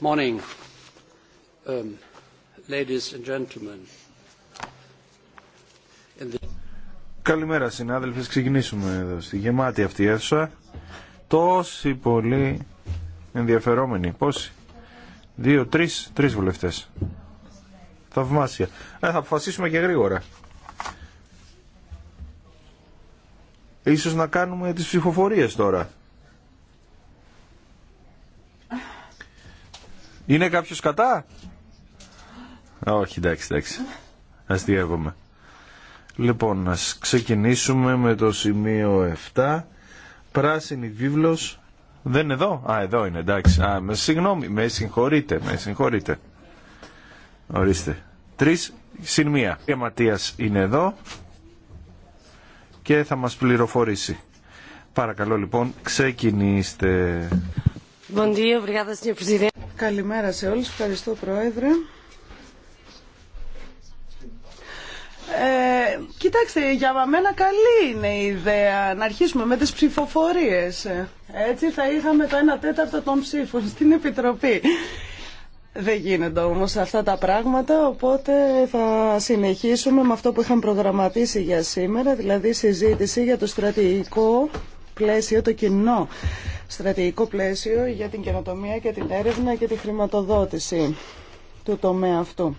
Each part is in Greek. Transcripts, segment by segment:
Um, Καλημέρα συνάδελφοι, ξεκινήσουμε εδώ στη γεμάτη αυτή η αίθουσα. Τόσοι πολλοί ενδιαφερόμενοι, πόσοι. Δύο, τρει, τρει βουλευτέ. Θαυμάσια. Ε, θα αποφασίσουμε και γρήγορα. Ίσως να κάνουμε τις ψηφοφορίες τώρα. Είναι κάποιο κατά? Όχι, εντάξει, εντάξει. Αστείευομαι. Λοιπόν, ας ξεκινήσουμε με το σημείο 7. Πράσινη βίβλος. Δεν είναι εδώ. Α, εδώ είναι, εντάξει. Α, με, συγγνώμη, με συγχωρείτε, με συγχωρείτε. Ορίστε. Τρεις συν μία. Η Ματίας είναι εδώ και θα μας πληροφορήσει. Παρακαλώ λοιπόν, ξεκινήστε. Καλημέρα σε όλους. Ευχαριστώ, Πρόεδρε. Ε, κοιτάξτε, για μένα καλή είναι η ιδέα να αρχίσουμε με τις ψηφοφορίες. Έτσι θα είχαμε το 1 τέταρτο των ψήφων στην Επιτροπή. Δεν γίνονται όμως αυτά τα πράγματα, οπότε θα συνεχίσουμε με αυτό που είχαμε προγραμματίσει για σήμερα, δηλαδή συζήτηση για το στρατηγικό πλαίσιο, το κοινό στρατηγικό πλαίσιο για την καινοτομία και την έρευνα και τη χρηματοδότηση του τομέα αυτού.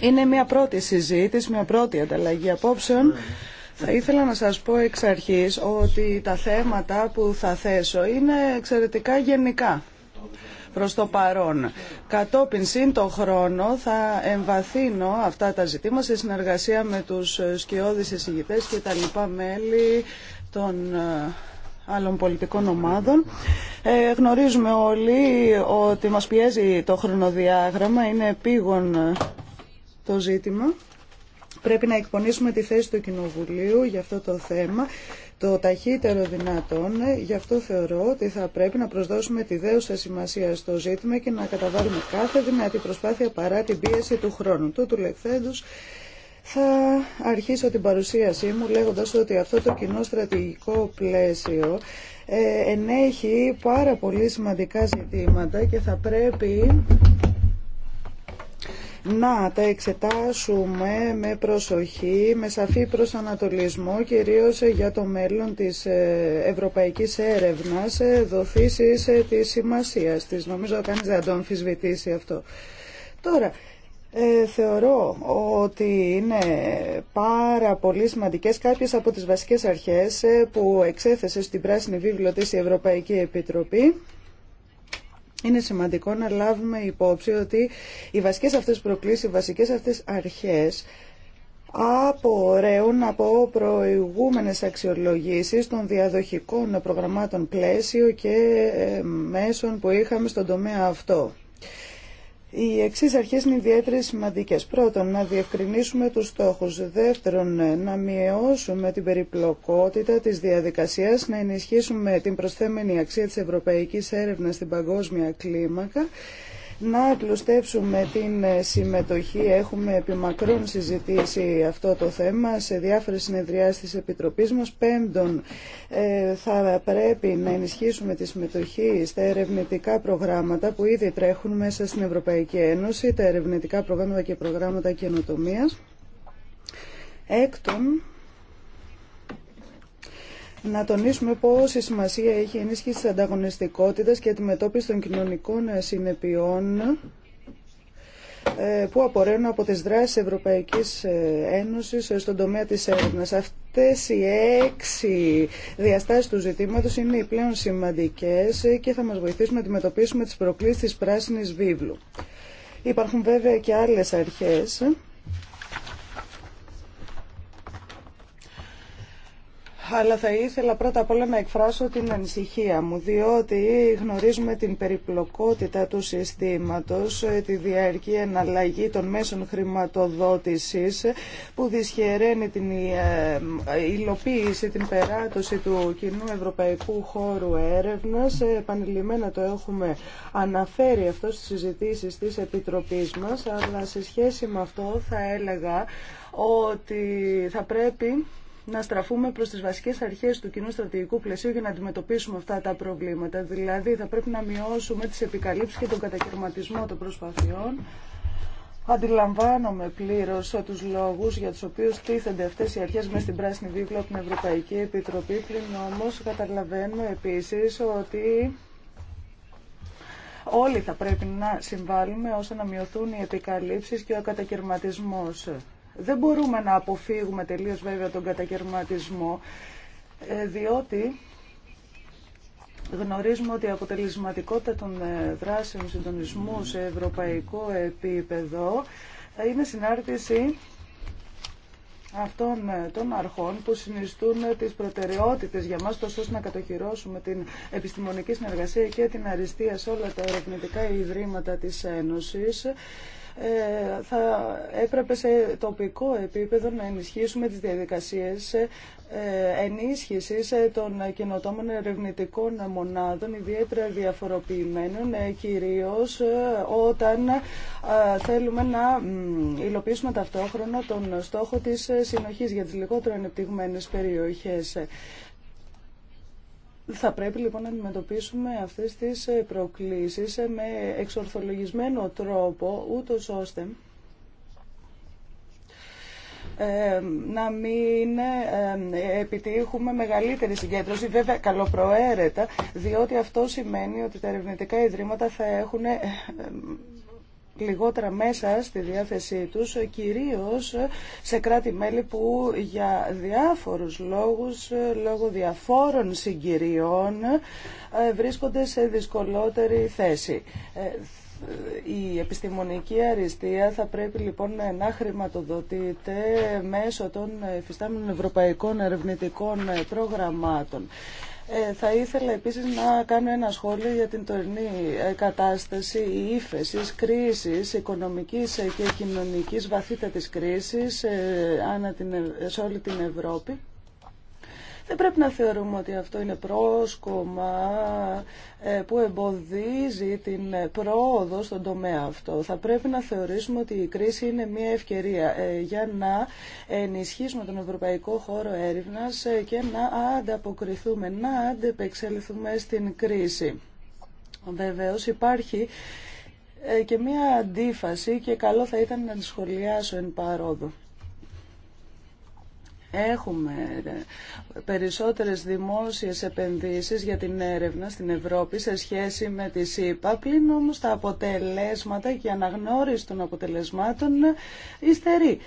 Είναι μια πρώτη συζήτηση, μια πρώτη ανταλλαγή απόψεων. Θα ήθελα να σας πω εξ αρχής ότι τα θέματα που θα θέσω είναι εξαιρετικά γενικά προς το παρόν. Κατόπιν σύν χρόνο θα εμβαθύνω αυτά τα ζητήματα σε συνεργασία με τους σκιώδεις εισηγητές και τα λοιπά μέλη των ε, άλλων πολιτικών ομάδων. Ε, γνωρίζουμε όλοι ότι μας πιέζει το χρονοδιάγραμμα, είναι επίγον ε, το ζήτημα. Πρέπει να εκπονήσουμε τη θέση του Κοινοβουλίου για αυτό το θέμα το ταχύτερο δυνατόν. Ε, γι' αυτό θεωρώ ότι θα πρέπει να προσδώσουμε τη δέουσα σημασία στο ζήτημα και να καταβάλουμε κάθε δυνατή προσπάθεια παρά την πίεση του χρόνου. Τούτου θα αρχίσω την παρουσίασή μου λέγοντας ότι αυτό το κοινό στρατηγικό πλαίσιο ε, ενέχει πάρα πολύ σημαντικά ζητήματα και θα πρέπει να τα εξετάσουμε με προσοχή, με σαφή προσανατολισμό, κυρίως για το μέλλον της ε, ευρωπαϊκής έρευνας, ε, δοθήσεις της σημασίας της. Νομίζω κανείς δεν θα το αμφισβητήσει αυτό. Τώρα, ε, θεωρώ ότι είναι πάρα πολύ σημαντικές κάποιες από τις βασικές αρχές ε, που εξέθεσε στην Πράσινη Βίβλο της η Ευρωπαϊκή Επιτροπή. Είναι σημαντικό να λάβουμε υπόψη ότι οι βασικές αυτές προκλήσεις, οι βασικές αυτές αρχές απορρέουν από προηγούμενες αξιολογήσεις των διαδοχικών προγραμμάτων πλαίσιο και ε, μέσων που είχαμε στον τομέα αυτό. Οι εξή αρχέ είναι ιδιαίτερε σημαντικέ. Πρώτον, να διευκρινίσουμε του στόχου. Δεύτερον, να μειώσουμε την περιπλοκότητα τη διαδικασία, να ενισχύσουμε την προσθέμενη αξία τη ευρωπαϊκή έρευνα στην παγκόσμια κλίμακα να απλουστεύσουμε την συμμετοχή. Έχουμε επιμακρύν συζητήσει αυτό το θέμα σε διάφορες συνεδριάσεις της Επιτροπής μας. Πέμπτον, ε, θα πρέπει να ενισχύσουμε τη συμμετοχή στα ερευνητικά προγράμματα που ήδη τρέχουν μέσα στην Ευρωπαϊκή Ένωση, τα ερευνητικά προγράμματα και προγράμματα καινοτομίας. Έκτον, να τονίσουμε πόση σημασία έχει η ενίσχυση της ανταγωνιστικότητας και αντιμετώπιση των κοινωνικών συνεπειών ε, που απορρέουν από τις δράσεις Ευρωπαϊκής ε, Ένωσης ε, στον τομέα της έρευνας. Αυτές οι έξι διαστάσεις του ζητήματος είναι οι πλέον σημαντικές και θα μας βοηθήσουν να αντιμετωπίσουμε τις προκλήσεις της πράσινης βίβλου. Υπάρχουν βέβαια και άλλες αρχές αλλά θα ήθελα πρώτα απ' όλα να εκφράσω την ανησυχία μου, διότι γνωρίζουμε την περιπλοκότητα του συστήματος, ε, τη διαρκή εναλλαγή των μέσων χρηματοδότησης που δυσχεραίνει την ε, ε, υλοποίηση, την περάτωση του κοινού ευρωπαϊκού χώρου έρευνας. Επανειλημμένα το έχουμε αναφέρει αυτό στις συζητήσεις της Επιτροπής μας, αλλά σε σχέση με αυτό θα έλεγα ότι θα πρέπει να στραφούμε προς τις βασικές αρχές του κοινού στρατηγικού πλαισίου για να αντιμετωπίσουμε αυτά τα προβλήματα. Δηλαδή θα πρέπει να μειώσουμε τις επικαλύψεις και τον κατακαιρματισμό των προσπαθειών. Αντιλαμβάνομαι πλήρω του λόγου για του οποίου τίθενται αυτέ οι αρχέ μέσα στην πράσινη βίβλο από την Ευρωπαϊκή Επιτροπή. Πλην όμω καταλαβαίνουμε επίση ότι όλοι θα πρέπει να συμβάλλουμε ώστε να μειωθούν οι επικαλύψει και ο κατακαιρματισμό. Δεν μπορούμε να αποφύγουμε τελείως βέβαια τον κατακαιρματισμό, ε, διότι Γνωρίζουμε ότι η αποτελεσματικότητα των ε, δράσεων συντονισμού σε ευρωπαϊκό επίπεδο ε, είναι συνάρτηση αυτών των αρχών που συνιστούν τις προτεραιότητες για μας, τόσο ώστε να κατοχυρώσουμε την επιστημονική συνεργασία και την αριστεία σε όλα τα ερευνητικά ιδρύματα της Ένωσης. Ε, θα έπρεπε σε τοπικό επίπεδο να ενισχύσουμε τις διαδικασίες ε, ενίσχυσης ε, των κοινοτόμων ερευνητικών μονάδων, ιδιαίτερα διαφοροποιημένων, κυρίως όταν θέλουμε να υλοποιήσουμε ταυτόχρονα τον στόχο της συνοχής για τις λιγότερο ανεπτυγμένες περιοχές. Θα πρέπει λοιπόν να αντιμετωπίσουμε αυτές τις ε, προκλήσεις ε, με εξορθολογισμένο τρόπο, ούτως ώστε ε, να μην επιτύχουμε μεγαλύτερη συγκέντρωση, βέβαια καλοπροαίρετα, διότι αυτό σημαίνει ότι τα ερευνητικά ιδρύματα θα έχουν λιγότερα μέσα στη διάθεσή τους, κυρίως σε κράτη-μέλη που για διάφορους λόγους, λόγω διαφόρων συγκυριών, ε, βρίσκονται σε δυσκολότερη θέση. Ε, η επιστημονική αριστεία θα πρέπει λοιπόν να χρηματοδοτείται μέσω των εφιστάμενων ευρωπαϊκών ερευνητικών προγραμμάτων. Ε, θα ήθελα επίσης να κάνω ένα σχόλιο για την τωρινή ε, κατάσταση ύφεση, κρίσης, οικονομικής ε, και κοινωνικής βαθύτατης κρίσης ανά την, σε όλη την Ευρώπη. Δεν πρέπει να θεωρούμε ότι αυτό είναι πρόσκομα ε, που εμποδίζει την πρόοδο στον τομέα αυτό. Θα πρέπει να θεωρήσουμε ότι η κρίση είναι μια ευκαιρία ε, για να ενισχύσουμε τον ευρωπαϊκό χώρο έρευνας ε, και να ανταποκριθούμε, να αντεπεξέλθουμε στην κρίση. Βεβαίως υπάρχει και μια αντίφαση και καλό θα ήταν να τη σχολιάσω εν παρόδο. Έχουμε ε, περισσότερες δημόσιες επενδύσεις για την έρευνα στην Ευρώπη σε σχέση με τη ΣΥΠΑ, πλην όμως τα αποτελέσματα και η αναγνώριση των αποτελεσμάτων υστερεί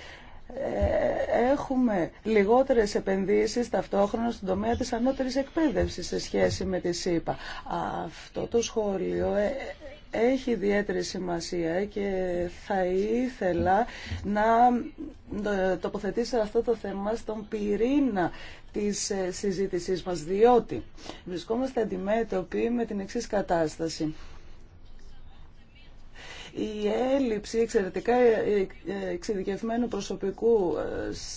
ε, έχουμε λιγότερες επενδύσεις ταυτόχρονα στον τομέα της ανώτερης εκπαίδευσης σε σχέση με τη ΣΥΠΑ. Αυτό το σχόλιο ε, έχει ιδιαίτερη σημασία και θα ήθελα να ε, τοποθετήσω αυτό το θέμα στον πυρήνα της ε, συζήτησής μας, διότι βρισκόμαστε αντιμέτωποι με την εξής κατάσταση. Η έλλειψη εξαιρετικά ε, εξειδικευμένου προσωπικού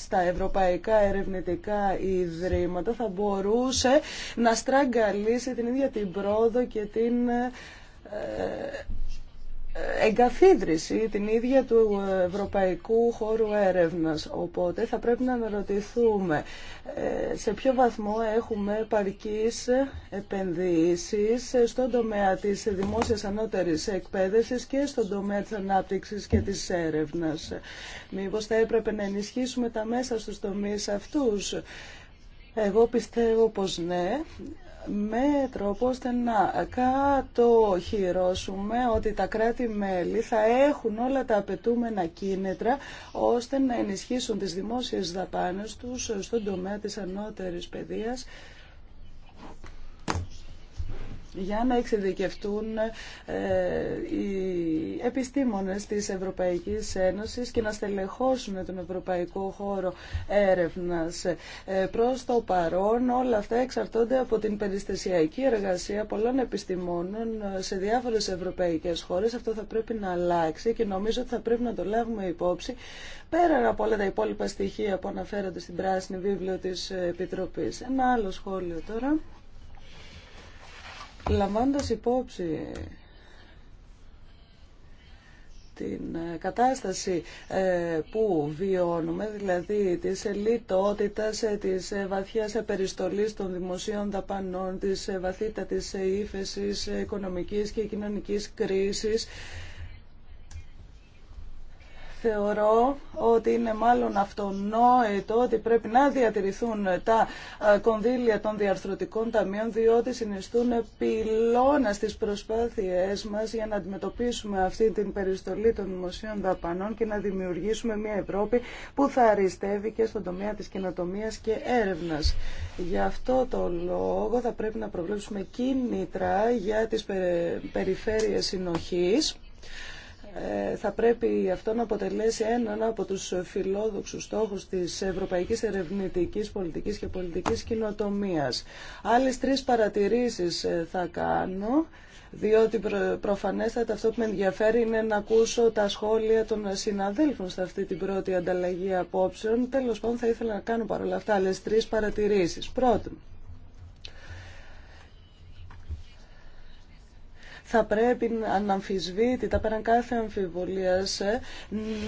στα ευρωπαϊκά ερευνητικά ιδρύματα θα μπορούσε να στραγγαλίσει την ίδια την πρόοδο και την ε, εγκαθίδρυση την ίδια του Ευρωπαϊκού Χώρου Έρευνας. Οπότε θα πρέπει να αναρωτηθούμε ε, σε ποιο βαθμό έχουμε επαρκείς επενδύσεις στον τομέα της δημόσιας ανώτερης εκπαίδευσης και στον τομέα της ανάπτυξης και της έρευνας. Μήπως θα έπρεπε να ενισχύσουμε τα μέσα στους τομείς αυτούς. Εγώ πιστεύω πως ναι, με τρόπο ώστε να κατοχυρώσουμε ότι τα κράτη-μέλη θα έχουν όλα τα απαιτούμενα κίνητρα ώστε να ενισχύσουν τις δημόσιες δαπάνες τους στον τομέα της ανώτερης παιδείας για να εξειδικευτούν ε, οι επιστήμονες της Ευρωπαϊκής Ένωσης και να στελεχώσουν τον Ευρωπαϊκό Χώρο Έρευνας. Ε, προς το παρόν όλα αυτά εξαρτώνται από την περιστασιακή εργασία πολλών επιστημόνων σε διάφορες ευρωπαϊκές χώρες. Αυτό θα πρέπει να αλλάξει και νομίζω ότι θα πρέπει να το λάβουμε υπόψη πέραν από όλα τα υπόλοιπα στοιχεία που αναφέρονται στην πράσινη βίβλιο της Επιτροπής. Ένα άλλο σχόλιο τώρα. Λαμβάνοντας υπόψη την ε, κατάσταση ε, που βιώνουμε, δηλαδή της λιτότητας, ε, της βαθιάς περιστολής των δημοσίων δαπανών, της βαθύτατης ύφεσης οικονομικής και κοινωνικής κρίσης, Θεωρώ ότι είναι μάλλον αυτονόητο ότι πρέπει να διατηρηθούν τα κονδύλια των διαρθρωτικών ταμείων διότι συνιστούν πυλώνα στις προσπάθειές μας για να αντιμετωπίσουμε αυτή την περιστολή των δημοσίων δαπανών και να δημιουργήσουμε μια Ευρώπη που θα αριστεύει και στον τομέα της καινοτομίας και έρευνας. Γι' αυτό το λόγο θα πρέπει να προβλέψουμε κίνητρα για τις περιφέρειες συνοχής ε, θα πρέπει αυτό να αποτελέσει έναν από τους φιλόδοξους στόχους της ευρωπαϊκής ερευνητικής πολιτικής και πολιτικής κοινοτομίας. Άλλες τρεις παρατηρήσεις ε, θα κάνω, διότι προφανέστατα αυτό που με ενδιαφέρει είναι να ακούσω τα σχόλια των συναδέλφων σε αυτή την πρώτη ανταλλαγή απόψεων. Τέλος πάντων θα ήθελα να κάνω παρόλα αυτά άλλες τρεις παρατηρήσεις. Πρώτον, θα πρέπει αναμφισβήτητα, πέραν κάθε αμφιβολίας,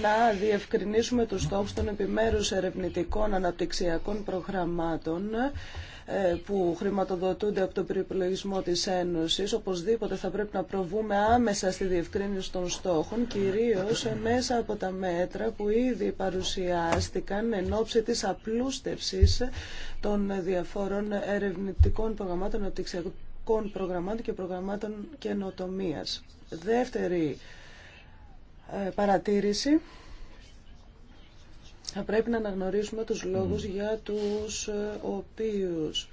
να διευκρινίσουμε τους στόχους των επιμέρους ερευνητικών αναπτυξιακών προγραμμάτων ε, που χρηματοδοτούνται από τον περιπλογισμό της Ένωσης. Οπωσδήποτε θα πρέπει να προβούμε άμεσα στη διευκρίνηση των στόχων, κυρίως μέσα από τα μέτρα που ήδη παρουσιάστηκαν εν ώψη της απλούστευσης των διαφόρων ερευνητικών προγραμμάτων αναπτυξιακών προγραμμάτων και προγραμμάτων καινοτομία. Δεύτερη ε, παρατήρηση. Θα πρέπει να αναγνωρίσουμε τους λόγους για τους ε, οποίους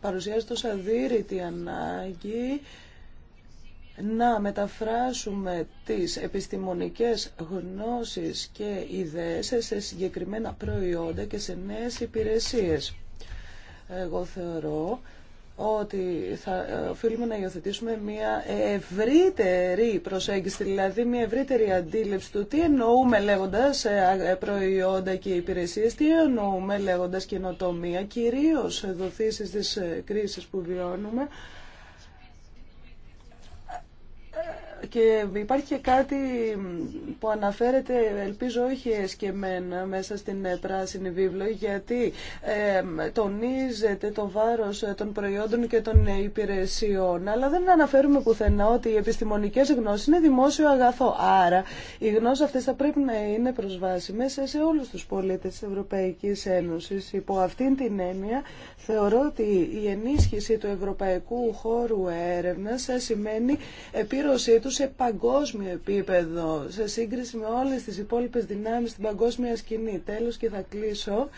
παρουσιάζεται ως αδύρυτη ανάγκη να μεταφράσουμε τις επιστημονικές γνώσεις και ιδέες σε συγκεκριμένα προϊόντα και σε νέες υπηρεσίες εγώ θεωρώ ότι θα ε, οφείλουμε να υιοθετήσουμε μια ευρύτερη προσέγγιση, δηλαδή μια ευρύτερη αντίληψη του τι εννοούμε λέγοντας ε, ε, προϊόντα και υπηρεσίες, τι εννοούμε λέγοντας καινοτομία, κυρίως δοθήσεις της κρίσης που βιώνουμε. Και υπάρχει και κάτι που αναφέρεται, ελπίζω όχι εσκεμένα, μέσα στην ε, πράσινη βίβλο, γιατί ε, τονίζεται το βάρος ε, των προϊόντων και των υπηρεσιών, αλλά δεν αναφέρουμε πουθενά ότι οι επιστημονικές γνώσεις είναι δημόσιο αγαθό. Άρα, οι γνώσεις αυτές θα πρέπει να είναι προσβάσιμες σε όλους τους πολίτες της Ευρωπαϊκής Ένωσης. Υπό αυτήν την έννοια, θεωρώ ότι η ενίσχυση του ευρωπαϊκού χώρου έρευνας ε, σημαίνει επίρρωσή σε παγκόσμιο επίπεδο, σε σύγκριση με όλες τις υπόλοιπε δυνάμει στην παγκόσμια σκηνή. Τέλος και θα κλείσω.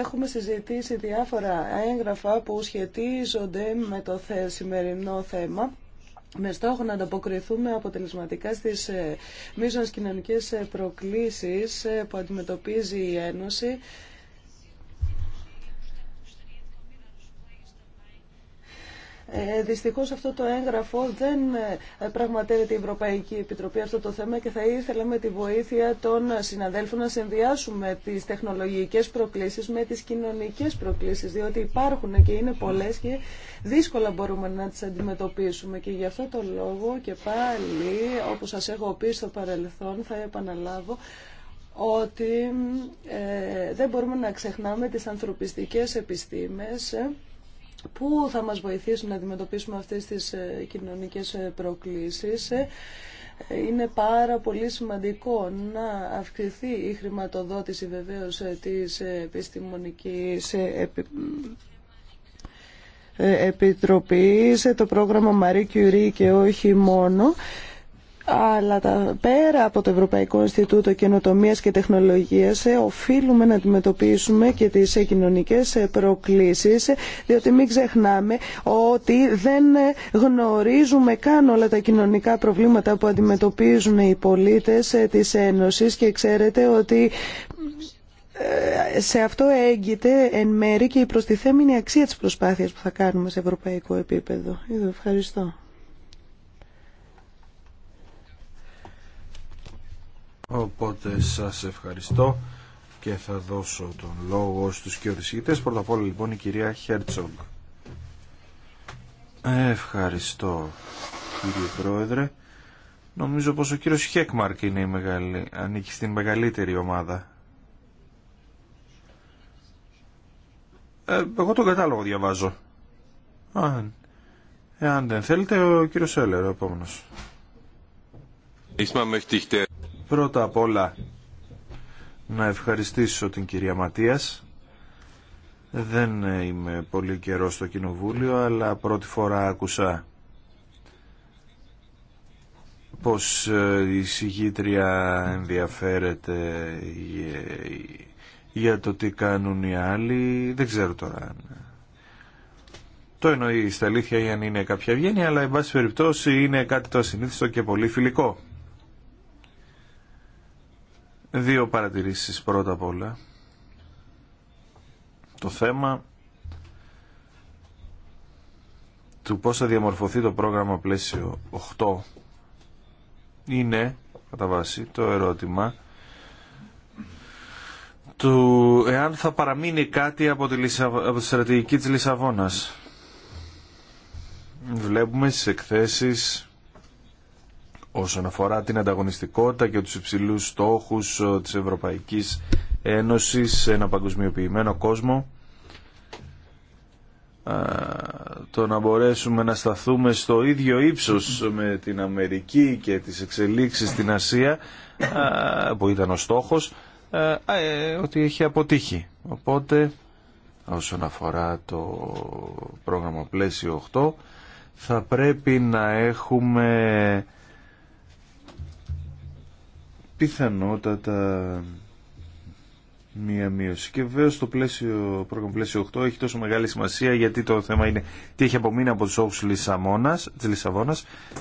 Έχουμε συζητήσει διάφορα έγγραφα που σχετίζονται με το σημερινό θέμα με στόχο να ανταποκριθούμε αποτελεσματικά στις ε, μίζωνες κοινωνικές ε, προκλήσεις ε, που αντιμετωπίζει η Ένωση. Ε, δυστυχώς αυτό το έγγραφο δεν ε, πραγματεύεται η Ευρωπαϊκή Επιτροπή αυτό το θέμα και θα ήθελα με τη βοήθεια των συναδέλφων να συνδυάσουμε τις τεχνολογικές προκλήσεις με τις κοινωνικές προκλήσεις διότι υπάρχουν και είναι πολλές και δύσκολα μπορούμε να τις αντιμετωπίσουμε και γι' αυτό το λόγο και πάλι όπως σας έχω πει στο παρελθόν θα επαναλάβω ότι ε, δεν μπορούμε να ξεχνάμε τις ανθρωπιστικές επιστήμες που θα μας βοηθήσουν να αντιμετωπίσουμε αυτές τις ε, κοινωνικές ε, προκλήσεις. Ε? Είναι πάρα πολύ σημαντικό να αυξηθεί η χρηματοδότηση βεβαίως της επιστημονικής επιτροπής, το πρόγραμμα Marie Curie και όχι μόνο αλλά πέρα από το Ευρωπαϊκό Ινστιτούτο Καινοτομίας και Τεχνολογίας ε, οφείλουμε να αντιμετωπίσουμε και τις ε, κοινωνικές ε, προκλήσεις διότι μην ξεχνάμε ότι δεν γνωρίζουμε καν όλα τα κοινωνικά προβλήματα που αντιμετωπίζουν οι πολίτες της Ένωσης και ξέρετε ότι σε αυτό έγκυται εν μέρη και η προστιθέμενη αξία της προσπάθειας που θα κάνουμε σε ευρωπαϊκό επίπεδο. ευχαριστώ. Οπότε σας ευχαριστώ και θα δώσω τον λόγο στους και Πρώτα απ' όλα λοιπόν η κυρία Χέρτσογκ. Ευχαριστώ κύριε Πρόεδρε. Νομίζω πως ο κύριος Χέκμαρκ είναι η μεγάλη, ανήκει στην μεγαλύτερη ομάδα. Ε, εγώ τον κατάλογο διαβάζω. Αν, εάν δεν θέλετε, ο κύριος Έλερ, ο επόμενος. Πρώτα απ' όλα να ευχαριστήσω την κυρία Ματίας. Δεν είμαι πολύ καιρό στο Κοινοβούλιο, αλλά πρώτη φορά άκουσα πως ε, η συγγήτρια ενδιαφέρεται για το τι κάνουν οι άλλοι. Δεν ξέρω τώρα το εννοεί στα αλήθεια ή αν είναι κάποια ευγένεια, αλλά εν πάση περιπτώσει είναι κάτι το ασυνήθιστο και πολύ φιλικό. Δύο παρατηρήσεις πρώτα απ' όλα. Το θέμα του πώς θα διαμορφωθεί το πρόγραμμα πλαίσιο 8 είναι κατά βάση το ερώτημα του εάν θα παραμείνει κάτι από τη, από τη στρατηγική της Λισαβόνας. Βλέπουμε στις εκθέσεις όσον αφορά την ανταγωνιστικότητα και τους υψηλούς στόχους ε, της Ευρωπαϊκής Ένωσης σε ένα παγκοσμιοποιημένο κόσμο το να μπορέσουμε να σταθούμε στο ίδιο ύψος με την Αμερική και τις εξελίξεις στην Ασία που ήταν ο στόχος ε, ότι έχει αποτύχει οπότε όσον αφορά το πρόγραμμα πλαίσιο 8 θα πρέπει να έχουμε πιθανότατα μία μείωση. Και βέβαια στο πλαίσιο, πρόγραμμα πλαίσιο 8 έχει τόσο μεγάλη σημασία γιατί το θέμα είναι τι έχει απομείνει από του όχου τη Λισαβόνα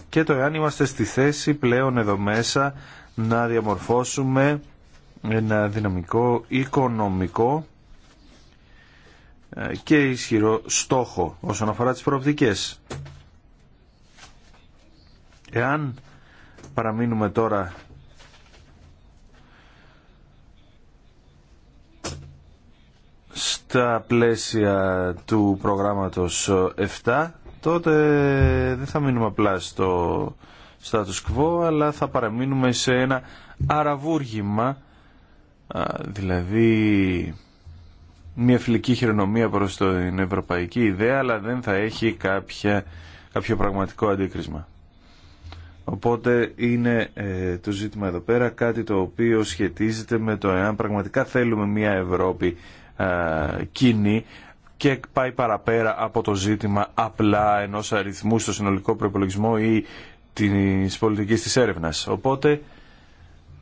και το εάν είμαστε στη θέση πλέον εδώ μέσα να διαμορφώσουμε ένα δυναμικό, οικονομικό ε, και ισχυρό στόχο όσον αφορά τις προοπτικές. Εάν παραμείνουμε τώρα τα πλαίσια του προγράμματος 7, τότε δεν θα μείνουμε απλά στο status quo, αλλά θα παραμείνουμε σε ένα αραβούργημα, δηλαδή μια φιλική χειρονομία προς την ευρωπαϊκή ιδέα, αλλά δεν θα έχει κάποια, κάποιο πραγματικό αντίκρισμα. Οπότε είναι ε, το ζήτημα εδώ πέρα κάτι το οποίο σχετίζεται με το εάν πραγματικά θέλουμε μια Ευρώπη ε, κοινή και πάει παραπέρα από το ζήτημα απλά ενός αριθμού στο συνολικό προπολογισμό ή της πολιτικής της έρευνας. Οπότε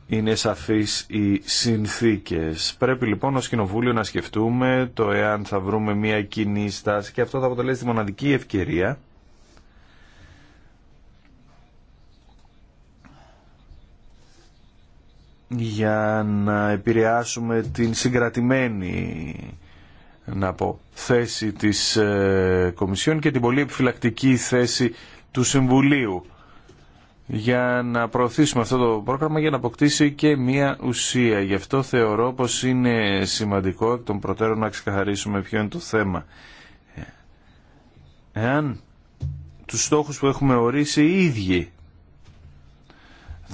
είναι σαφείς οι συνθήκες. Πρέπει λοιπόν ως Κοινοβούλιο να σκεφτούμε το εάν θα βρούμε μια κοινή στάση και αυτό θα αποτελέσει τη μοναδική ευκαιρία για να επηρεάσουμε την συγκρατημένη να θέση της ε, Κομισιόν και την πολύ επιφυλακτική θέση του Συμβουλίου για να προωθήσουμε αυτό το πρόγραμμα για να αποκτήσει και μία ουσία. Γι' αυτό θεωρώ πως είναι σημαντικό εκ των προτέρων να ξεκαθαρίσουμε ποιο είναι το θέμα. Ε, εάν τους στόχους που έχουμε ορίσει οι ίδιοι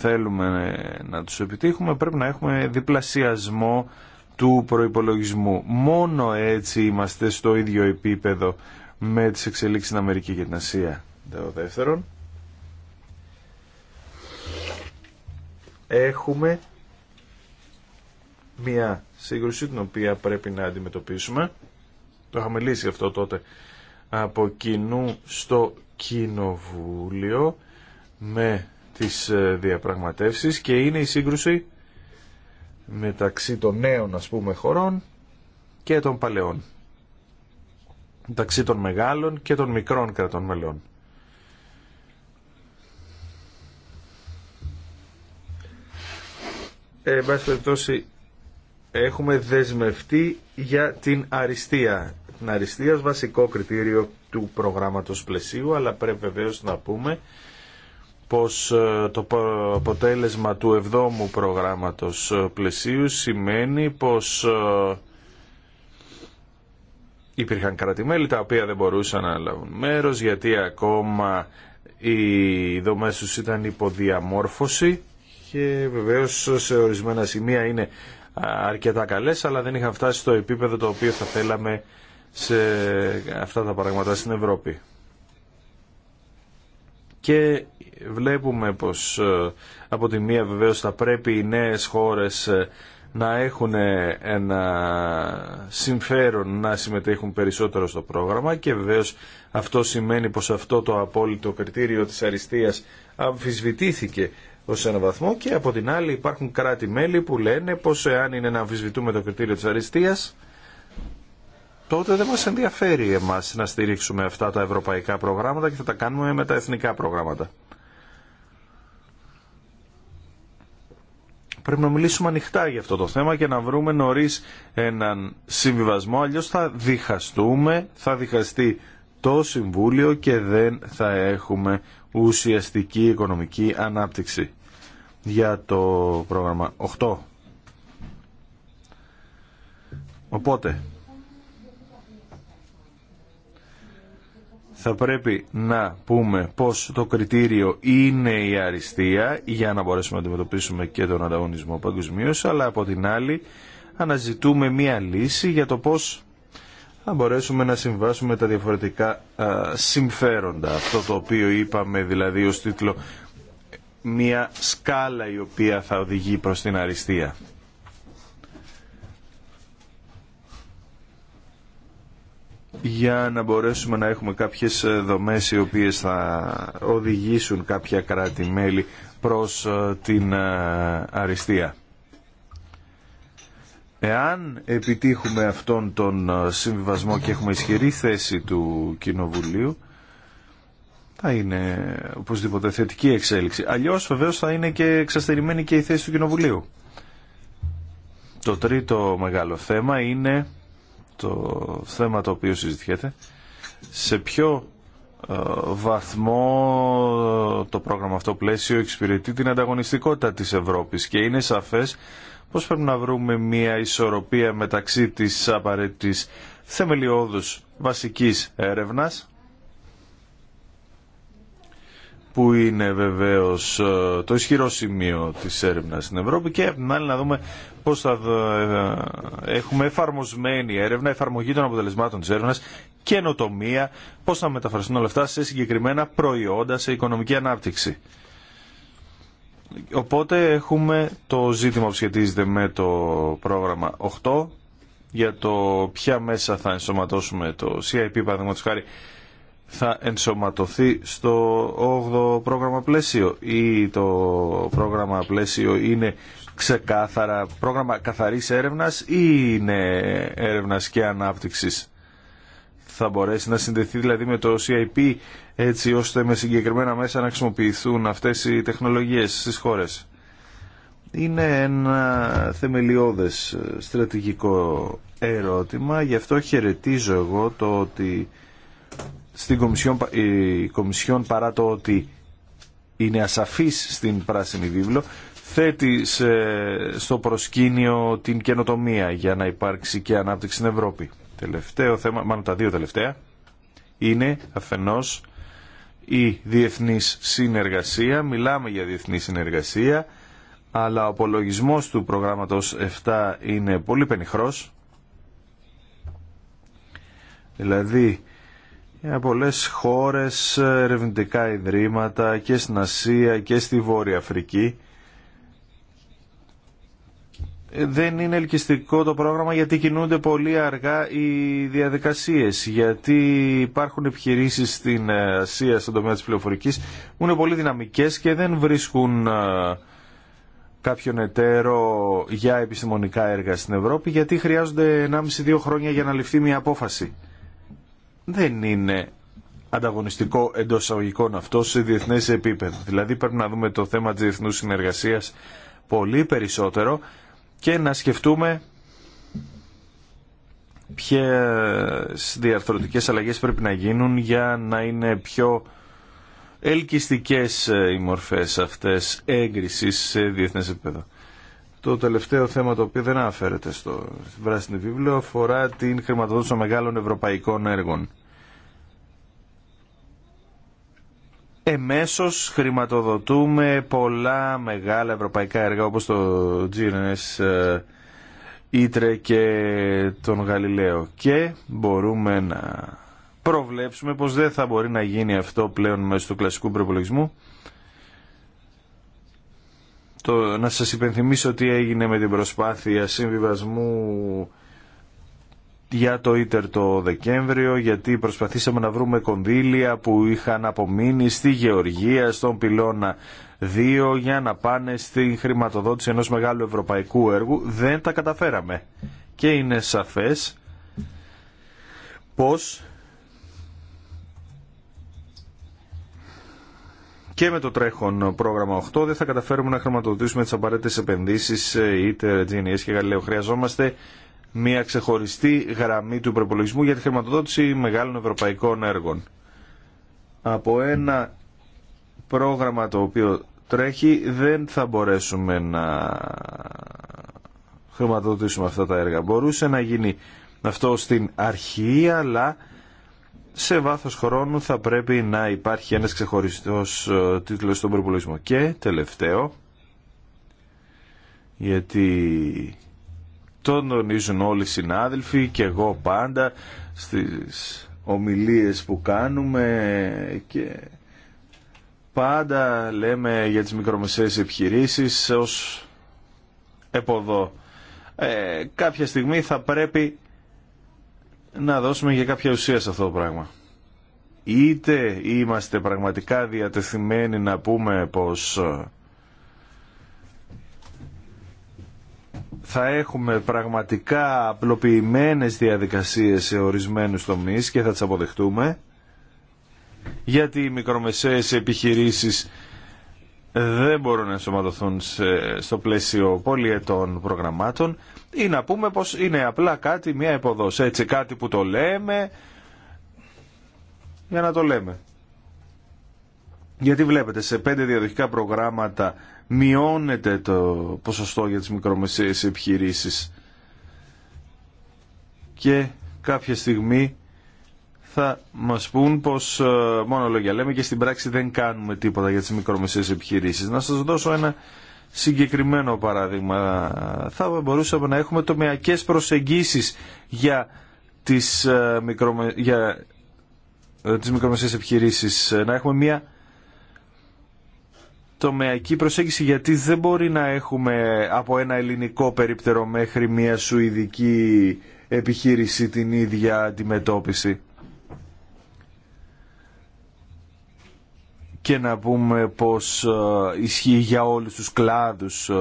θέλουμε να τους επιτύχουμε πρέπει να έχουμε διπλασιασμό του προϋπολογισμού. Μόνο έτσι είμαστε στο ίδιο επίπεδο με τις εξελίξεις στην Αμερική και την Ασία. δεύτερον, έχουμε μια σύγκρουση την οποία πρέπει να αντιμετωπίσουμε. Το είχαμε λύσει αυτό τότε από κοινού στο Κοινοβούλιο με της ε, διαπραγματεύσεις και είναι η σύγκρουση μεταξύ των νέων ας πούμε χωρών και των παλαιών μεταξύ των μεγάλων και των μικρών κρατών μελών. Ε, εν πάση περιπτώσει έχουμε δεσμευτεί για την αριστεία. Την αριστεία βασικό κριτήριο του προγράμματος πλαισίου αλλά πρέπει βεβαίως να πούμε πως ε, το αποτέλεσμα του εβδόμου προγράμματος ε, πλαισίου σημαίνει πως ε, υπήρχαν κρατημέλη τα οποία δεν μπορούσαν να λάβουν μέρος γιατί ακόμα οι δομές τους ήταν υποδιαμόρφωση και βεβαίως σε ορισμένα σημεία είναι αρκετά καλές αλλά δεν είχαν φτάσει στο επίπεδο το οποίο θα θέλαμε σε αυτά τα πράγματα στην Ευρώπη. Και βλέπουμε πως ε, από τη μία βεβαίως θα πρέπει οι νέες χώρες ε, να έχουν ε, ένα συμφέρον να συμμετέχουν περισσότερο στο πρόγραμμα και βεβαίως αυτό σημαίνει πως αυτό το απόλυτο κριτήριο της αριστείας αμφισβητήθηκε ως έναν βαθμό και από την άλλη υπάρχουν κράτη-μέλη που λένε πως εάν είναι να αμφισβητούμε το κριτήριο της αριστείας τότε δεν μας ενδιαφέρει εμάς να στηρίξουμε αυτά τα ευρωπαϊκά προγράμματα και θα τα κάνουμε με τα εθνικά προγράμματα. Πρέπει να μιλήσουμε ανοιχτά για αυτό το θέμα και να βρούμε νωρί έναν συμβιβασμό, αλλιώς θα διχαστούμε, θα διχαστεί το Συμβούλιο και δεν θα έχουμε ουσιαστική οικονομική ανάπτυξη για το πρόγραμμα 8. Οπότε, θα πρέπει να πούμε πως το κριτήριο είναι η αριστεία για να μπορέσουμε να αντιμετωπίσουμε και τον ανταγωνισμό παγκοσμίω, αλλά από την άλλη αναζητούμε μία λύση για το πως θα μπορέσουμε να συμβάσουμε τα διαφορετικά συμφέροντα. Αυτό το οποίο είπαμε δηλαδή ως τίτλο μία σκάλα η οποία θα οδηγεί προς την αριστεία. για να μπορέσουμε να έχουμε κάποιες ε, δομές οι οποίες θα οδηγήσουν κάποια κράτη-μέλη προς ε, την ε, αριστεία. Εάν επιτύχουμε αυτόν τον συμβιβασμό και έχουμε ισχυρή θέση του Κοινοβουλίου, θα είναι οπωσδήποτε θετική εξέλιξη. Αλλιώς βεβαίως θα είναι και εξαστερημένη και η θέση του Κοινοβουλίου. Το τρίτο μεγάλο θέμα είναι το θέμα το οποίο συζητιέται, σε ποιο ε, βαθμό ε, το πρόγραμμα αυτό πλαίσιο εξυπηρετεί την ανταγωνιστικότητα της Ευρώπης και είναι σαφές πως πρέπει να βρούμε μια ισορροπία μεταξύ της απαραίτητης θεμελιώδους βασικής έρευνας που είναι βεβαίως ε, το ισχυρό σημείο της έρευνας στην Ευρώπη και από την άλλη να δούμε πώς θα ε, έχουμε εφαρμοσμένη έρευνα, εφαρμογή των αποτελεσμάτων της έρευνας, καινοτομία, πώς θα μεταφραστούν όλα αυτά σε συγκεκριμένα προϊόντα, σε οικονομική ανάπτυξη. Οπότε έχουμε το ζήτημα που σχετίζεται με το πρόγραμμα 8 για το ποια μέσα θα ενσωματώσουμε το CIP, παραδείγματος χάρη, θα ενσωματωθεί στο 8ο πρόγραμμα πλαίσιο ή το πρόγραμμα πλαίσιο είναι ξεκάθαρα πρόγραμμα καθαρής έρευνας ή είναι έρευνας και ανάπτυξης. Θα μπορέσει να συνδεθεί δηλαδή με το CIP έτσι ώστε με συγκεκριμένα μέσα να χρησιμοποιηθούν αυτές οι τεχνολογίες στις χώρες. Είναι ένα θεμελιώδες στρατηγικό ερώτημα, γι' αυτό χαιρετίζω εγώ το ότι στην Κομισιόν, η Κομισιόν παρά το ότι είναι ασαφής στην Πράσινη Βίβλο θέτει στο προσκήνιο την καινοτομία για να υπάρξει και ανάπτυξη στην Ευρώπη. Τελευταίο θέμα, μάλλον τα δύο τελευταία, είναι αφενός η διεθνής συνεργασία. Μιλάμε για διεθνή συνεργασία, αλλά ο απολογισμός του προγράμματος 7 είναι πολύ πενιχρός. Δηλαδή, για πολλές χώρες, ερευνητικά ιδρύματα και στην Ασία και στη Βόρεια Αφρική. Ε, δεν είναι ελκυστικό το πρόγραμμα γιατί κινούνται πολύ αργά οι διαδικασίες, γιατί υπάρχουν επιχειρήσεις στην ε, Ασία στον τομέα της πληροφορικής που είναι πολύ δυναμικές και δεν βρίσκουν ε, κάποιον εταίρο για επιστημονικά έργα στην Ευρώπη γιατί χρειάζονται 1,5-2 χρόνια για να ληφθεί μια απόφαση δεν είναι ανταγωνιστικό εντό αγωγικών αυτό σε διεθνέ επίπεδο. Δηλαδή πρέπει να δούμε το θέμα τη διεθνού συνεργασία πολύ περισσότερο και να σκεφτούμε ποιε διαρθρωτικές αλλαγές πρέπει να γίνουν για να είναι πιο ελκυστικές οι μορφές αυτές έγκρισης σε διεθνές επίπεδο. Το τελευταίο θέμα το οποίο δεν αναφέρεται στο βράσινο βίβλιο αφορά την χρηματοδότηση των μεγάλων ευρωπαϊκών έργων. εμέσως χρηματοδοτούμε πολλά μεγάλα ευρωπαϊκά έργα όπως το GNS ε, Ήτρε και τον Γαλιλαίο και μπορούμε να προβλέψουμε πως δεν θα μπορεί να γίνει αυτό πλέον μέσω του κλασικού προπολογισμού. Το, να σας υπενθυμίσω τι έγινε με την προσπάθεια συμβιβασμού για το Ίτερ το Δεκέμβριο γιατί προσπαθήσαμε να βρούμε κονδύλια που είχαν απομείνει στη Γεωργία, στον πυλώνα 2 για να πάνε στη χρηματοδότηση ενός μεγάλου ευρωπαϊκού έργου. Δεν τα καταφέραμε. Και είναι σαφές πως και με το τρέχον πρόγραμμα 8 δεν θα καταφέρουμε να χρηματοδοτήσουμε τις απαραίτητες επενδύσεις είτε GNS και Γαλλιό. Χρειαζόμαστε μια ξεχωριστή γραμμή του προπολογισμού για τη χρηματοδότηση μεγάλων ευρωπαϊκών έργων. Από ένα πρόγραμμα το οποίο τρέχει δεν θα μπορέσουμε να χρηματοδοτήσουμε αυτά τα έργα. Μπορούσε να γίνει αυτό στην αρχή, αλλά σε βάθος χρόνου θα πρέπει να υπάρχει ένας ξεχωριστός ε, τίτλος στον προπολογισμό. Και τελευταίο, γιατί τον τονίζουν όλοι οι συνάδελφοι και εγώ πάντα στις ομιλίες που κάνουμε και πάντα λέμε για τις μικρομεσαίες επιχειρήσεις ως εποδό. Ε, κάποια στιγμή θα πρέπει να δώσουμε για κάποια ουσία σε αυτό το πράγμα. Είτε είμαστε πραγματικά διατεθειμένοι να πούμε πως θα έχουμε πραγματικά απλοποιημένες διαδικασίες σε ορισμένους τομείς και θα τις αποδεχτούμε γιατί οι μικρομεσαίες επιχειρήσεις δεν μπορούν να ενσωματωθούν στο πλαίσιο πολυετών προγραμμάτων ή να πούμε πως είναι απλά κάτι, μια υποδόση. έτσι κάτι που το λέμε για να το λέμε. Γιατί βλέπετε σε πέντε διαδοχικά προγράμματα μειώνεται το ποσοστό για τις μικρομεσαίες επιχειρήσεις και κάποια στιγμή θα μας πούν πως ε, μόνο λόγια λέμε και στην πράξη δεν κάνουμε τίποτα για τις μικρομεσαίες επιχειρήσεις. Να σας δώσω ένα συγκεκριμένο παράδειγμα. Θα μπορούσαμε να έχουμε τομεακές προσεγγίσεις για τις, ε, μικρομε... για ε, τις μικρομεσαίες επιχειρήσεις. Να έχουμε μια τομεακή προσέγγιση γιατί δεν μπορεί να έχουμε από ένα ελληνικό περίπτερο μέχρι μια σουηδική επιχείρηση την ίδια αντιμετώπιση. Και να πούμε πως ε, ισχύει για όλους τους κλάδους ε,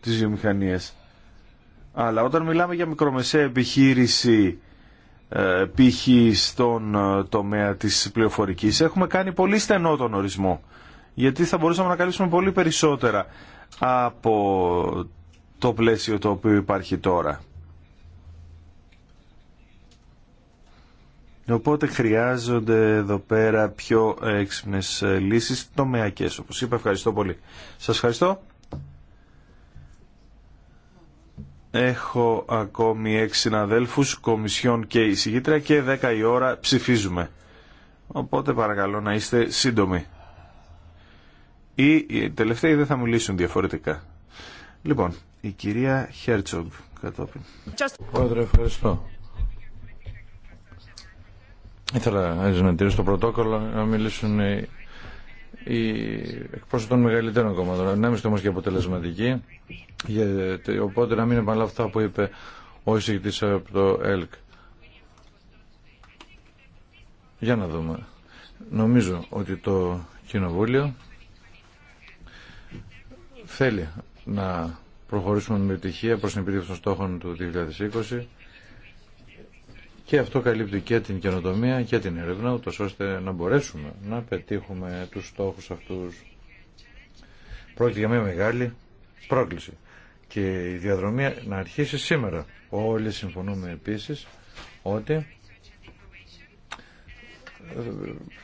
της βιομηχανίας. Αλλά όταν μιλάμε για μικρομεσαία επιχείρηση ε, π.χ. στον τομέα της πληροφορικής έχουμε κάνει πολύ στενό τον ορισμό γιατί θα μπορούσαμε να καλύψουμε πολύ περισσότερα από το πλαίσιο το οποίο υπάρχει τώρα. Οπότε χρειάζονται εδώ πέρα πιο έξυπνες λύσεις τομεακές, όπως είπα. Ευχαριστώ πολύ. Σας ευχαριστώ. Έχω ακόμη έξι συναδέλφους, κομισιόν και εισηγήτρια και 10 η ώρα ψηφίζουμε. Οπότε παρακαλώ να είστε σύντομοι ή οι τελευταίοι δεν θα μιλήσουν διαφορετικά. Λοιπόν, η κυρία Χέρτσογκ κατόπιν. Πρόεδρε, ευχαριστώ. Ήθελα να τηρήσω το πρωτόκολλο να μιλήσουν οι, οι εκπρόσωποι των μεγαλύτερων κομμάτων. Να είμαστε όμω και αποτελεσματικοί. Γιατί, οπότε να μην επαναλάβω αυτά που είπε ο εισηγητή από το ΕΛΚ. Για να δούμε. Νομίζω ότι το Κοινοβούλιο θέλει να προχωρήσουμε με επιτυχία προς την επίτευξη των στόχων του 2020 και αυτό καλύπτει και την καινοτομία και την έρευνα, ούτως ώστε να μπορέσουμε να πετύχουμε τους στόχους αυτούς. Πρόκειται για μια μεγάλη πρόκληση και η διαδρομή να αρχίσει σήμερα. Όλοι συμφωνούμε επίσης ότι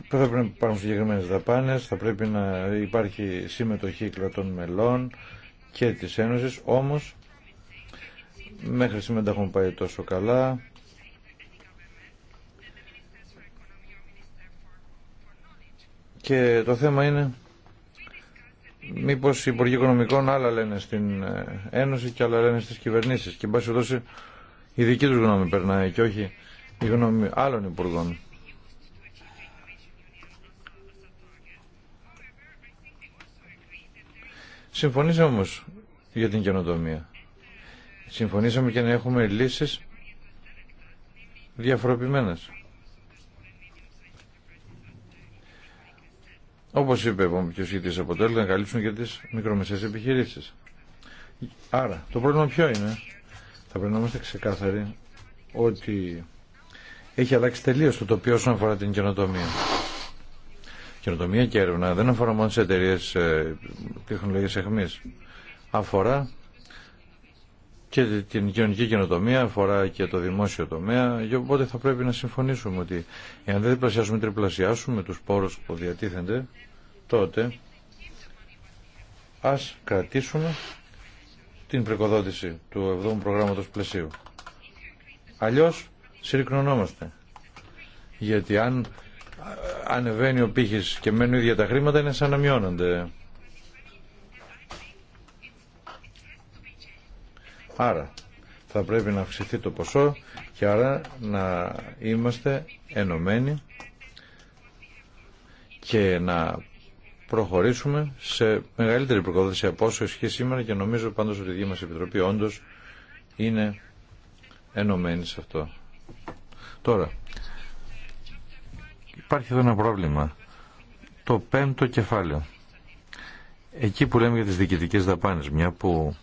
θα ε, πρέπει να υπάρχουν συγκεκριμένε δαπάνε, θα πρέπει να υπάρχει συμμετοχή κρατών μελών και τη Ένωση, όμω, μέχρι σήμερα τα έχουν πάει τόσο καλά. Και το θέμα είναι μήπως οι Υπουργοί Οικονομικών άλλα λένε στην ε, Ένωση και άλλα λένε στις κυβερνήσεις και εν πάση η δική τους γνώμη περνάει και όχι η γνώμη άλλων Υπουργών. Συμφωνήσαμε όμως για την καινοτομία. Συμφωνήσαμε και να έχουμε λύσεις διαφοροποιημένες. Όπως είπε και αποτέλεσμα να καλύψουν και τις μικρομεσαίες επιχειρήσεις. Άρα, το πρόβλημα ποιο είναι. Θα πρέπει να είμαστε ξεκάθαροι ότι έχει αλλάξει τελείως το τοπίο όσον αφορά την καινοτομία. Καινοτομία και έρευνα δεν αφορά μόνο τι εταιρείε τεχνολογία αιχμή. Αφορά και την κοινωνική καινοτομία, αφορά και το δημόσιο τομέα. Και οπότε θα πρέπει να συμφωνήσουμε ότι εάν δεν διπλασιάσουμε, τριπλασιάσουμε του πόρου που διατίθενται, τότε ας κρατήσουμε την πρεκοδότηση του 7ου προγράμματος πλαισίου. Αλλιώς συρρυκνωνόμαστε. Γιατί αν ανεβαίνει ο πύχης και μένουν ίδια τα χρήματα είναι σαν να μειώνονται. Άρα θα πρέπει να αυξηθεί το ποσό και άρα να είμαστε ενωμένοι και να προχωρήσουμε σε μεγαλύτερη προκοδότηση από όσο ισχύει σήμερα και νομίζω πάντως ότι η δική μας Επιτροπή όντως είναι ενωμένη σε αυτό. Τώρα, Υπάρχει εδώ ένα πρόβλημα. Το πέμπτο κεφάλαιο. Εκεί που λέμε για τις διοικητικές δαπάνες, μια που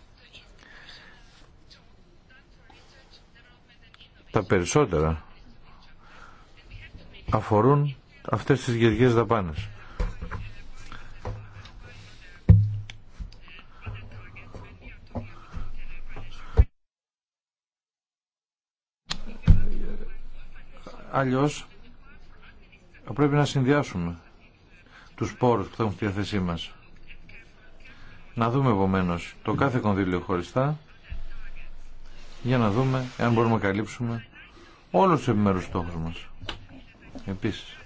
τα περισσότερα αφορούν αυτές τις διοικητικές δαπάνες. Αλλιώς θα πρέπει να συνδυάσουμε τους πόρους που θα έχουν στη θέση μας. Να δούμε επομένω το κάθε κονδύλιο χωριστά για να δούμε αν μπορούμε να καλύψουμε όλους τους επιμέρους στόχους μας. Επίσης,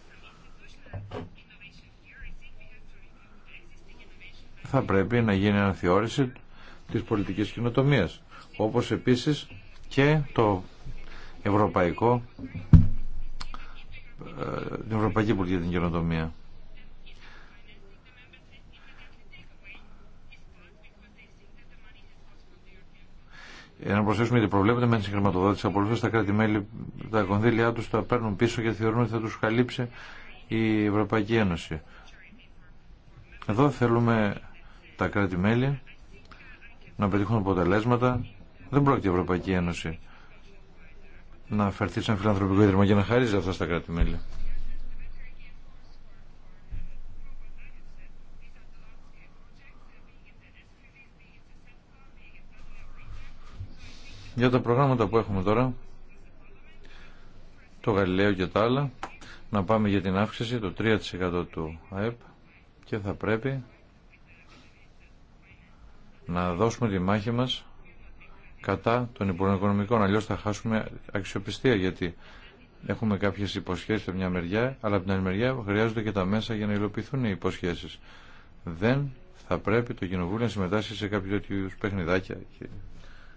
θα πρέπει να γίνει αναθεώρηση της πολιτικής κοινοτομίας, όπως επίσης και το ευρωπαϊκό ε, την Ευρωπαϊκή για την Καινοτομία. Για να προσθέσουμε γιατί προβλέπεται με τη συγχρηματοδότηση απολύτω τα κράτη-μέλη, τα κονδύλια του τα παίρνουν πίσω και θεωρούν ότι θα του καλύψει η Ευρωπαϊκή Ένωση. Εδώ θέλουμε τα κράτη-μέλη να πετύχουν αποτελέσματα. Δεν πρόκειται η Ευρωπαϊκή Ένωση να αφαιρθεί σαν φιλανθρωπικό ίδρυμα και να χαρίζει αυτά στα κράτη-μέλη. Για τα προγράμματα που έχουμε τώρα, το Γαλιλαίο και τα άλλα, να πάμε για την αύξηση το 3% του ΑΕΠ και θα πρέπει να δώσουμε τη μάχη μας κατά των Υπουργών Οικονομικών. Αλλιώ θα χάσουμε αξιοπιστία γιατί έχουμε κάποιε υποσχέσει από μια μεριά, αλλά από την άλλη μεριά χρειάζονται και τα μέσα για να υλοποιηθούν οι υποσχέσει. Δεν θα πρέπει το Κοινοβούλιο να συμμετάσχει σε κάποιο τέτοιου παιχνιδάκια και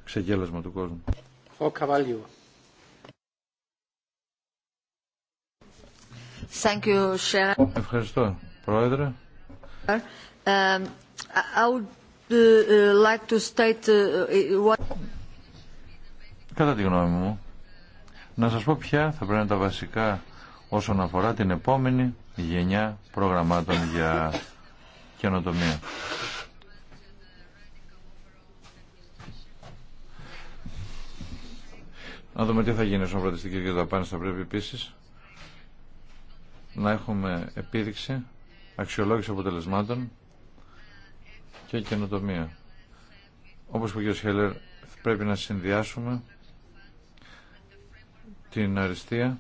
ξεγέλασμα του κόσμου. Ο Ευχαριστώ, Πρόεδρε. Um, I would uh, like to state... Uh, Κατά τη γνώμη μου, να σας πω ποια θα πρέπει να τα βασικά όσον αφορά την επόμενη γενιά προγραμμάτων για καινοτομία. Να δούμε τι θα γίνει στον πρωτιστική και Δαπάνη, Θα πρέπει επίση να έχουμε επίδειξη, αξιολόγηση αποτελεσμάτων και καινοτομία. Όπως που ο κ. Χέλλερ, πρέπει να συνδυάσουμε την αριστεία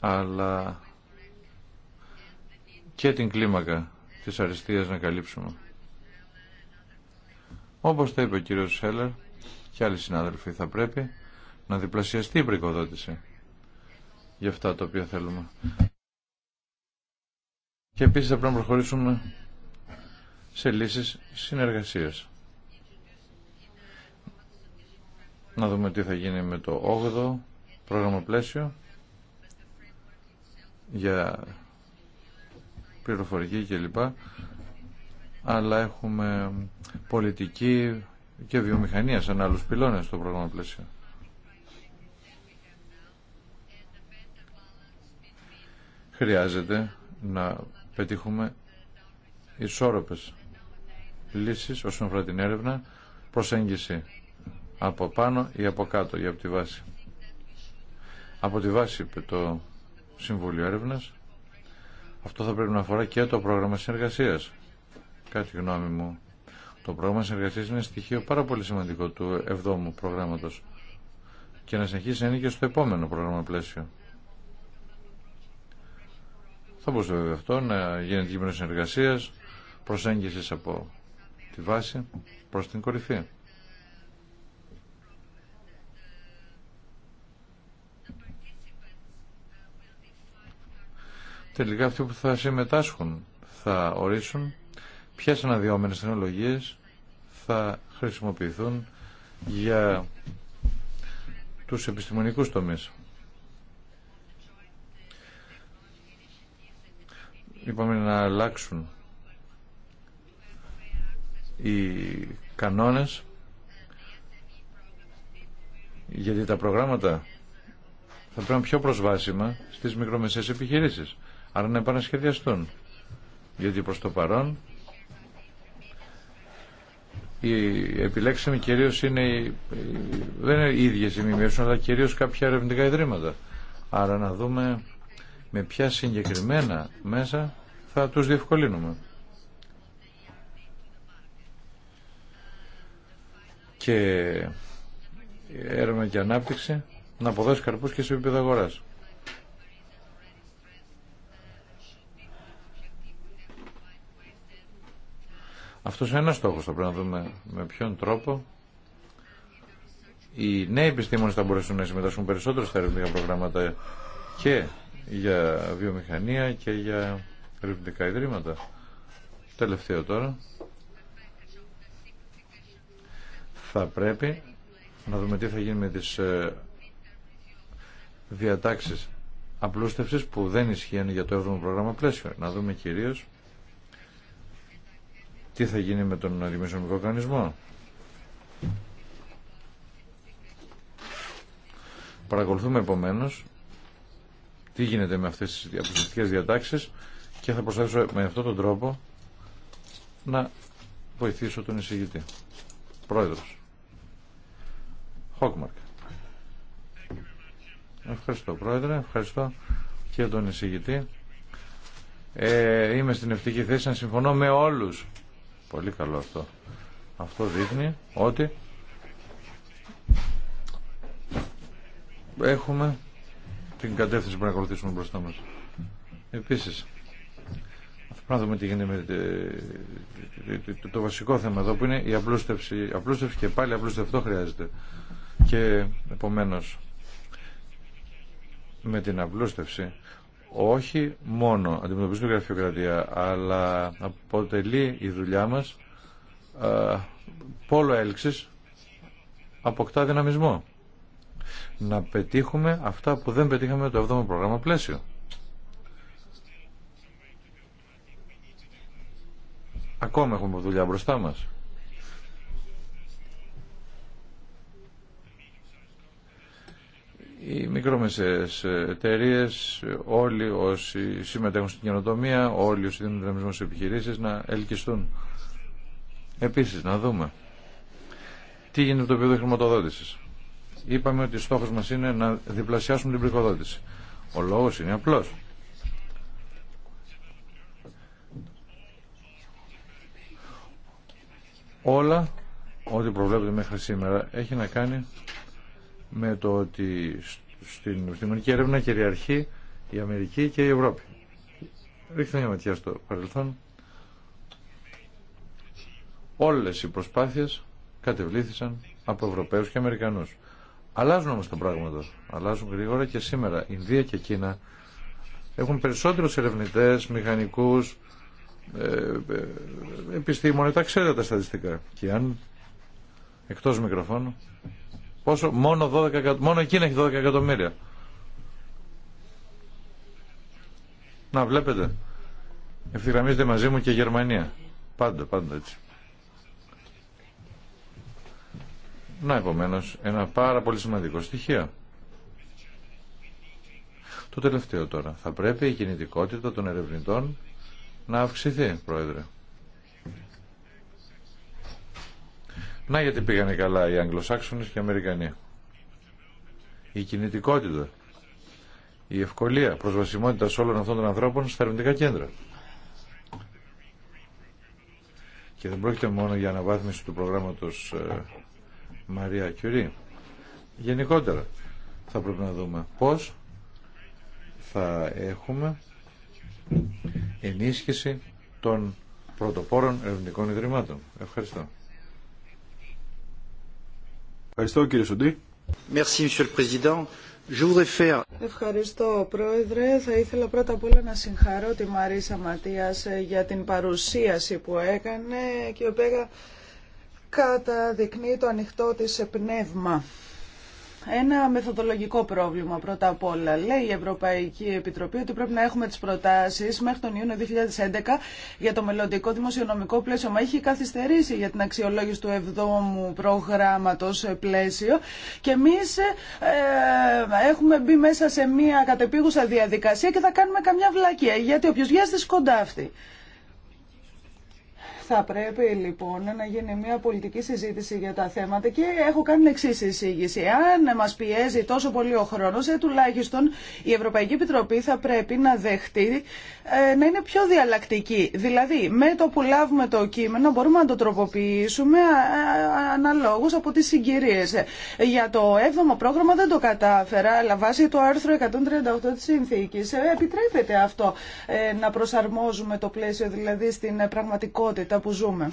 αλλά και την κλίμακα της αριστείας να καλύψουμε. Όπως το είπε ο κύριος Σέλλερ και άλλοι συνάδελφοι θα πρέπει να διπλασιαστεί η πρικοδότηση για αυτά τα οποία θέλουμε. Και επίσης θα πρέπει να προχωρήσουμε σε λύσεις συνεργασίας. Να δούμε τι θα γίνει με το 8ο πρόγραμμα πλαίσιο για πληροφορική κλπ. Αλλά έχουμε πολιτική και βιομηχανία σαν άλλους πυλώνες στο πρόγραμμα πλαίσιο. Χρειάζεται να πετύχουμε ισόρροπες λύσεις όσον αφορά την έρευνα προσέγγιση από πάνω ή από κάτω ή από τη βάση από τη βάση το Συμβούλιο Έρευνα. Αυτό θα πρέπει να αφορά και το πρόγραμμα συνεργασία. Κάτι γνώμη μου. Το πρόγραμμα συνεργασία είναι στοιχείο πάρα πολύ σημαντικό του 7ου προγράμματο και να συνεχίσει να είναι και στο επόμενο πρόγραμμα πλαίσιο. Θα μπορούσε βέβαια αυτό να γίνεται κείμενο συνεργασία, προσέγγιση από τη βάση προ την κορυφή. τελικά αυτοί που θα συμμετάσχουν θα ορίσουν ποιες αναδυόμενες τεχνολογίε θα χρησιμοποιηθούν για τους επιστημονικούς τομείς. Είπαμε να αλλάξουν οι κανόνες γιατί τα προγράμματα θα πρέπει να πιο προσβάσιμα στις μικρομεσαίες επιχειρήσεις άρα να επανασχεδιαστούν. Γιατί προς το παρόν οι επιλέξιμοι κυρίως είναι, δεν είναι οι ίδιες οι μημιές αλλά κυρίως κάποια ερευνητικά ιδρύματα. Άρα να δούμε με ποια συγκεκριμένα μέσα θα τους διευκολύνουμε. Και έρευνα και ανάπτυξη να αποδώσει καρπούς και σε επίπεδο αγοράς. Αυτό είναι ένα στόχο Θα πρέπει να δούμε με ποιον τρόπο οι νέοι επιστήμονε θα μπορέσουν να συμμετάσχουν περισσότερο στα ερευνητικά προγράμματα και για βιομηχανία και για ερευνητικά ιδρύματα. Τελευταίο τώρα. Θα πρέπει να δούμε τι θα γίνει με τις ε, διατάξεις απλούστευσης που δεν ισχύουν για το 7ο πρόγραμμα πλαίσιο. Να δούμε κυρίως τι θα γίνει με τον δημοσιονομικό οργανισμό. Παρακολουθούμε επομένως τι γίνεται με αυτές τις αποσυντικές διατάξεις και θα προσπαθήσω με αυτόν τον τρόπο να βοηθήσω τον εισηγητή. Πρόεδρος. Χόκμαρκ. Ευχαριστώ πρόεδρε, ευχαριστώ και τον εισηγητή. Ε, είμαι στην ευτυχή θέση να συμφωνώ με όλους Πολύ καλό αυτό. Αυτό δείχνει ότι έχουμε την κατεύθυνση που να ακολουθήσουμε μπροστά μας. Επίσης, να δούμε τι γίνεται με ε, ε, ε, το βασικό θέμα εδώ που είναι η απλούστευση. Απλούστευση και πάλι απλούστευση αυτό χρειάζεται. Και επομένως, με την απλούστευση όχι μόνο αντιμετωπίζουμε γραφειοκρατία, αλλά αποτελεί η δουλειά μας ε, πόλο έλξης αποκτά δυναμισμό. Να πετύχουμε αυτά που δεν πετύχαμε το 7ο πρόγραμμα πλαίσιο. Ακόμα έχουμε δουλειά μπροστά μας. οι μικρομεσαίες εταιρείε, όλοι όσοι συμμετέχουν στην καινοτομία, όλοι όσοι δίνουν δυναμισμό σε επιχειρήσεις να ελκυστούν. Επίσης, να δούμε τι γίνεται το επίπεδο χρηματοδότησης. Είπαμε ότι στόχος μας είναι να διπλασιάσουμε την πληροδότηση. Ο λόγος είναι απλός. Όλα ό,τι προβλέπετε μέχρι σήμερα έχει να κάνει με το ότι στην επιστημονική έρευνα κυριαρχεί η Αμερική και η Ευρώπη. Ρίχτε μια ματιά στο παρελθόν. Όλες οι προσπάθειες κατεβλήθησαν από Ευρωπαίους και Αμερικανούς. Αλλάζουν όμως τα πράγματα. Αλλάζουν γρήγορα και σήμερα. η Ινδία και Κίνα έχουν περισσότερους ερευνητές, μηχανικούς, ε, ε, επιστήμονες. Τα ξέρετε τα στατιστικά. Και αν εκτός μικροφώνου Πόσο, μόνο, 12, μόνο εκείνα έχει 12 εκατομμύρια. Να βλέπετε. Ευθυγραμμίζεται μαζί μου και η Γερμανία. Πάντα, πάντα έτσι. Να επομένω ένα πάρα πολύ σημαντικό στοιχείο. Το τελευταίο τώρα. Θα πρέπει η κινητικότητα των ερευνητών να αυξηθεί, Πρόεδρε. Να γιατί πήγανε καλά οι Αγγλοσάξονες και οι Αμερικανοί. Η κινητικότητα, η ευκολία προσβασιμότητα σε όλων αυτών των ανθρώπων στα ερευνητικά κέντρα. Και δεν πρόκειται μόνο για αναβάθμιση του προγράμματος ε, Μαρία Κιουρί. Γενικότερα θα πρέπει να δούμε πώς θα έχουμε ενίσχυση των πρωτοπόρων ερευνητικών ιδρυμάτων. Ευχαριστώ. Ευχαριστώ κύριε Σοντή. Ευχαριστώ Πρόεδρε. Θα ήθελα πρώτα απ' όλα να συγχαρώ τη Μαρίσα Ματίας ε, για την παρουσίαση που έκανε και η οποία καταδεικνύει το ανοιχτό της ε, πνεύμα ένα μεθοδολογικό πρόβλημα πρώτα απ' όλα. Λέει η Ευρωπαϊκή Επιτροπή ότι πρέπει να έχουμε τις προτάσεις μέχρι τον Ιούνιο 2011 για το μελλοντικό δημοσιονομικό πλαίσιο. Μα έχει καθυστερήσει για την αξιολόγηση του 7ου προγράμματος πλαίσιο και εμείς ε, έχουμε μπει μέσα σε μια κατεπίγουσα διαδικασία και θα κάνουμε καμιά βλακία γιατί όποιος βιάζεται σκοντάφτει. Θα πρέπει λοιπόν να γίνει μια πολιτική συζήτηση για τα θέματα και έχω κάνει εξή εισήγηση. Αν μα πιέζει τόσο πολύ ο χρόνο, ε, τουλάχιστον η Ευρωπαϊκή Επιτροπή θα πρέπει να δεχτεί ε, να είναι πιο διαλλακτική. Δηλαδή, με το που λάβουμε το κείμενο μπορούμε να το τροποποιήσουμε αναλόγω από τι συγκυρίε. Για το 7ο πρόγραμμα δεν το κατάφερα, αλλά βάσει το άρθρο 138 τη συνθήκη επιτρέπεται αυτό ε, να προσαρμόζουμε το πλαίσιο δηλαδή στην ε, πραγματικότητα που ζούμε.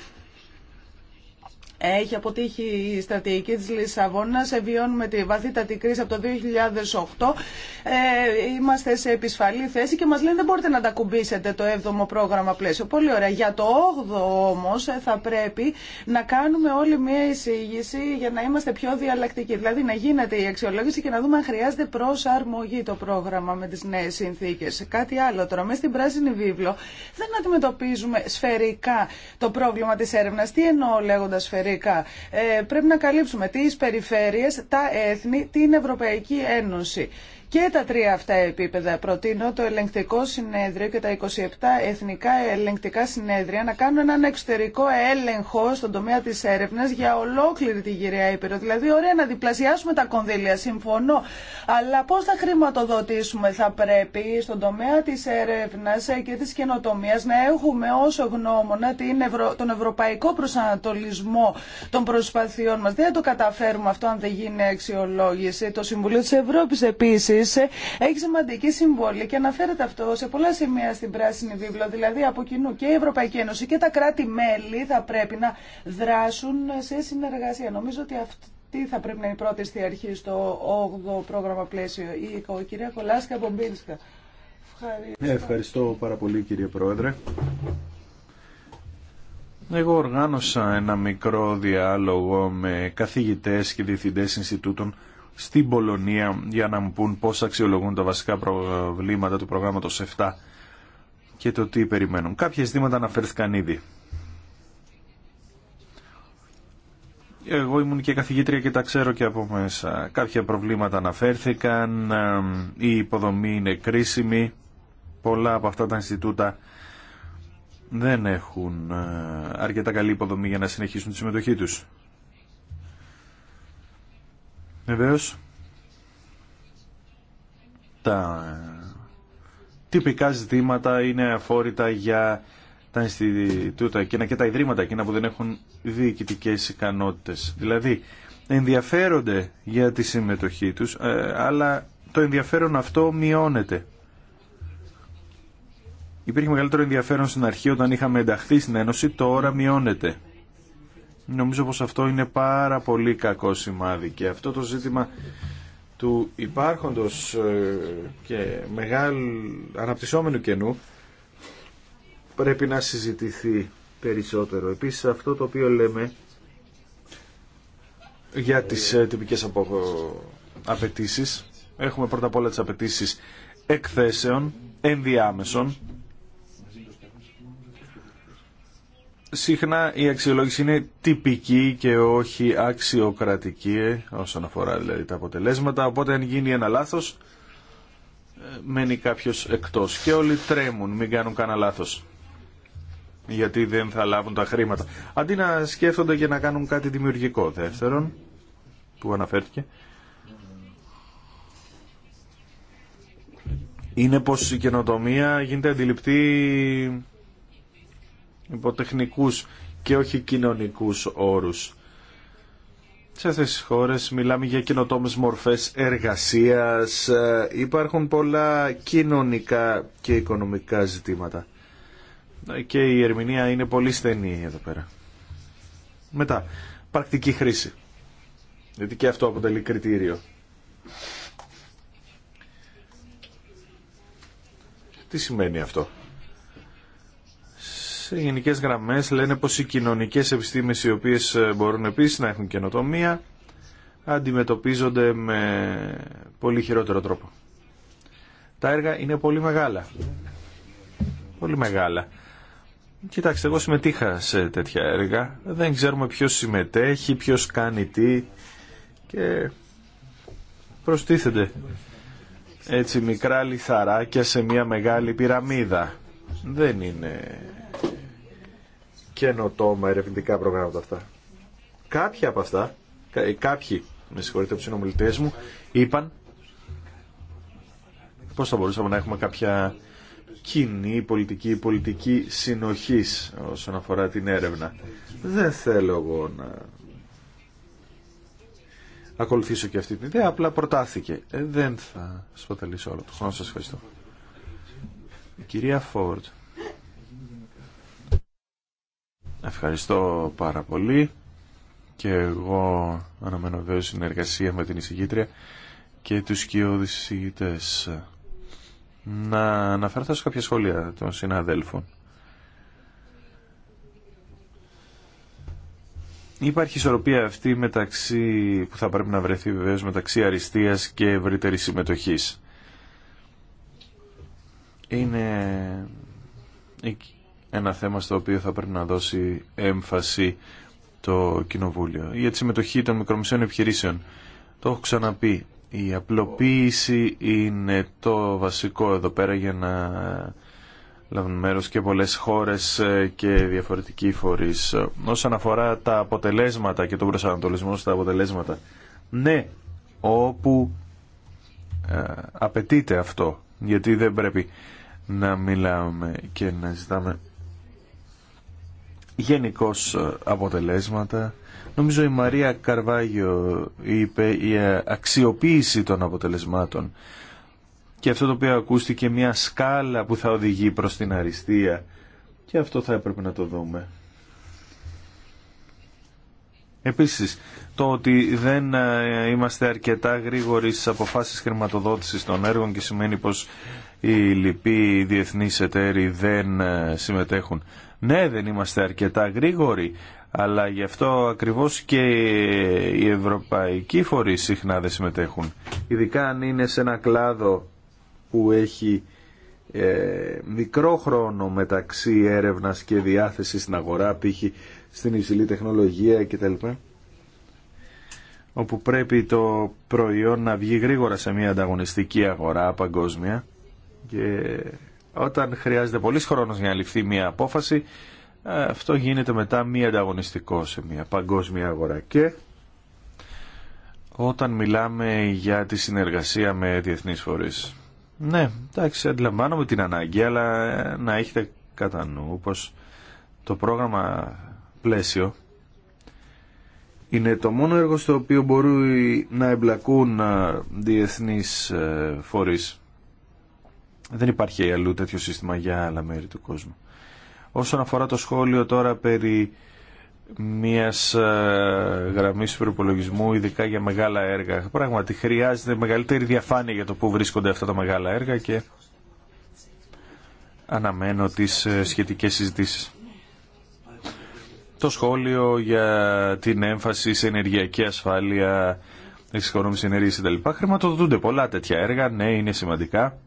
Έχει αποτύχει η στρατηγική της Λισαβόνας, ε, βιώνουμε τη βαθύτατη κρίση από το 2008. Ε, είμαστε σε επισφαλή θέση και μας λένε δεν μπορείτε να τα κουμπίσετε το 7ο πρόγραμμα πλαίσιο. Πολύ ωραία. Για το 8ο όμως ε, θα πρέπει να κάνουμε όλη μια εισήγηση για να είμαστε πιο διαλλακτικοί. Δηλαδή να γίνεται η αξιολόγηση και να δούμε αν χρειάζεται προσαρμογή το πρόγραμμα με τις νέες συνθήκες. Κάτι άλλο τώρα. Μέσα στην πράσινη βίβλο δεν αντιμετωπίζουμε σφαιρικά το πρόβλημα της έρευνας. Τι εννοώ λέγοντας σφαιρικά ε, πρέπει να καλύψουμε τις περιφέρειες, τα έθνη, την Ευρωπαϊκή Ένωση και τα τρία αυτά επίπεδα. Προτείνω το ελεγκτικό συνέδριο και τα 27 εθνικά ελεγκτικά συνέδρια να κάνουν έναν εξωτερικό έλεγχο στον τομέα της έρευνας για ολόκληρη τη γυραιά Ήπειρο. Δηλαδή, ωραία να διπλασιάσουμε τα κονδύλια, συμφωνώ. Αλλά πώς θα χρηματοδοτήσουμε θα πρέπει στον τομέα της έρευνας και της καινοτομίας να έχουμε όσο γνώμονα τον ευρωπαϊκό προσανατολισμό των προσπαθειών μας. Δεν το καταφέρουμε αυτό αν δεν γίνει αξιολόγηση. Το Συμβουλίο της Ευρώπης επίσης έχει σημαντική συμβολή και αναφέρεται αυτό σε πολλά σημεία στην Πράσινη Βίβλο. Δηλαδή από κοινού και η Ευρωπαϊκή Ένωση και τα κράτη-μέλη θα πρέπει να δράσουν σε συνεργασία. Νομίζω ότι αυτό τι θα πρέπει να είναι η πρώτη στη αρχή στο 8ο πρόγραμμα πλαίσιο. Η κυρία Κολάσκα Μπομπίνσκα. Ευχαριστώ. Ευχαριστώ πάρα πολύ κύριε Πρόεδρε. Εγώ οργάνωσα ένα μικρό διάλογο με καθηγητές και διευθυντές Ινστιτούτων στην Πολωνία για να μου πούν πώς αξιολογούν τα βασικά προβλήματα του προγράμματος 7 και το τι περιμένουν. Κάποια ζητήματα αναφέρθηκαν ήδη. Εγώ ήμουν και καθηγήτρια και τα ξέρω και από μέσα. Κάποια προβλήματα αναφέρθηκαν, η υποδομή είναι κρίσιμη, πολλά από αυτά τα Ινστιτούτα δεν έχουν ε, αρκετά καλή υποδομή για να συνεχίσουν τη συμμετοχή τους. Βεβαίω, τα ε, τυπικά ζητήματα είναι αφόρητα για τα Ινστιτούτα και τα Ιδρύματα εκείνα που δεν έχουν διοικητικές ικανότητες. Δηλαδή, ενδιαφέρονται για τη συμμετοχή τους, ε, αλλά το ενδιαφέρον αυτό μειώνεται. Υπήρχε μεγαλύτερο ενδιαφέρον στην αρχή όταν είχαμε ενταχθεί στην Ένωση, τώρα μειώνεται. Νομίζω πως αυτό είναι πάρα πολύ κακό σημάδι και αυτό το ζήτημα του υπάρχοντος ε, και μεγάλου αναπτυσσόμενου κενού πρέπει να συζητηθεί περισσότερο. Επίσης αυτό το οποίο λέμε για τις ε, τυπικές απαιτήσει. έχουμε πρώτα απ' όλα τις απαιτήσει εκθέσεων, ενδιάμεσων συχνά η αξιολόγηση είναι τυπική και όχι αξιοκρατική ε, όσον αφορά δηλαδή τα αποτελέσματα. Οπότε αν γίνει ένα λάθος ε, μένει κάποιος εκτός και όλοι τρέμουν, μην κάνουν κανένα λάθος γιατί δεν θα λάβουν τα χρήματα. Αντί να σκέφτονται και να κάνουν κάτι δημιουργικό. Δεύτερον, που αναφέρθηκε, είναι πως η καινοτομία γίνεται αντιληπτή υποτεχνικούς και όχι κοινωνικούς όρους. Σε αυτές τις χώρες μιλάμε για κοινοτόμε μορφές εργασίας, ε, υπάρχουν πολλά κοινωνικά και οικονομικά ζητήματα. Ε, και η ερμηνεία είναι πολύ στενή εδώ πέρα. Μετά, πρακτική χρήση. Γιατί και αυτό αποτελεί κριτήριο. Τι σημαίνει αυτό σε γενικές γραμμές λένε πως οι κοινωνικές επιστήμες οι οποίες ε, μπορούν επίσης να έχουν καινοτομία αντιμετωπίζονται με πολύ χειρότερο τρόπο. Τα έργα είναι πολύ μεγάλα. Πολύ μεγάλα. Κοιτάξτε, εγώ συμμετείχα σε τέτοια έργα. Δεν ξέρουμε ποιος συμμετέχει, ποιος κάνει τι και προστίθενται έτσι μικρά λιθαράκια σε μια μεγάλη πυραμίδα. Δεν είναι καινοτόμα ερευνητικά προγράμματα αυτά. Κάποια από αυτά, ε, κάποιοι, με συγχωρείτε από συνομιλητές μου, είπαν πώς θα μπορούσαμε να έχουμε κάποια κοινή πολιτική, πολιτική συνοχής όσον αφορά την έρευνα. Δεν θέλω εγώ να ακολουθήσω και αυτή την ιδέα, απλά προτάθηκε. Ε, δεν θα σπαταλήσω όλο το χρόνο, σας ευχαριστώ. Η κυρία Φόρτ. Ευχαριστώ πάρα πολύ και εγώ αναμένω βέβαια συνεργασία με την εισηγήτρια και τους σκιώδεις εισηγητές. Να αναφέρθω σε κάποια σχόλια των συναδέλφων. Υπάρχει ισορροπία αυτή μεταξύ, που θα πρέπει να βρεθεί βεβαίω, μεταξύ αριστείας και ευρύτερη συμμετοχής. Είναι ένα θέμα στο οποίο θα πρέπει να δώσει έμφαση το Κοινοβούλιο. Για τη συμμετοχή των μικρομεσαίων επιχειρήσεων. Το έχω ξαναπεί. Η απλοποίηση είναι το βασικό εδώ πέρα για να λάβουν μέρος και πολλές χώρες και διαφορετικοί φορείς. Όσον αφορά τα αποτελέσματα και τον προσανατολισμό στα αποτελέσματα, ναι, όπου ε, απαιτείται αυτό, γιατί δεν πρέπει να μιλάμε και να ζητάμε γενικώ ε, αποτελέσματα. Νομίζω η Μαρία Καρβάγιο είπε η ε, αξιοποίηση των αποτελεσμάτων και αυτό το οποίο ακούστηκε μια σκάλα που θα οδηγεί προς την αριστεία και αυτό θα έπρεπε να το δούμε. Επίσης, το ότι δεν ε, είμαστε αρκετά γρήγοροι στις αποφάσεις χρηματοδότησης των έργων και σημαίνει πως οι λοιποί διεθνείς εταίροι δεν συμμετέχουν. Ναι, δεν είμαστε αρκετά γρήγοροι, αλλά γι' αυτό ακριβώς και οι ευρωπαϊκοί φορείς συχνά δεν συμμετέχουν. Ειδικά αν είναι σε ένα κλάδο που έχει ε, μικρό χρόνο μεταξύ έρευνας και διάθεσης στην αγορά, π.χ. στην υψηλή τεχνολογία κτλ. Όπου πρέπει το προϊόν να βγει γρήγορα σε μια ανταγωνιστική αγορά παγκόσμια όταν χρειάζεται πολύ χρόνος για να ληφθεί μια απόφαση, ε, αυτό γίνεται μετά μη ανταγωνιστικό σε μια παγκόσμια αγορά. Και όταν μιλάμε για τη συνεργασία με διεθνείς φορείς. Ναι, εντάξει, αντιλαμβάνομαι την ανάγκη, αλλά ε, να έχετε κατά νου πως το πρόγραμμα πλαίσιο είναι το μόνο έργο στο οποίο μπορούν να εμπλακούν ε, διεθνείς φορείς δεν υπάρχει αλλού τέτοιο σύστημα για άλλα μέρη του κόσμου. Όσον αφορά το σχόλιο τώρα περί μιας ε, γραμμής προπολογισμού, ειδικά για μεγάλα έργα, πράγματι χρειάζεται μεγαλύτερη διαφάνεια για το πού βρίσκονται αυτά τα μεγάλα έργα και αναμένω τις ε, σχετικές συζητήσεις. Το σχόλιο για την έμφαση σε ενεργειακή ασφάλεια, εξοικονόμηση ενέργειας κτλ. Χρηματοδοτούνται πολλά τέτοια έργα, ναι είναι σημαντικά.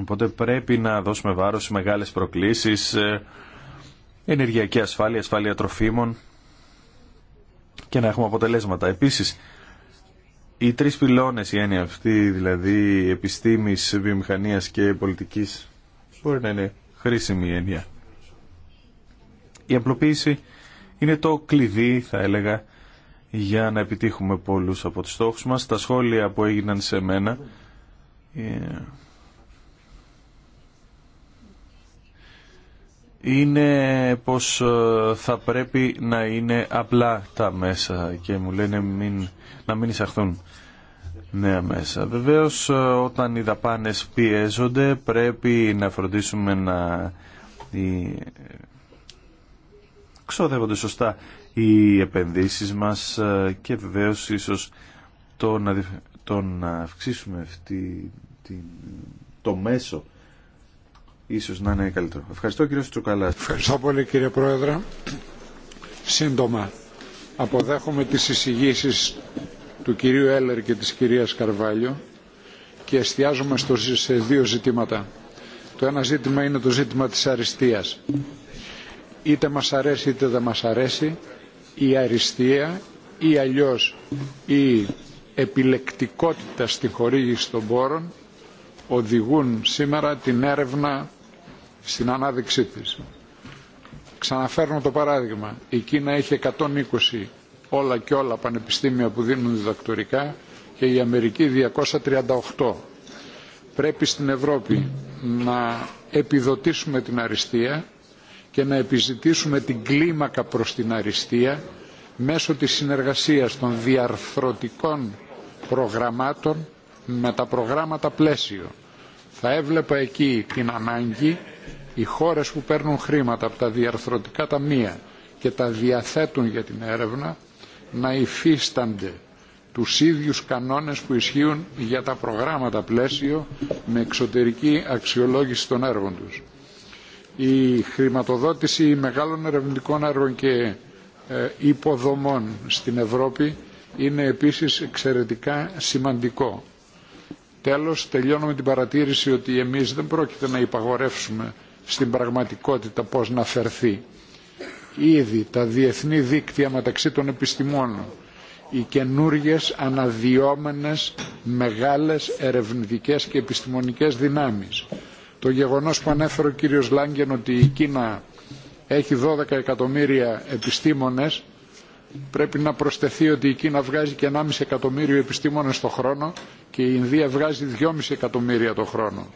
Οπότε πρέπει να δώσουμε βάρος σε μεγάλες προκλήσεις, ε, ενεργειακή ασφάλεια, ασφάλεια τροφίμων και να έχουμε αποτελέσματα. Επίσης, οι τρει πυλώνες, η έννοια αυτή, δηλαδή επιστήμης, βιομηχανίας και πολιτικής, μπορεί να είναι χρήσιμη έννοια. Η απλοποίηση είναι το κλειδί, θα έλεγα, για να επιτύχουμε πολλούς από τους στόχους μας. Τα σχόλια που έγιναν σε μένα ε, είναι πως ε, θα πρέπει να είναι απλά τα μέσα και μου λένε μην, να μην εισαχθούν νέα μέσα. Βεβαίως ε, όταν οι δαπάνες πιέζονται πρέπει να φροντίσουμε να ξοδεύονται σωστά οι επενδύσεις μας ε, και βεβαίως ίσως το να, το να αυξήσουμε αυτή, την, το μέσο ίσως να είναι καλύτερο. Ευχαριστώ κύριο Τσουκαλά. Ευχαριστώ πολύ κύριε Πρόεδρε. Σύντομα, αποδέχομαι τις εισηγήσεις του κυρίου Έλερ και της κυρίας Καρβάλιο και εστιάζομαι στο, σε δύο ζητήματα. Το ένα ζήτημα είναι το ζήτημα της αριστείας. Είτε μας αρέσει είτε δεν μας αρέσει η αριστεία ή αλλιώς η επιλεκτικότητα στη χορήγηση των πόρων οδηγούν σήμερα την έρευνα στην ανάδειξή της. Ξαναφέρνω το παράδειγμα. Η Κίνα έχει 120 όλα και όλα πανεπιστήμια που δίνουν διδακτορικά και η Αμερική 238. Πρέπει στην Ευρώπη να επιδοτήσουμε την αριστεία και να επιζητήσουμε την κλίμακα προς την αριστεία μέσω της συνεργασίας των διαρθρωτικών προγραμμάτων με τα προγράμματα πλαίσιο θα έβλεπα εκεί την ανάγκη οι χώρες που παίρνουν χρήματα από τα διαρθρωτικά ταμεία και τα διαθέτουν για την έρευνα να υφίστανται τους ίδιους κανόνες που ισχύουν για τα προγράμματα πλαίσιο με εξωτερική αξιολόγηση των έργων τους. Η χρηματοδότηση μεγάλων ερευνητικών έργων και ε, υποδομών στην Ευρώπη είναι επίσης εξαιρετικά σημαντικό Τέλος, τελειώνω με την παρατήρηση ότι εμείς δεν πρόκειται να υπαγορεύσουμε στην πραγματικότητα πώς να φερθεί. Ήδη τα διεθνή δίκτυα μεταξύ των επιστημόνων, οι καινούριε αναδυόμενες μεγάλες ερευνητικές και επιστημονικές δυνάμεις. Το γεγονός που ανέφερε ο κύριος Λάγκεν ότι η Κίνα έχει 12 εκατομμύρια επιστήμονες πρέπει να προσθεθεί ότι η Κίνα βγάζει και 1,5 εκατομμύριο επιστήμονες το χρόνο και η Ινδία βγάζει 2,5 εκατομμύρια το χρόνο.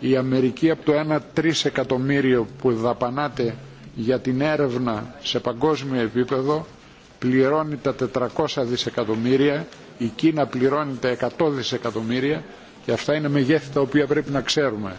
Η Αμερική από το 1 εκατομμύριο που δαπανάται για την έρευνα σε παγκόσμιο επίπεδο πληρώνει τα 400 δισεκατομμύρια, η Κίνα πληρώνει τα 100 δισεκατομμύρια και αυτά είναι μεγέθη τα οποία πρέπει να ξέρουμε.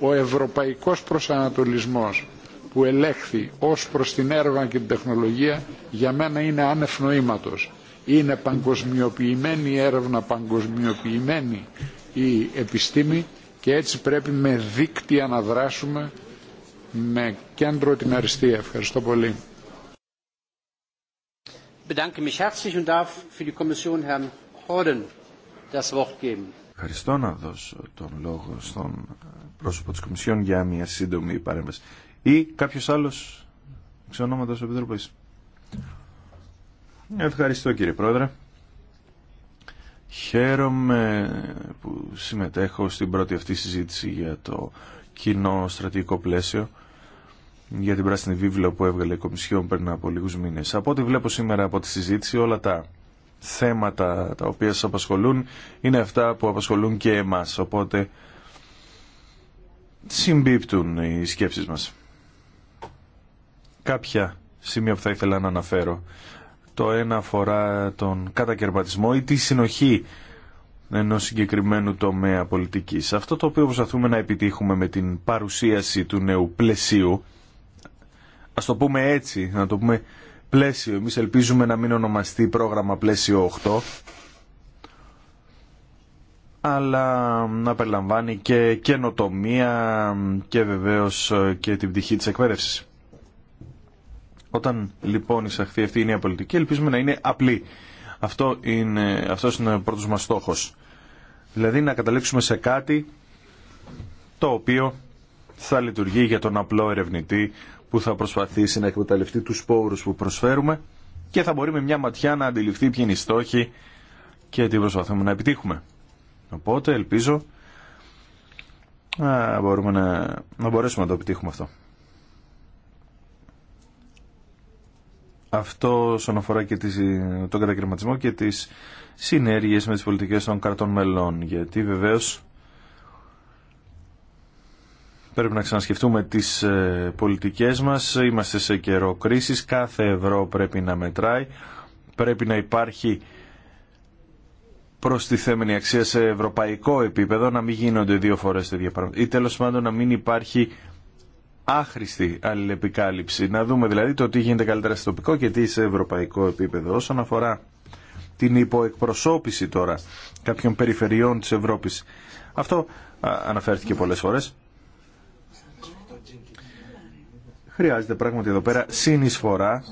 Ο ευρωπαϊκός προσανατολισμός που ελέγχθη ως προς την έρευνα και την τεχνολογία για μένα είναι νοήματος. Είναι παγκοσμιοποιημένη η έρευνα, παγκοσμιοποιημένη η επιστήμη και έτσι πρέπει με δίκτυα να δράσουμε με κέντρο την αριστεία. Ευχαριστώ πολύ. Ευχαριστώ να δώσω τον λόγο στον πρόσωπο της Κομισιόν για μια σύντομη παρέμβαση ή κάποιος άλλος εξ ονόματος Επιτροπή. Ευχαριστώ κύριε Πρόεδρε. Χαίρομαι που συμμετέχω στην πρώτη αυτή συζήτηση για το κοινό στρατηγικό πλαίσιο για την πράσινη βίβλο που έβγαλε η Κομισιόν πριν από λίγους μήνες. Από ό,τι βλέπω σήμερα από τη συζήτηση όλα τα θέματα τα οποία σας απασχολούν είναι αυτά που απασχολούν και εμάς. Οπότε συμπίπτουν οι σκέψεις μας κάποια σημεία που θα ήθελα να αναφέρω. Το ένα αφορά τον κατακαιρματισμό ή τη συνοχή ενό συγκεκριμένου τομέα πολιτικής. Αυτό το οποίο προσπαθούμε να επιτύχουμε με την παρουσίαση του νέου πλαισίου, α το πούμε έτσι, να το πούμε πλαίσιο, εμεί ελπίζουμε να μην ονομαστεί πρόγραμμα πλαίσιο 8, αλλά να περιλαμβάνει και καινοτομία και βεβαίως και την πτυχή της εκπαίδευσης. Όταν λοιπόν εισαχθεί αυτή η νέα πολιτική, ελπίζουμε να είναι απλή. Αυτό είναι, αυτός είναι ο πρώτος μας στόχος. Δηλαδή να καταλήξουμε σε κάτι το οποίο θα λειτουργεί για τον απλό ερευνητή που θα προσπαθήσει να εκμεταλλευτεί τους πόρους που προσφέρουμε και θα μπορεί με μια ματιά να αντιληφθεί ποιοι είναι οι στόχοι και τι προσπαθούμε να επιτύχουμε. Οπότε ελπίζω μπορούμε να, να μπορέσουμε να το επιτύχουμε αυτό. Αυτό όσον αφορά και τον κατακριματισμό και τις συνέργειες με τις πολιτικές των κρατών μελών. Γιατί βεβαίως πρέπει να ξανασκεφτούμε τις ε, πολιτικές μας. Είμαστε σε καιρό κρίσης. Κάθε ευρώ πρέπει να μετράει. Πρέπει να υπάρχει προστιθέμενη αξία σε ευρωπαϊκό επίπεδο, να μην γίνονται δύο φορές τέτοια πράγματα. Ή τέλος πάντων να μην υπάρχει άχρηστη αλληλεπικάλυψη. Να δούμε δηλαδή το τι γίνεται καλύτερα σε τοπικό και τι σε ευρωπαϊκό επίπεδο. Όσον αφορά την υποεκπροσώπηση τώρα κάποιων περιφερειών της Ευρώπης. Αυτό αναφέρθηκε πολλές φορές. Χρειάζεται πράγματι εδώ πέρα συνεισφορά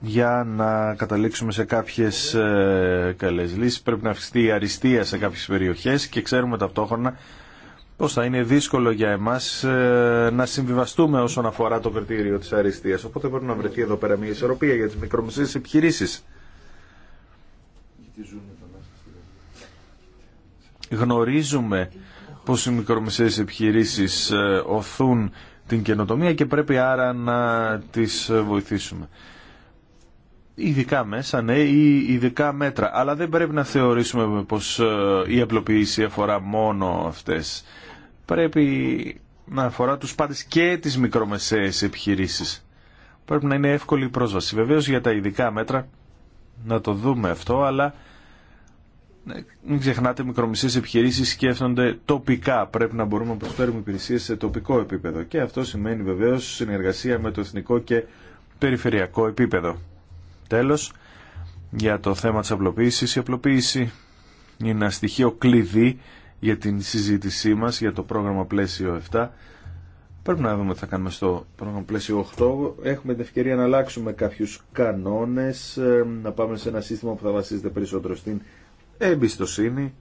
για να καταλήξουμε σε κάποιες ε, καλές λύσεις. Πρέπει να αυξηθεί η αριστεία σε κάποιες περιοχές και ξέρουμε ταυτόχρονα πως θα είναι δύσκολο για εμάς ε, να συμβιβαστούμε όσον αφορά το κριτήριο της αριστείας. Οπότε πρέπει να βρεθεί εδώ πέρα μια ισορροπία για τις μικρομεσαίες επιχειρήσεις. Γνωρίζουμε πως οι μικρομεσαίες επιχειρήσεις ε, οθούν την καινοτομία και πρέπει άρα να τις βοηθήσουμε. Ειδικά μέσα, ναι, ή ειδικά μέτρα. Αλλά δεν πρέπει να θεωρήσουμε πως ε, η απλοποίηση αφορά μόνο αυτές πρέπει να αφορά τους πάντες και τις μικρομεσαίες επιχειρήσεις. Πρέπει να είναι εύκολη η πρόσβαση. Βεβαίως για τα ειδικά μέτρα να το δούμε αυτό, αλλά μην ξεχνάτε μικρομεσαίες επιχειρήσεις σκέφτονται τοπικά. Πρέπει να μπορούμε να προσφέρουμε υπηρεσίες σε τοπικό επίπεδο. Και αυτό σημαίνει βεβαίως συνεργασία με το εθνικό και περιφερειακό επίπεδο. Τέλος, για το θέμα της απλοποίησης, η απλοποίηση είναι ένα στοιχείο κλειδί για την συζήτησή μας για το πρόγραμμα πλαίσιο 7. Πρέπει να δούμε τι θα κάνουμε στο πρόγραμμα πλαίσιο 8. Έχουμε την ευκαιρία να αλλάξουμε κάποιους κανόνες, ε, να πάμε σε ένα σύστημα που θα βασίζεται περισσότερο στην εμπιστοσύνη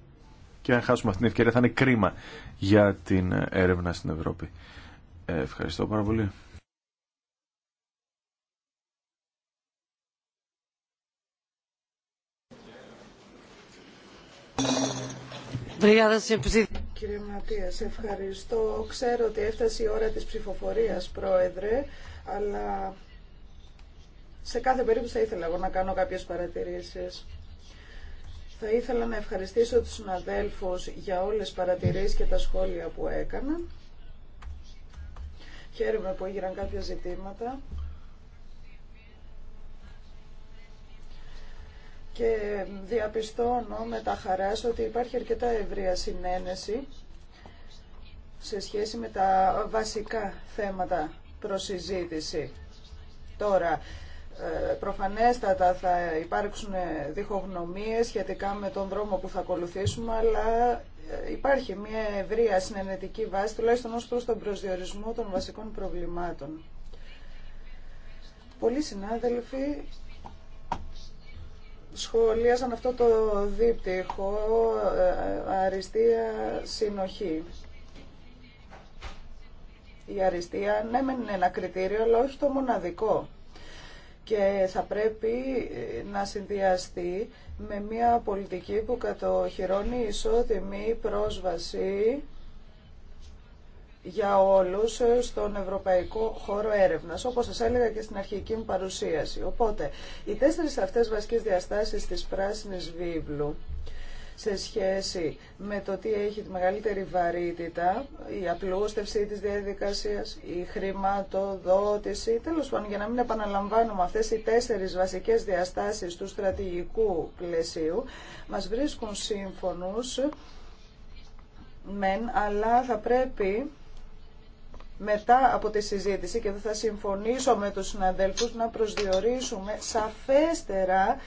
και αν χάσουμε αυτή την ευκαιρία θα είναι κρίμα για την έρευνα στην Ευρώπη. Ε, ευχαριστώ πάρα πολύ. Κύριε Ματίας, ευχαριστώ. Ξέρω ότι έφτασε η ώρα της ψηφοφορίας, Πρόεδρε, αλλά σε κάθε περίπτωση θα ήθελα εγώ να κάνω κάποιες παρατηρήσεις. Θα ήθελα να ευχαριστήσω τους συναδέλφους για όλες τις παρατηρήσεις και τα σχόλια που έκαναν. Χαίρομαι που έγιναν κάποια ζητήματα. και διαπιστώνω με τα χαράς ότι υπάρχει αρκετά ευρεία συνένεση σε σχέση με τα βασικά θέματα προσυζήτηση. Τώρα, ε, προφανέστατα θα υπάρξουν διχογνωμίες σχετικά με τον δρόμο που θα ακολουθήσουμε, αλλά ε, υπάρχει μια ευρεία συνενετική βάση, τουλάχιστον ως προς τον προσδιορισμό των βασικών προβλημάτων. Πολλοί συνάδελφοι σχολίασαν αυτό το δίπτυχο ε, ε, αριστεία συνοχή. Η αριστεία ναι είναι ένα κριτήριο αλλά όχι το μοναδικό και θα πρέπει ε, να συνδυαστεί με μια πολιτική που κατοχυρώνει ισότιμη πρόσβαση για όλους στον ευρωπαϊκό χώρο έρευνας, όπως σας έλεγα και στην αρχική μου παρουσίαση. Οπότε, οι τέσσερις αυτές βασικές διαστάσεις της πράσινης βίβλου σε σχέση με το τι έχει τη μεγαλύτερη βαρύτητα, η απλούστευση της διαδικασίας, η χρηματοδότηση, τέλος πάντων για να μην επαναλαμβάνουμε αυτές οι τέσσερις βασικές διαστάσεις του στρατηγικού πλαισίου, μας βρίσκουν σύμφωνους αλλά θα πρέπει μετά από τη συζήτηση και θα συμφωνήσω με τους συναδέλφους να προσδιορίσουμε σαφέστερα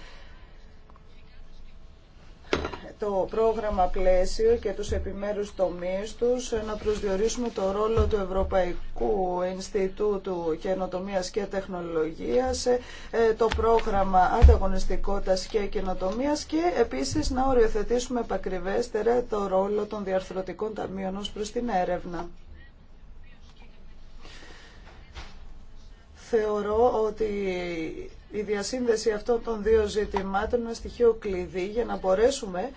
το πρόγραμμα πλαίσιο και τους επιμέρους τομείς τους, να προσδιορίσουμε το ρόλο του Ευρωπαϊκού Ινστιτούτου Καινοτομίας και Τεχνολογίας, ε, το πρόγραμμα ανταγωνιστικότητας και καινοτομίας και επίσης να οριοθετήσουμε επακριβέστερα το ρόλο των διαρθρωτικών ταμείων ως προς την έρευνα. Θεωρώ ότι η διασύνδεση αυτών των δύο ζητημάτων είναι ένα στοιχείο κλειδί για να μπορέσουμε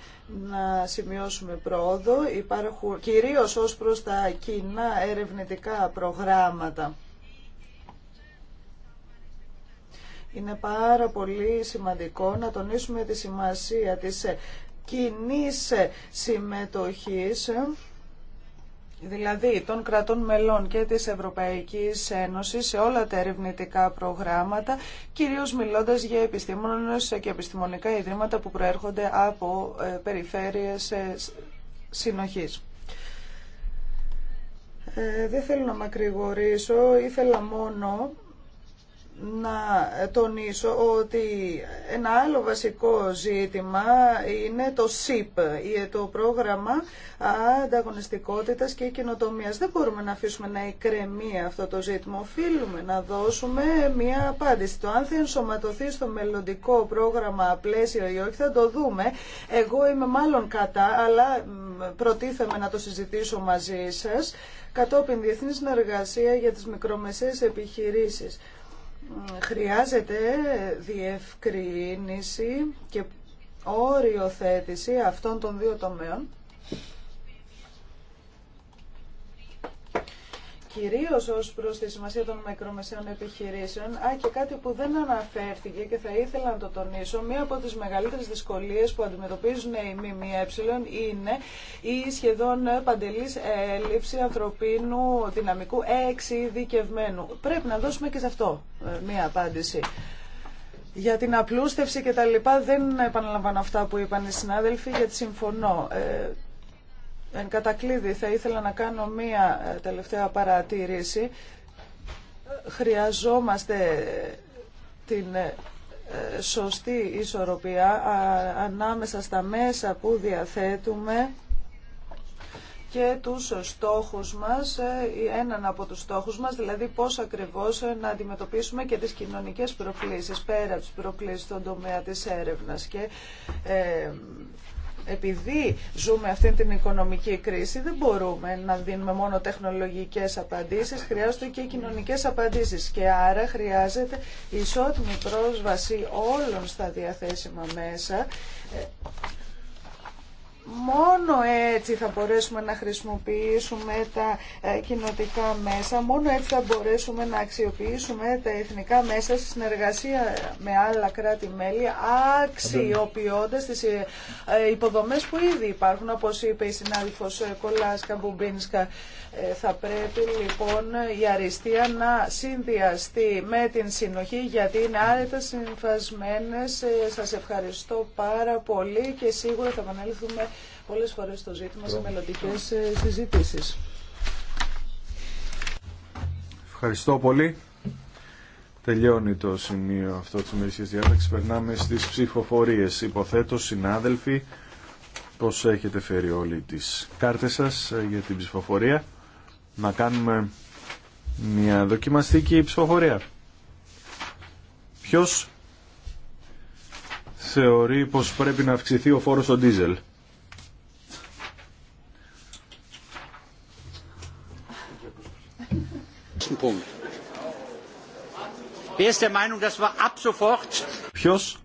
να σημειώσουμε πρόοδο, υπάρχουν, κυρίως ως προς τα κοινά ερευνητικά προγράμματα. Είναι πάρα πολύ σημαντικό να τονίσουμε τη σημασία της κοινής συμμετοχής δηλαδή των κρατών μελών και της Ευρωπαϊκής Ένωσης σε όλα τα ερευνητικά προγράμματα, κυρίως μιλώντας για επιστήμονες και επιστημονικά ιδρύματα που προέρχονται από ε, περιφέρειες ε, συνοχής. Ε, δεν θέλω να μακρηγορήσω, ήθελα μόνο να τονίσω ότι ένα άλλο βασικό ζήτημα είναι το ΣΥΠ, το πρόγραμμα ανταγωνιστικότητας και κοινοτομίας. Δεν μπορούμε να αφήσουμε να εκκρεμεί αυτό το ζήτημα. Οφείλουμε να δώσουμε μία απάντηση. Το αν θα ενσωματωθεί στο μελλοντικό πρόγραμμα πλαίσιο ή όχι θα το δούμε. Εγώ είμαι μάλλον κατά, αλλά προτίθεμαι να το συζητήσω μαζί σας κατόπιν διεθνή συνεργασία για τις μικρομεσαίες επιχειρήσεις χρειάζεται διευκρίνηση και όριοθέτηση αυτών των δύο τομέων κυρίως ω προ τη σημασία των μικρομεσαίων επιχειρήσεων. Α, και κάτι που δεν αναφέρθηκε και θα ήθελα να το τονίσω, μία από τις μεγαλύτερε δυσκολίες που αντιμετωπίζουν οι ΜΜΕ είναι η σχεδόν παντελής έλλειψη ανθρωπίνου δυναμικού εξειδικευμένου. Πρέπει να δώσουμε και σε αυτό ε, μία απάντηση. Για την απλούστευση και τα λοιπά δεν επαναλαμβάνω αυτά που είπαν οι συνάδελφοι γιατί συμφωνώ. Ε, Εν κατακλείδη θα ήθελα να κάνω μία ε, τελευταία παρατήρηση. Χρειαζόμαστε την ε, ε, σωστή ισορροπία ανάμεσα στα μέσα που διαθέτουμε και τους στόχους μας, έναν από τους στόχους μας, δηλαδή πώς ακριβώς να αντιμετωπίσουμε και τις κοινωνικές προκλήσεις, πέρα από τις προκλήσεις στον τομέα της έρευνας. Και, επειδή ζούμε αυτή την οικονομική κρίση, δεν μπορούμε να δίνουμε μόνο τεχνολογικές απαντήσεις, χρειάζονται και κοινωνικές απαντήσεις και άρα χρειάζεται ισότιμη πρόσβαση όλων στα διαθέσιμα μέσα ε, Μόνο έτσι θα μπορέσουμε να χρησιμοποιήσουμε τα ε, κοινοτικά μέσα, μόνο έτσι θα μπορέσουμε να αξιοποιήσουμε τα εθνικά μέσα στη συνεργασία με άλλα κράτη-μέλη, αξιοποιώντας τις ε, ε, υποδομές που ήδη υπάρχουν, όπως είπε η συνάδελφος Κολάσκα Μπουμπίνσκα. Θα πρέπει λοιπόν η αριστεία να συνδυαστεί με την συνοχή, γιατί είναι άρετα συμφασμένες. Σας ευχαριστώ πάρα πολύ και σίγουρα θα επανέλθουμε πολλές φορές το ζήτημα σε μελλοντικέ ε, συζητήσεις. Ευχαριστώ πολύ. Τελειώνει το σημείο αυτό της ημερησίας διάταξης. Περνάμε στις ψηφοφορίες. Υποθέτω, συνάδελφοι, πώς έχετε φέρει όλοι τις κάρτες σας ε, για την ψηφοφορία. Να κάνουμε μια δοκιμαστική ψηφοφορία. Ποιος θεωρεί πως πρέπει να αυξηθεί ο φόρος στον ντίζελ. Ποιος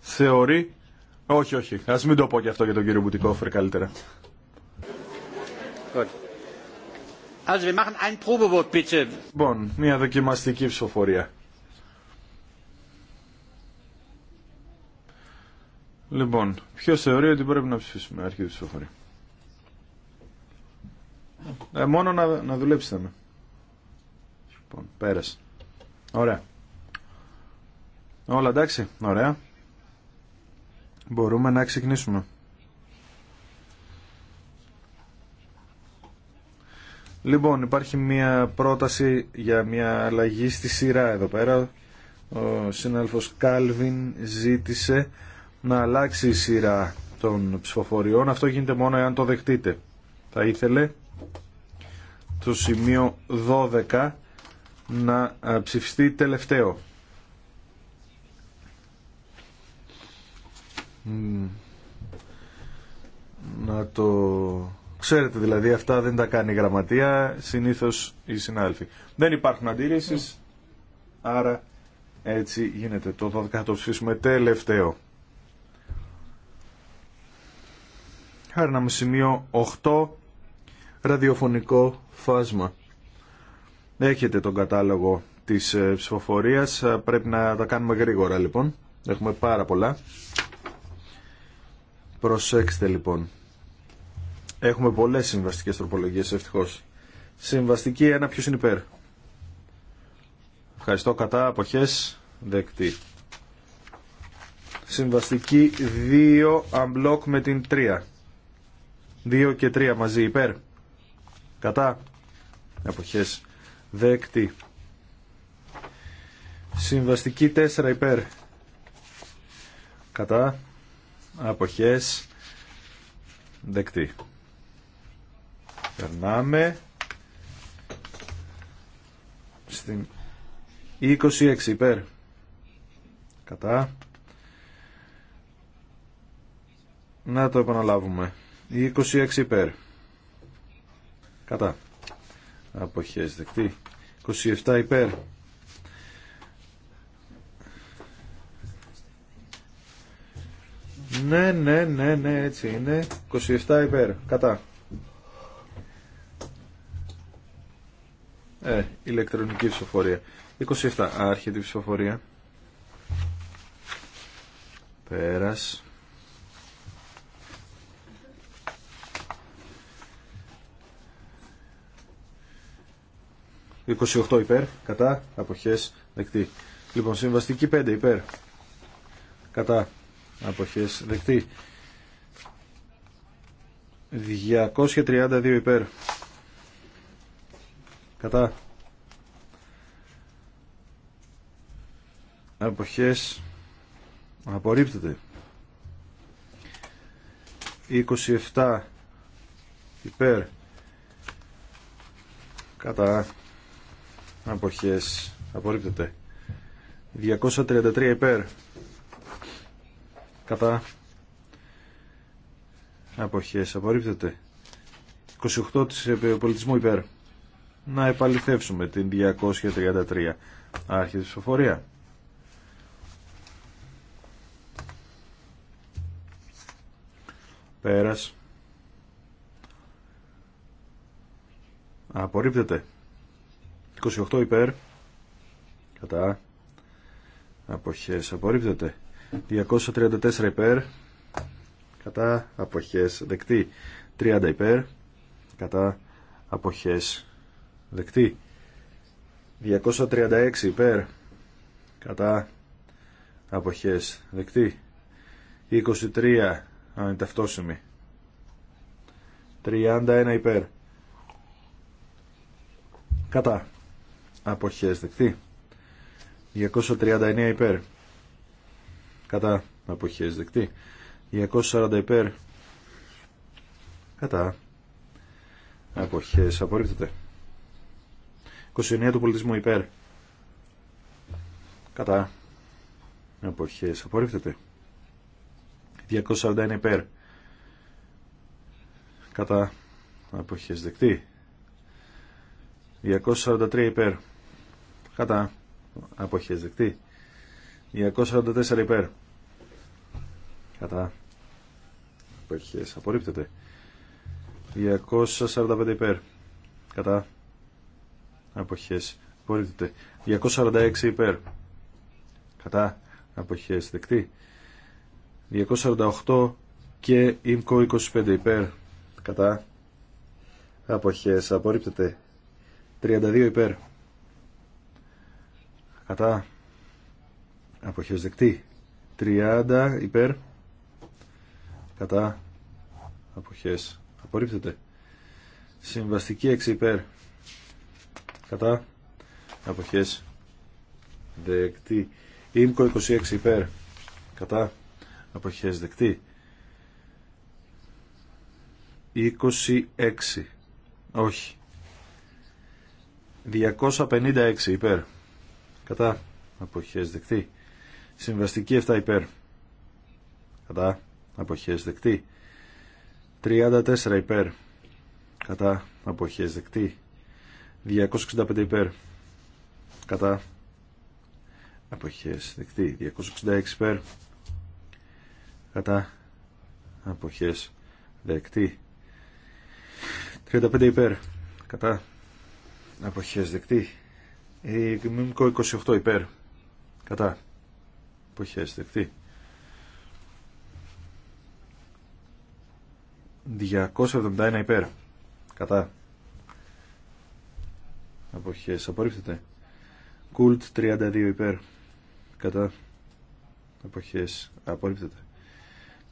θεωρεί... Όχι, όχι. Ας μην το πω και αυτό για τον κύριο Μπουτικόφερ καλύτερα. Λοιπόν, μια δοκιμαστική ψηφοφορία. Λοιπόν, ποιο θεωρεί ότι πρέπει να ψηφίσουμε αρχή ψηφοφορία. Ε, μόνο να, να δουλέψετε με. Λοιπόν, πέρασε. Ωραία. Όλα εντάξει. Ωραία. Μπορούμε να ξεκινήσουμε. Λοιπόν, υπάρχει μια πρόταση για μια αλλαγή στη σειρά εδώ πέρα. Ο συνάδελφος Κάλβιν ζήτησε να αλλάξει η σειρά των ψηφοφοριών. Αυτό γίνεται μόνο εάν το δεχτείτε. Θα ήθελε το σημείο 12 να ε, ψηφιστεί τελευταίο. Να το ξέρετε δηλαδή, αυτά δεν τα κάνει η γραμματεία, συνήθως οι συνάδελφοι. Δεν υπάρχουν αντίρρησεις, άρα έτσι γίνεται. Το 12 το ψηφίσουμε τελευταίο. Χάρη να με σημείο 8, ραδιοφωνικό φάσμα. Έχετε τον κατάλογο της ε, ψηφοφορίας. Ε, πρέπει να τα κάνουμε γρήγορα λοιπόν. Έχουμε πάρα πολλά. Προσέξτε λοιπόν. Έχουμε πολλές συμβαστικές τροπολογίες ευτυχώς. Συμβαστική ένα ποιος είναι υπέρ. Ευχαριστώ κατά αποχές δεκτή. Συμβαστική 2 unblock με την 3. 2 και 3 μαζί υπέρ. Κατά. Αποχές δεκτή. Συμβαστική 4 υπέρ. Κατά. Αποχές. Δεκτή. Περνάμε στην 26 υπέρ. Κατά. Να το επαναλάβουμε. 26 υπέρ. Κατά. Αποχές δεκτή. 27 υπέρ. Ναι, ναι, ναι, ναι, έτσι είναι. 27 υπέρ. Κατά. Ε, ηλεκτρονική ψηφοφορία. 27. Άρχεται η ψηφοφορία. Πέρας. 28 υπέρ, κατά, αποχές, δεκτή. Λοιπόν, συμβαστική 5 υπέρ, κατά, αποχές, δεκτή. 232 υπέρ, κατά, αποχές, απορρίπτεται. 27 υπέρ, κατά, αποχές απορρίπτεται 233 υπέρ κατά αποχές απορρίπτεται 28 της ε, πολιτισμού υπέρ να επαληθεύσουμε την 233 άρχη της ψηφοφορία πέρας απορρίπτεται 28 υπέρ. Κατά. Αποχές απορρίπτεται. 234 υπέρ. Κατά. Αποχές δεκτή. 30 υπέρ. Κατά. Αποχές δεκτή. 236 υπέρ. Κατά. Αποχές δεκτή. 23 αν ταυτόσημη. 31 υπέρ. Κατά αποχές δεκτή 239 υπέρ κατά αποχές δεκτή 240 υπέρ κατά αποχές απορρίπτεται 29 του πολιτισμού υπέρ κατά αποχές απορρίπτεται 241 υπέρ κατά αποχές δεκτή 243 υπέρ κατά αποχές δεκτή 244 υπέρ κατά αποχές απορρίπτεται 245 υπέρ κατά αποχές απορρίπτεται 246 υπέρ κατά αποχές δεκτή 248 και ΙΜΚΟ 25 υπέρ κατά αποχές απορρίπτεται 32 υπέρ κατά αποχές δεκτή 30 υπέρ κατά αποχές απορρίπτεται συμβαστική 6 υπέρ κατά αποχές δεκτή ΙΜΚΟ 26 υπέρ κατά αποχές δεκτή 26 όχι 256 υπέρ κατά αποχές δεκτή συμβαστική 7 υπέρ κατά αποχές δεκτή 34 υπέρ κατά αποχές δεκτή 265 υπέρ κατά αποχές δεκτή 266 υπέρ κατά αποχές δεκτή 35 υπέρ κατά αποχές δεκτή Μήμικο 28 υπέρ. Κατά. Εποχές δεκτή. 271 υπέρ. Κατά. Αποχές. Απορρίπτεται. Κουλτ 32 υπέρ. Κατά. Αποχές. Απορρίπτεται.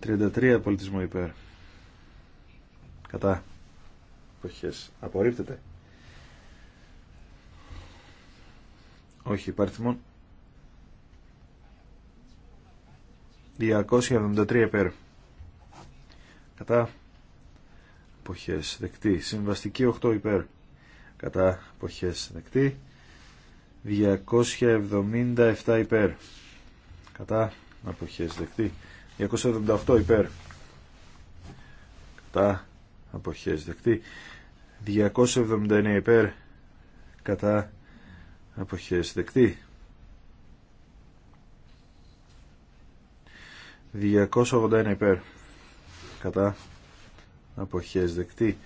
33 πολιτισμό υπέρ. Κατά. Αποχές. Απορρίπτεται. όχι υπαριθμών 273 υπέρ κατά αποχές δεκτή συμβαστική 8 υπέρ κατά αποχές δεκτή 277 υπέρ κατά αποχές δεκτή 278 υπέρ κατά αποχές δεκτή 279 υπέρ κατά αποχές δεκτή 281 υπέρ κατά αποχές δεκτή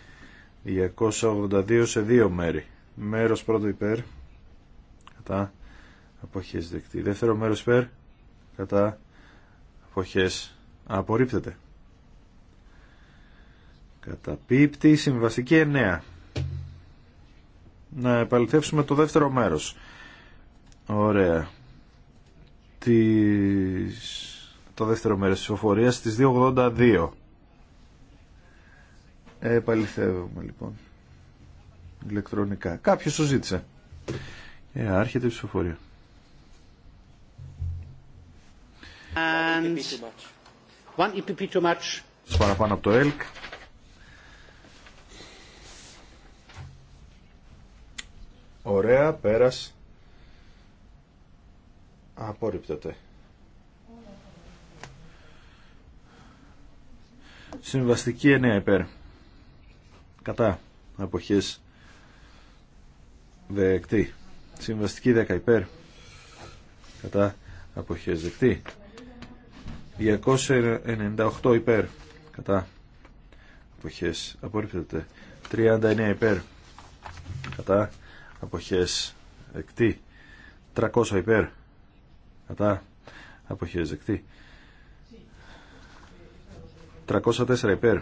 282 σε δύο μέρη μέρος πρώτο υπέρ κατά αποχές δεκτή δεύτερο μέρος υπέρ κατά αποχές απορρίπτεται καταπίπτει συμβαστική εννέα να επαληθεύσουμε το δεύτερο μέρος. Ωραία. Τις... Το δεύτερο μέρος της ψηφοφορίας στις 2.82. Επαληθεύουμε λοιπόν. Ηλεκτρονικά. Κάποιος το ζήτησε. Ε, άρχεται η ψηφοφορία. And... E Παραπάνω από το ΕΛΚ. Ωραία, πέρας. Απόρριπτοτε. Συμβαστική 9 υπέρ. Κατά. Αποχές. Δεκτή. Συμβαστική 10 υπέρ. Κατά. Αποχές δεκτή. 298 υπέρ. Κατά. Αποχές. Απορρίπτεται. 39 υπέρ. Κατά αποχές δεκτή 300 υπέρ κατά αποχές δεκτή 304 υπέρ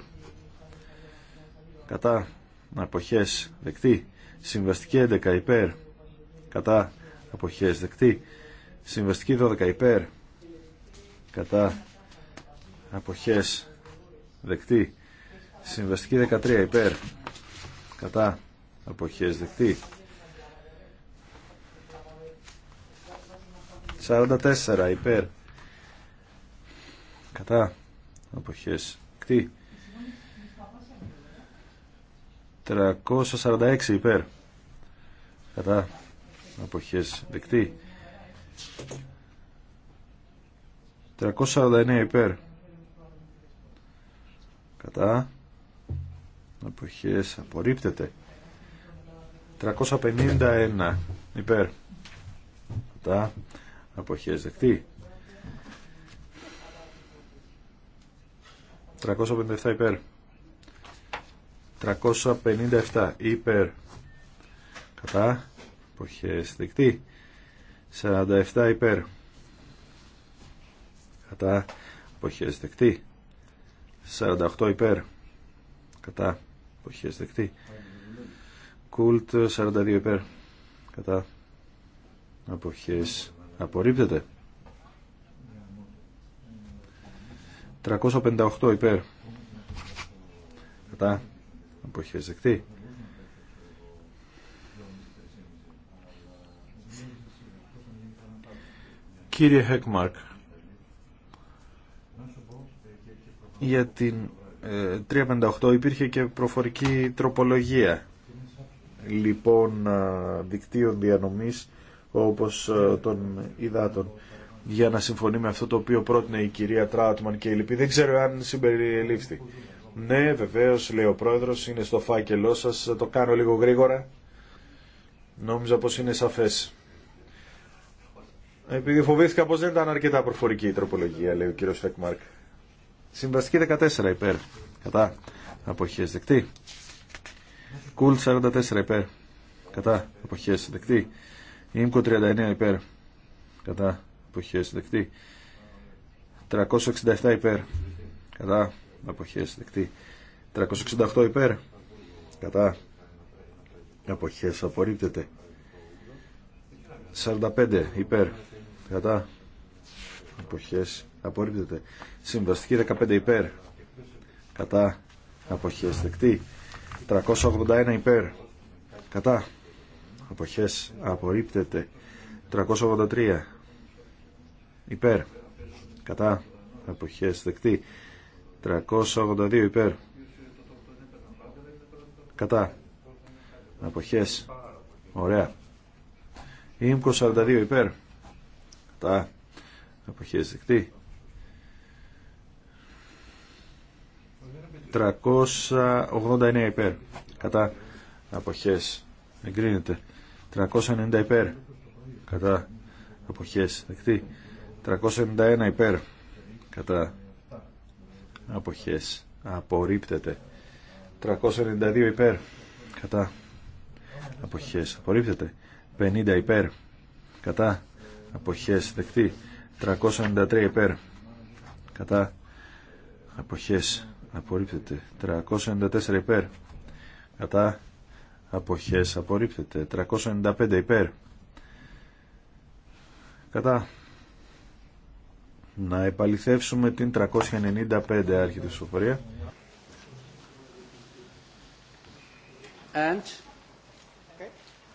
κατά αποχές δεκτή συμβαστική 11 υπέρ κατά αποχές δεκτή συμβαστική 12 υπέρ κατά αποχές δεκτή συμβαστική 13 υπέρ κατά αποχές δεκτή 44 υπέρ κατά αποχές κτή 346 υπέρ κατά αποχές δεκτή 349 υπέρ κατά αποχές απορρίπτεται 351 υπέρ κατά αποχές δεκτή 357 υπέρ 357 υπέρ κατά αποχές δεκτή 47 υπέρ κατά αποχές δεκτή 48 υπέρ κατά αποχές δεκτή κουλτ 42 υπέρ κατά αποχές Απορρίπτεται. 358 υπέρ. Κατά. Αποχές δεκτή. Κύριε Χεκμάρκ, για την 358 ε, υπήρχε και προφορική τροπολογία λοιπόν ε, δικτύων διανομής όπως ε, των υδάτων για να συμφωνεί με αυτό το οποίο πρότεινε η κυρία Τράουτμαν και η Λυπή. Δεν ξέρω αν συμπεριελήφθη. Ναι, βεβαίω, λέει ο πρόεδρο, είναι στο φάκελό σα. Το κάνω λίγο γρήγορα. Νόμιζα πω είναι σαφέ. Επειδή φοβήθηκα πω δεν ήταν αρκετά προφορική η τροπολογία, λέει ο κύριο Φεκμάρκ. Συμβαστική 14 υπέρ. Κατά. Αποχέ δεκτή. Κουλ 44 υπέρ. Κατά. Αποχέ δεκτή. Ήμκο 39 υπέρ. Κατά Αποχέ. δεκτή. 367 υπέρ. Κατά Αποχέ. δεκτή. 368 υπέρ. Κατά Αποχέ. απορρίπτεται. 45 υπέρ. Κατά Αποχέ. απορρίπτεται. Συμβαστική 15 υπέρ. Κατά Αποχέ. δεκτή. 381 υπέρ. Κατά αποχές απορρίπτεται 383 υπέρ κατά αποχές δεκτή 382 υπέρ κατά αποχές ωραία ήμκο 42 υπέρ κατά αποχές δεκτή 389 υπέρ κατά αποχές εγκρίνεται 390 υπέρ. Κατά αποχές δεκτή. 391 υπέρ. Κατά αποχές απορρίπτεται. 392 υπέρ. Κατά αποχές απορρίπτεται. 50 υπέρ. Κατά αποχές δεκτή. 393 υπέρ. Κατά αποχές απορρίπτεται. 394 υπέρ. Κατά αποχές απορρίπτεται 395 υπέρ κατά να επαληθεύσουμε την 395 άρχη της ψηφοφορία and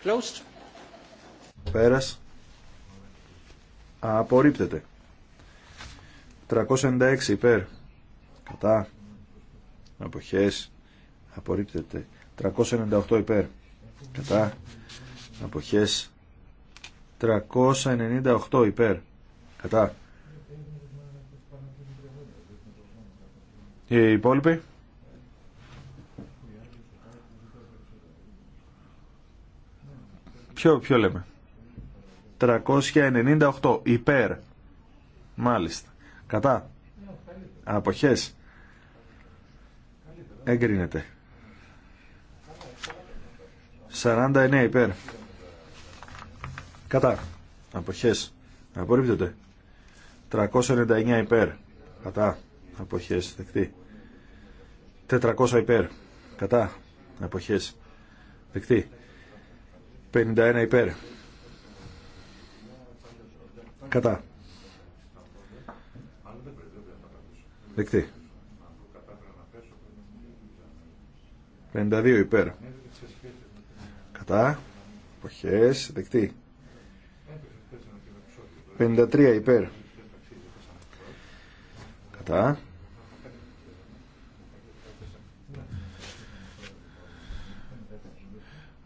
closed πέρας απορρίπτεται 396 υπέρ κατά αποχές απορρίπτεται 398 υπέρ κατά αποχές 398 υπέρ κατά οι υπόλοιποι ποιο, ποιο λέμε 398 υπέρ μάλιστα κατά αποχές εγκρίνεται 49 υπέρ. Κατά. Αποχές. Απορρίπτεται. 399 υπέρ. Κατά. Αποχές. Δεκτή. 400 υπέρ. Κατά. Αποχές. Δεκτή. 51 υπέρ. Κατά. Δεκτή. 52 υπέρ κατά Εποχέ. δεκτή 53 υπέρ κατά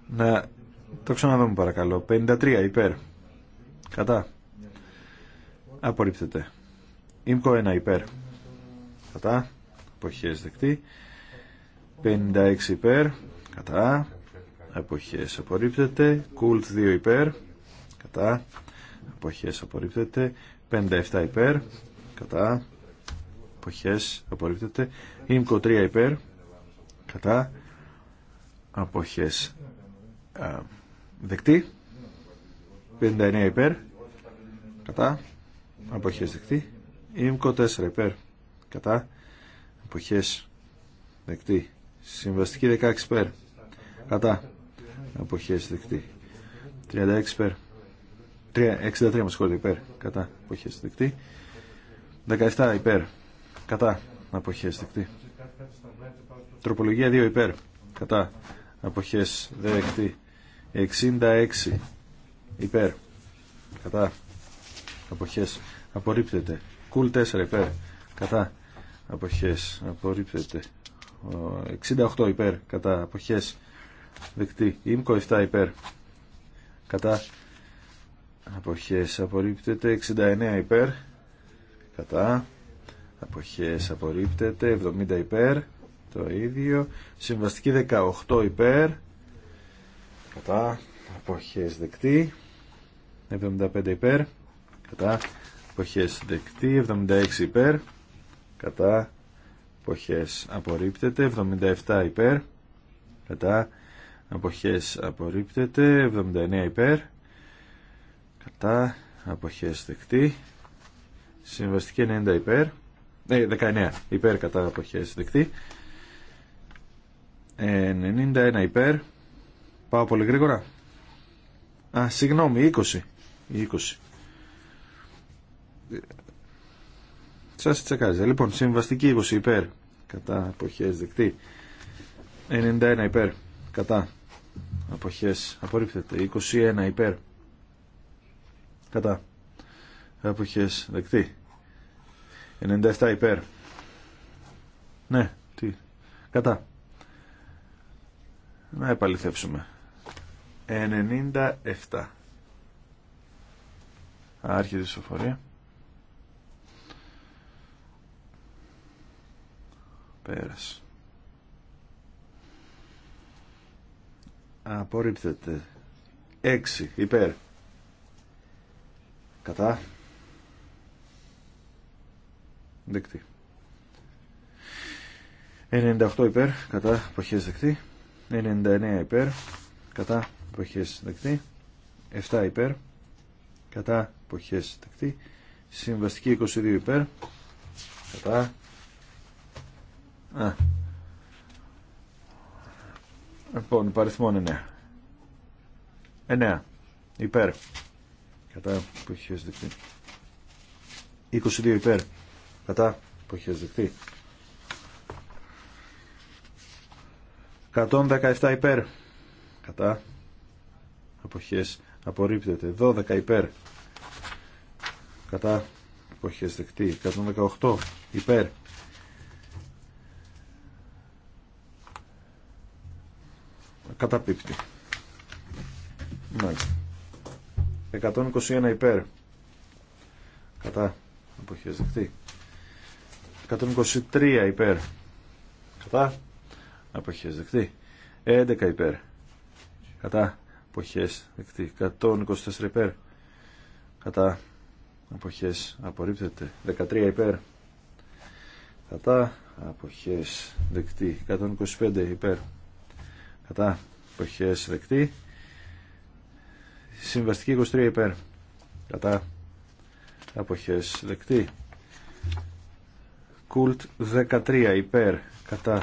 να το ξαναδούμε παρακαλώ 53 υπέρ κατά απορρίπτεται Ήμκο 1 υπέρ κατά εποχές δεκτή 56 υπέρ κατά αποχές απορρίπτεται κουλτ 2 υπέρ κατά αποχές απορρίπτεται 57 υπέρ κατά αποχές απορρίπτεται ΙΜΚΟ 3 υπέρ κατά αποχές α, δεκτή 59 υπέρ κατά αποχές δεκτή ΙΜΚΟ 4 υπέρ κατά αποχές δεκτή συμβαστική 16 υπέρ κατά αποχές δεκτή 36 υπέρ 63 μας σχόλια υπέρ κατά αποχές δεκτή 17 υπέρ κατά αποχές δεκτή τροπολογία 2 υπέρ κατά αποχές δεκτή 66 υπέρ κατά αποχές απορρίπτεται κουλ 4 υπέρ κατά αποχές απορρίπτεται 68 υπέρ κατά αποχές δεκτή. Ήμκο 7 υπέρ. Κατά αποχές απορρίπτεται 69 υπέρ. Κατά αποχές απορρίπτεται 70 υπέρ. Το ίδιο. Συμβαστική 18 υπέρ. Κατά αποχές δεκτή. 75 υπέρ. Κατά αποχές δεκτή. 76 υπέρ. Κατά αποχές απορρίπτεται. 77 υπέρ. Κατά αποχές απορρίπτεται 79 υπέρ κατά αποχές δεκτή συμβαστική 90 υπέρ ε, 19 υπέρ κατά αποχές δεκτή 91 υπέρ πάω πολύ γρήγορα α συγγνώμη 20 20 σας τσεκάζει λοιπόν συμβαστική 20 υπέρ κατά αποχές δεκτή 91 υπέρ κατά Αποχές. Απορρίπτεται. 21 υπέρ. Κατά. Αποχές. Δεκτή. 97 υπέρ. Ναι. Τι. Κατά. Να επαληθεύσουμε. 97. Άρχιζε η σοφορία. Πέρασε. απορρίπτεται 6 υπέρ κατά δεκτή 98 υπέρ κατά εποχές δεκτή 99 υπέρ κατά εποχές δεκτή 7 υπέρ κατά εποχές δεκτή συμβαστική 22 υπέρ κατά α Λοιπόν, παριθμόν 9. 9. Υπέρ. Κατά που έχει 22 υπέρ. Κατά που έχει 117 υπέρ. Κατά. Αποχές απορρίπτεται. 12 υπέρ. Κατά. Αποχές δεκτή. 118 υπέρ. καταπίπτει. Μάλιστα. 121 υπέρ. Κατά. Αποχές 123 υπέρ. Κατά. Αποχές 11 υπέρ. Κατά. Αποχές δεκτή. 124 υπέρ. Κατά. Αποχές απορρίπτεται. 13 υπέρ. Κατά. Αποχές δεκτή. 125 υπέρ. Κατά αποχές δεκτή συμβαστική 23 υπέρ κατά αποχές δεκτή κουλτ 13 υπέρ κατά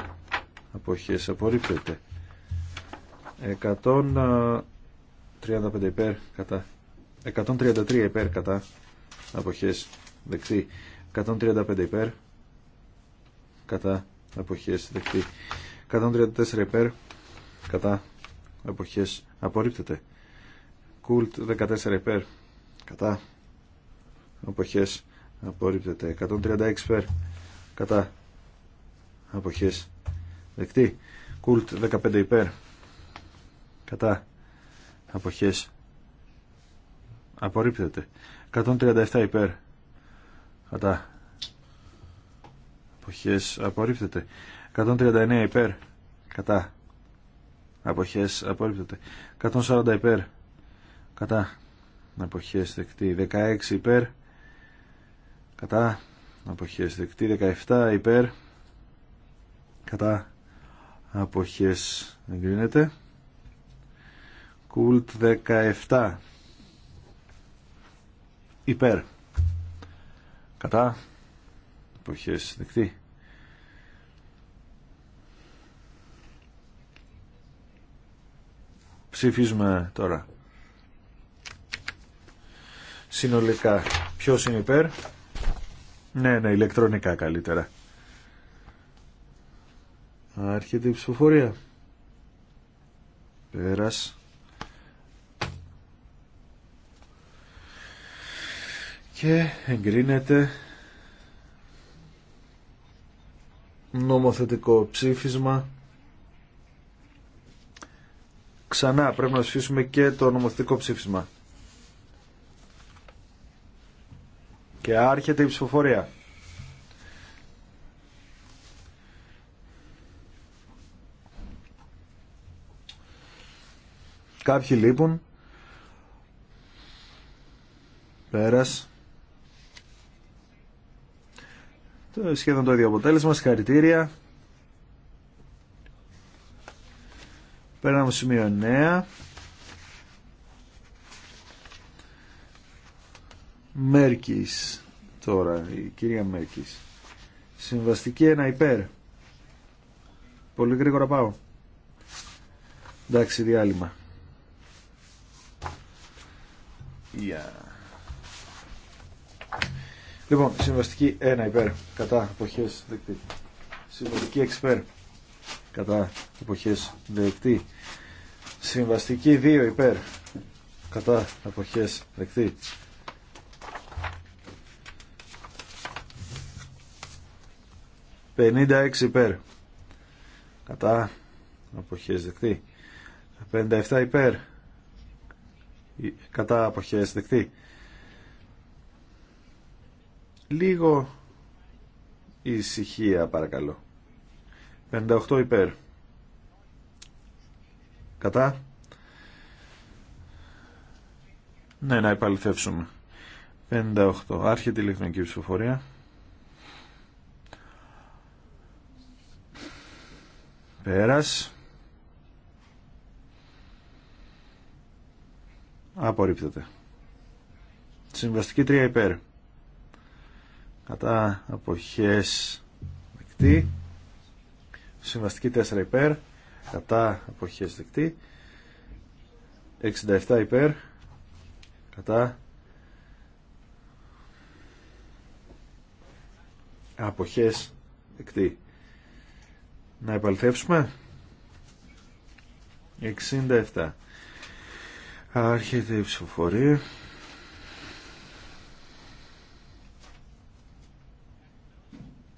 αποχές απορρίπτεται 135 υπέρ κατά 133 υπέρ κατά αποχές δεκτή 135 υπέρ κατά αποχές δεκτή 134 υπέρ κατά εποχές απορρίπτεται κουλτ 14 υπέρ κατά εποχές απορρίπτεται 136 υπέρ κατά εποχές δεκτή κουλτ 15 υπέρ κατά εποχές απορρίπτεται 137 υπέρ κατά εποχές απορρίπτεται 139 υπέρ κατά Αποχές απορρίπτεται. 140 υπέρ. Κατά. Αποχές δεκτή. 16 υπέρ. Κατά. Αποχές δεκτή. 17 υπέρ. Κατά. Αποχές εγκρίνεται. Κουλτ 17. Υπέρ. Κατά. Αποχές δεκτή. Ψηφίζουμε τώρα. Συνολικά, ποιο είναι υπέρ. Ναι, ναι, ηλεκτρονικά καλύτερα. Άρχεται η ψηφοφορία. Πέρας. Και εγκρίνεται νομοθετικό ψήφισμα Ξανά πρέπει να ψηφίσουμε και το νομοθετικό ψήφισμα. Και άρχεται η ψηφοφορία. Κάποιοι λείπουν. Πέρας. Το, σχεδόν το ίδιο αποτέλεσμα. Συγχαρητήρια. Περνάμε από σημείο 9. Μέρκης τώρα, η κυρία Μέρκης. Συμβαστική 1 υπέρ. Πολύ γρήγορα πάω. Εντάξει, διάλειμμα. Yeah. Λοιπόν, συμβαστική 1 υπέρ. Κατά, αποχές, δεκτή. Συμβαστική 6 υπέρ κατά εποχές δεκτή συμβαστική 2 υπέρ κατά εποχές δεκτή Πενήντα έξι υπέρ κατά εποχές δεκτή 57 υπέρ κατά εποχές δεκτή λίγο ησυχία παρακαλώ 58 υπέρ. Κατά. Ναι, να υπαλληθεύσουμε. 58. Άρχεται η ηλεκτρονική ψηφοφορία. Πέρας. Απορρίπτεται. Συμβαστική 3 υπέρ. Κατά αποχές δεκτή. Συμβαστική 4 υπέρ. Κατά αποχές δεκτή. 67 υπέρ. Κατά αποχές δεκτή. Να επαληθεύσουμε. 67. Άρχεται η ψηφοφορία.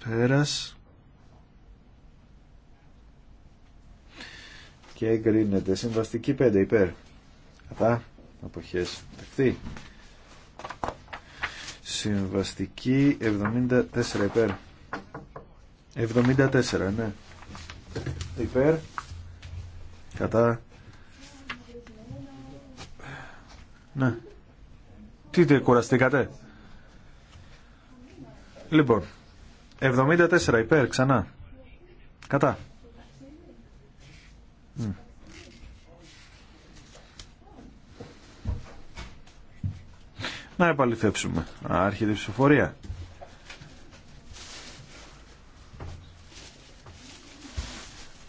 Πέρας. και εγκρίνεται. Συμβαστική 5 υπέρ. Κατά. Αποχές. Δεκτή. Συμβαστική 74 υπέρ. 74 ναι. Υπέρ. Κατά. Ναι. Τι τε κουραστήκατε. Λοιπόν. 74 υπέρ ξανά. Κατά. Να επαληθεύσουμε. Άρχεται η ψηφοφορία.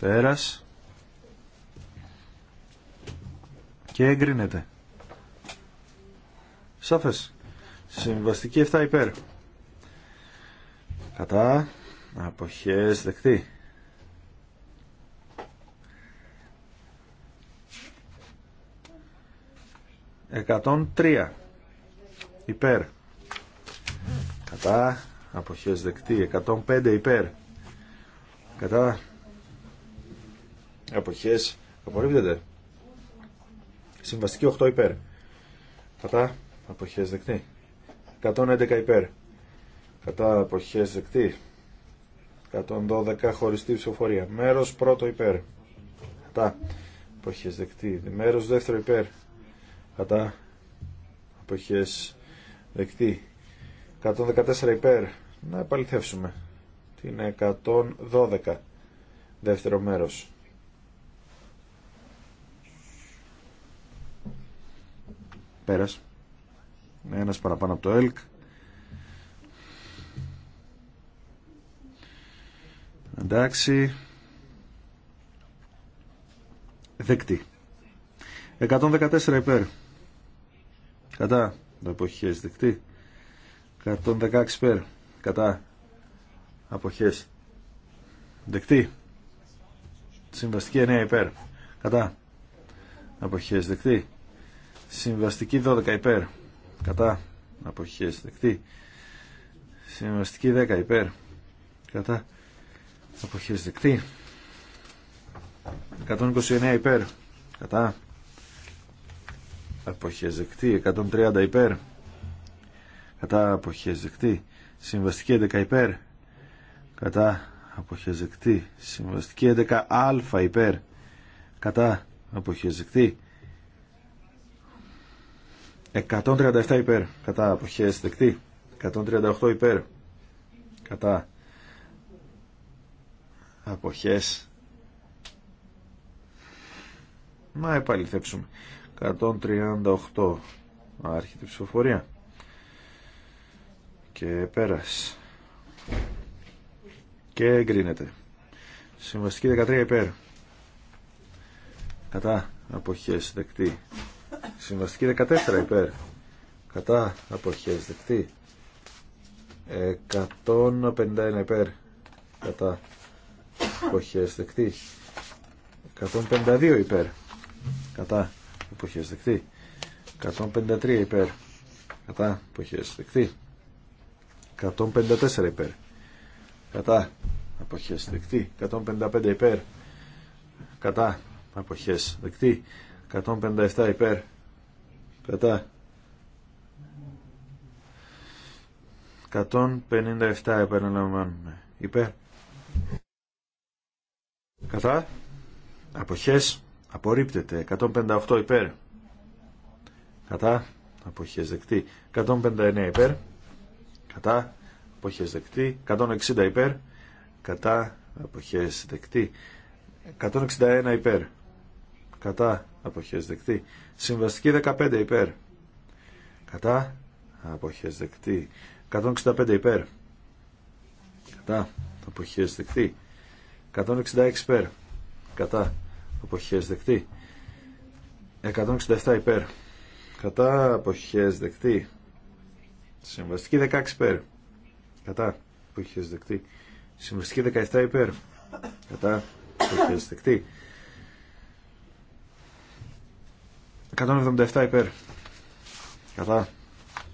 Πέρας. Και εγκρίνεται. Σαφές. Συμβαστική 7 υπέρ. Κατά. Αποχές δεκτή. 103 υπέρ κατά αποχές δεκτή 105 υπέρ κατά αποχές απορρίπτεται συμβαστική 8 υπέρ κατά αποχές δεκτή 111 υπέρ κατά αποχές δεκτή 112 χωριστή ψηφοφορία μέρος πρώτο υπέρ κατά αποχές δεκτή μέρος δεύτερο υπέρ κατά αποχές δεκτή 114 υπέρ να επαληθεύσουμε την 112 δεύτερο μέρος πέρας ένας παραπάνω από το ΕΛΚ εντάξει δεκτή 114 υπέρ Κατά. Αποχές δεκτή. 116 πέρ. Κατά. Αποχές. Δεκτή. Συμβαστική 9 υπέρ. Κατά. Αποχές δεκτή. Συμβαστική 12 υπέρ. Κατά. Αποχές δεκτή. Συμβαστική 10 υπέρ. Κατά. Αποχές δεκτή. 129 υπέρ. Κατά αποχές 130 υπέρ κατά αποχές συμβαστική 11 υπέρ κατά αποχές δεκτή συμβαστική 11 α υπέρ κατά αποχές δεκτή 137 υπέρ κατά αποχές δεκτή 138 υπέρ κατά αποχές να επαληθέψουμε 138 άρχεται ψηφοφορία και πέρας και εγκρίνεται συμβαστική 13 υπέρ κατά αποχές δεκτή συμβαστική 14 υπέρ κατά αποχές δεκτή 151 υπέρ κατά αποχές δεκτή 152 υπέρ κατά έχει δεκτή 153 υπέρ κατά έχει δεκτή 154 υπέρ κατά έχει δεκτή 155 υπέρ κατά έχει δεκτή 157 υπέρ κατά 157 επαναλαμβάνουμε υπέρ κατά αποχές Απορρίπτεται. 158 υπέρ. Κατά. Αποχές δεκτή. 159 υπέρ. Κατά. Αποχές δεκτή. 160 υπέρ. Κατά. Αποχές δεκτή. 161 υπέρ. Κατά. Αποχές δεκτή. Συμβαστική 15 υπέρ. Κατά. Αποχές δεκτή. 165 υπέρ. Κατά. Αποχές δεκτή. 166 υπέρ. Κατά αποχές δεκτή 167 υπέρ κατά αποχές δεκτή συμβαστική 16 υπέρ κατά αποχές δεκτή συμβαστική 17 υπέρ κατά αποχές δεκτή 177 υπέρ κατά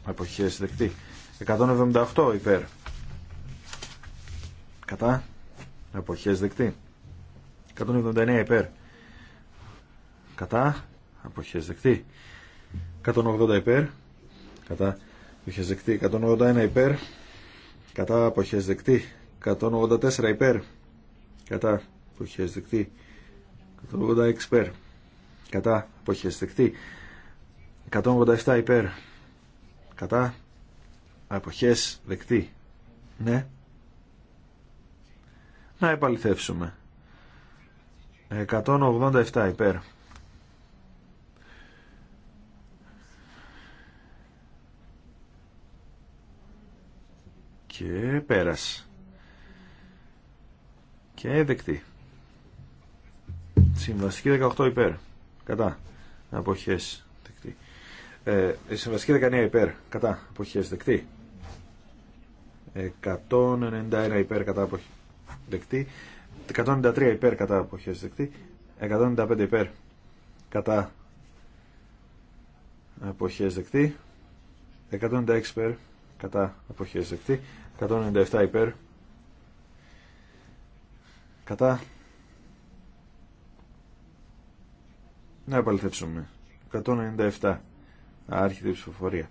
αποχές δεκτή 178 υπέρ κατά αποχές δεκτή 179 υπέρ κατά αποχές δεκτή 180 υπέρ κατά αποχές δεκτή 181 υπέρ κατά αποχές δεκτή 184 υπέρ κατά αποχές δεκτή 186 υπέρ κατά αποχές δεκτή 187 υπέρ κατά αποχές δεκτή ναι να επαληθεύσουμε 187 υπέρ και πέρας και δεκτή συμβαστική 18 υπέρ κατά αποχές δεκτή ε, συμβαστική 19 υπέρ κατά αποχές δεκτή 191 υπέρ κατά αποχές δεκτή 193 υπέρ κατά αποχές δεκτή 195 υπέρ κατά αποχές δεκτή 196 υπέρ κατά αποχές δεκτή 197 υπέρ. Κατά. Να επαληθεύσουμε. 197. Άρχιτε η ψηφοφορία.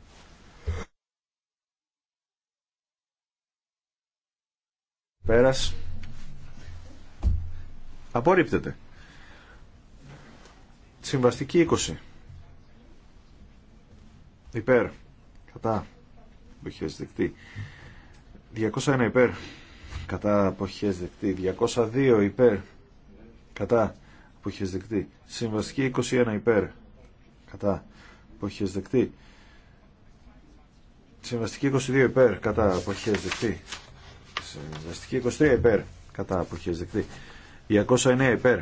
Πέρας. Απορρίπτεται. Συμβαστική 20. Υπέρ. Κατά. Εποχές δεκτή. 201 υπέρ κατά αποχές δεκτή 202 υπέρ κατά αποχές δεκτή συμβαστική 21 υπέρ κατά αποχές δεκτή συμβαστική 22 υπέρ κατά αποχές δεκτή συμβαστική 23 υπέρ κατά αποχές δεκτή 209 υπέρ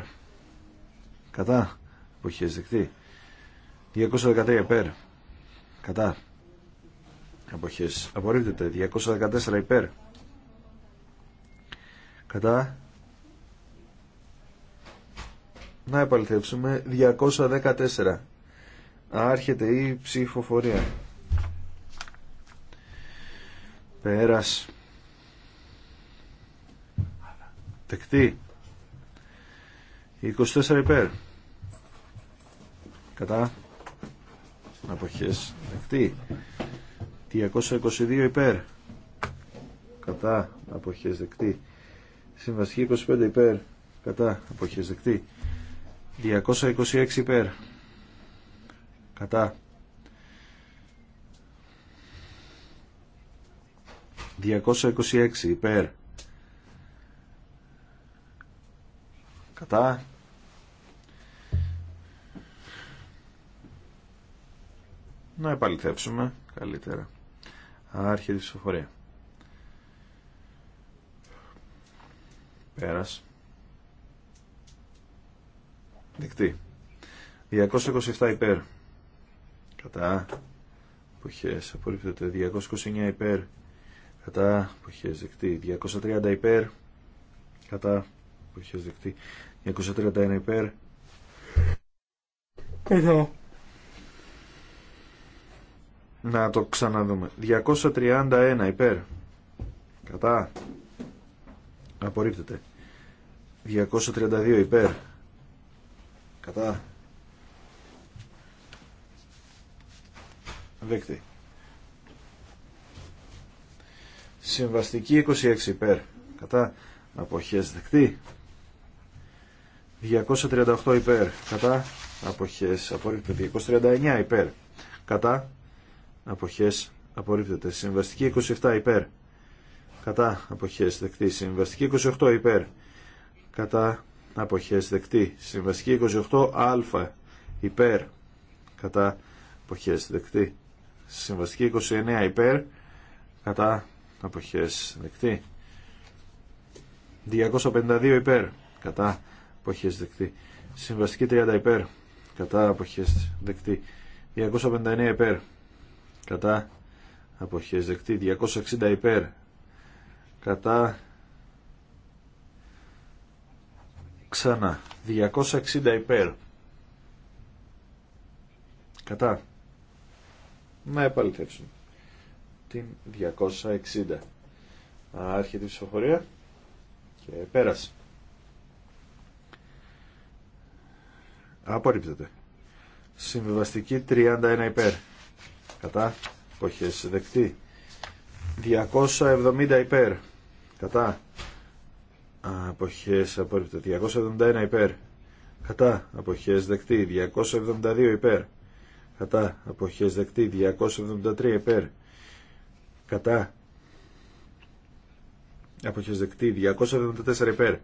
κατά αποχές δεκτή 213 υπέρ κατά Εποχές. Απορρίπτεται. 214 υπέρ. Κατά. Να επαληθεύσουμε. 214. Άρχεται η ψηφοφορία. Πέρας. Τεκτή. 24 υπέρ. Κατά. Αποχές. Τεκτή. 222 υπέρ. Κατά αποχές δεκτή. Συμβαστική 25 υπέρ. Κατά αποχές δεκτή. 226 υπέρ. Κατά. 226 υπέρ. Κατά. Να επαληθεύσουμε καλύτερα. Άρχεται η ψηφοφορία. Πέρας. Δεκτή. 227 υπέρ. Κατά. Αποχέ. Απορρίπτεται. 229 υπέρ. Κατά. Αποχέ. Δεκτή. 230 υπέρ. Κατά. Αποχέ. Δεκτή. 231 υπέρ. Κατά. Να το ξαναδούμε. 231 υπέρ. Κατά. Απορρίπτεται. 232 υπέρ. Κατά. Δέκτη. Συμβαστική 26 υπέρ. Κατά. Αποχές δεκτή. 238 υπέρ. Κατά. Αποχές. Απορρίπτεται. 239 υπέρ. Κατά αποχές απορρίπτεται. Συμβαστική 27 υπέρ. Κατά αποχές δεκτή. Συμβαστική 28 υπέρ. Κατά αποχές δεκτή. Συμβαστική 28 α υπέρ. Κατά αποχές δεκτή. Συμβαστική 29 υπέρ. Κατά αποχές δεκτή. 252 υπέρ. Κατά αποχές δεκτή. Συμβαστική 30 υπέρ. Κατά αποχές δεκτή. 259 υπέρ κατά αποχές δεκτή 260 υπέρ κατά ξανά 260 υπέρ κατά να επαληθεύσουν την 260 άρχεται η ψηφοφορία και πέρασε απορρίπτεται συμβιβαστική 31 υπέρ κατά αποχές δεκτή 270 υπέρ κατά αποχές απορρίπτεται 271 υπέρ κατά αποχές δεκτή 272 υπέρ κατά αποχές δεκτή 273 υπέρ κατά αποχές δεκτή 274 υπέρ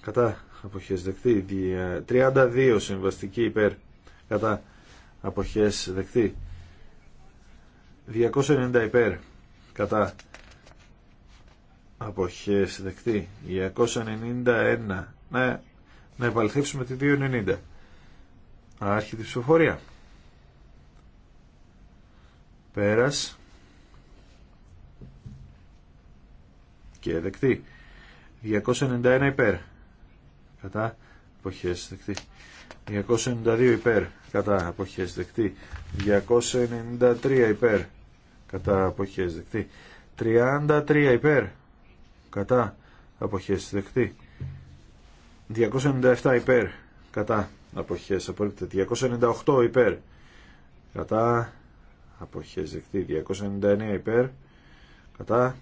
κατά αποχές δεκτή 32 συμβαστική υπέρ κατά αποχές δεκτή 290 υπέρ κατά αποχές δεκτή 291 Ναι, να επαληθεύσουμε τη 290 άρχη τη ψηφοφορία πέρας και δεκτή 291 υπέρ κατά αποχές δεκτή 292 υπέρ κατά αποχές δεκτή 293 υπέρ κατά αποχές δεκτή 33 υπέρ κατά αποχές δεκτή 297 υπέρ κατά αποχές απορρίπτεται 298 υπέρ κατά αποχές δεκτή 299 υπέρ κατά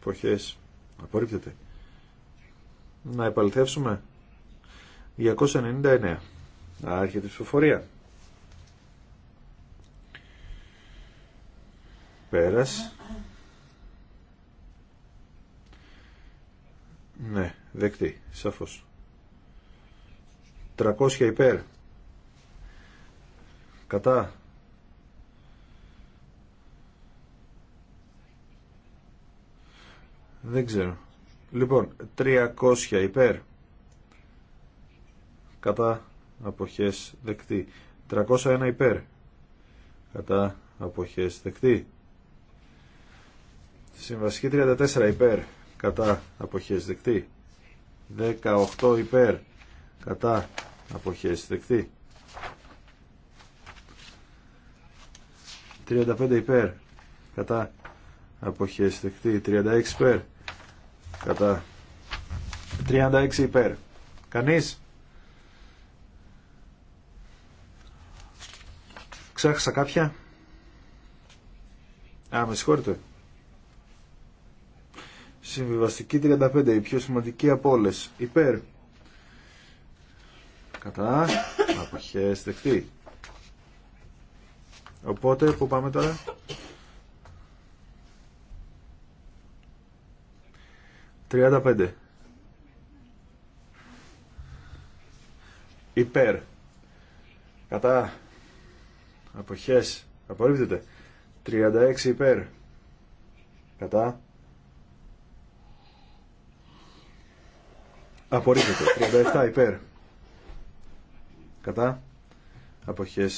αποχές απορρίπτεται να επαληθεύσουμε 299 άρχεται η ψηφοφορία Πέρας. Ναι, δεκτή, σαφώς. 300 υπέρ. Κατά. Δεν ξέρω. Λοιπόν, 300 υπέρ. Κατά αποχές δεκτή. 301 υπέρ. Κατά αποχές δεκτή. Συμβασική 34 υπέρ κατά αποχές δεκτή. 18 υπέρ κατά αποχές δεκτή. 35 υπέρ κατά αποχές δεκτή. 36 υπέρ κατά 36 υπέρ. Κανείς. Ξέχασα κάποια. Α, με συγχωρείτε. Συμβιβαστική 35, η πιο σημαντική από όλε. Υπέρ. Κατά. Αποχές δεκτή. Οπότε, πού πάμε τώρα. 35. Υπέρ. Κατά. Αποχές. Απορρίπτεται. Τριάντα υπέρ. Κατά. Απορρίπτεται. 37 υπέρ. Κατά. αποχέ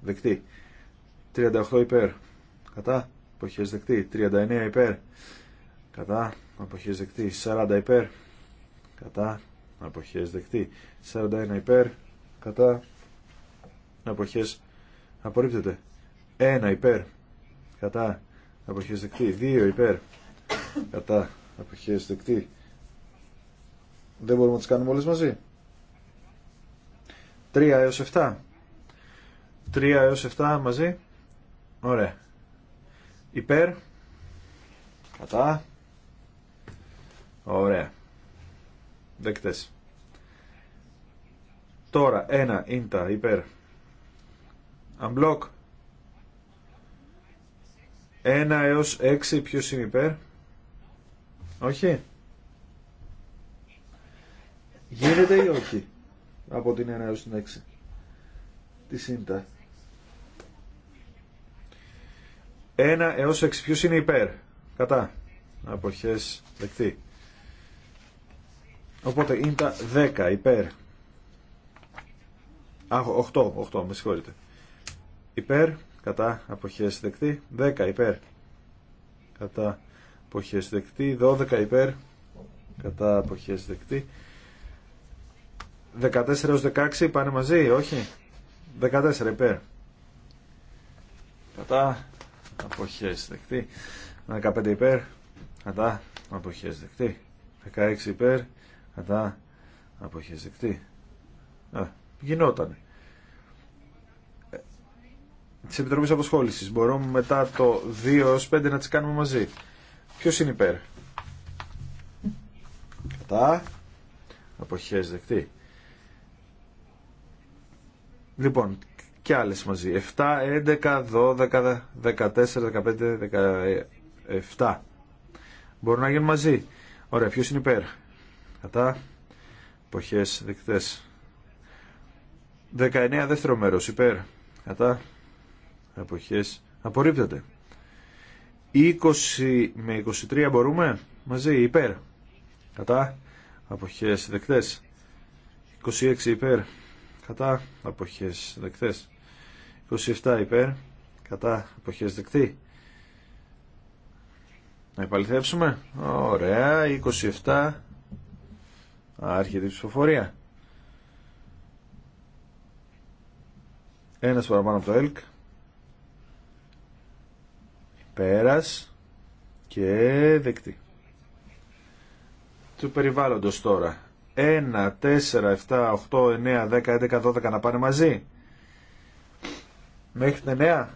δεκτή. 38 υπέρ. Κατά. Αποχές δεκτή. 39 υπέρ. Κατά. Αποχές δεκτή. 40 υπέρ. Κατά. Αποχέ δεκτή. 41 υπέρ. Κατά. Αποχέ. απορρίπτεται. 1 υπέρ. Κατά. Αποχέ δεκτή. 2 υπέρ. Κατά. Αποχέ δεκτή. Δεν μπορούμε να τις κάνουμε όλες μαζί. 3 έως 7. 3 έως 7 μαζί. Ωραία. Υπέρ. Κατά. Ωραία. Δεκτές. Τώρα, ένα ίντα υπέρ. Unblock. 1 έως 6 ποιος είναι υπέρ. Όχι. Γίνεται ή όχι από την 1 έως την 6 τη ΣΥΝΤΑ. 1 έως 6. Ποιος είναι υπέρ. Κατά. Αποχές δεκτή. Οπότε είναι τα 10 υπέρ. Α, 8, 8, με συγχωρείτε. Υπέρ, κατά, αποχές δεκτή. 10 υπέρ, κατά, αποχές δεκτή. 12 υπέρ, κατά, αποχές δεκτή. 14 έως 16 πάνε μαζί, όχι. 14 υπέρ. Κατά αποχές δεκτή. 15 υπέρ. Κατά αποχές δεκτή. 16 υπέρ. Κατά αποχές δεκτή. Α, γινότανε. Ε, Τη Επιτροπή Αποσχόληση. Μπορούμε μετά το 2 έως 5 να τις κάνουμε μαζί. Ποιος είναι υπέρ. Κατά. Αποχές δεκτή. Λοιπόν, και άλλες μαζί. 7, 11, 12, 14, 15, 17. Μπορούν να γίνουν μαζί. Ωραία, ποιος είναι υπέρ. Κατά. Εποχές δεκτές. 19 δεύτερο μέρος υπέρ. Κατά. Εποχές. Απορρίπτεται. 20 με 23 μπορούμε. Μαζί υπέρ. Κατά. Αποχές δεκτές. 26 υπέρ κατά αποχές δεκτές 27 υπέρ κατά αποχές δεκτή να υπαλληθεύσουμε ωραία 27 άρχεται η ψηφοφορία ένας παραπάνω από το ΕΛΚ πέρας και δεκτή του περιβάλλοντος τώρα 1, 4, 7, 8, 9, 10, 11, 12 να πάνε μαζί. Μέχρι την 9.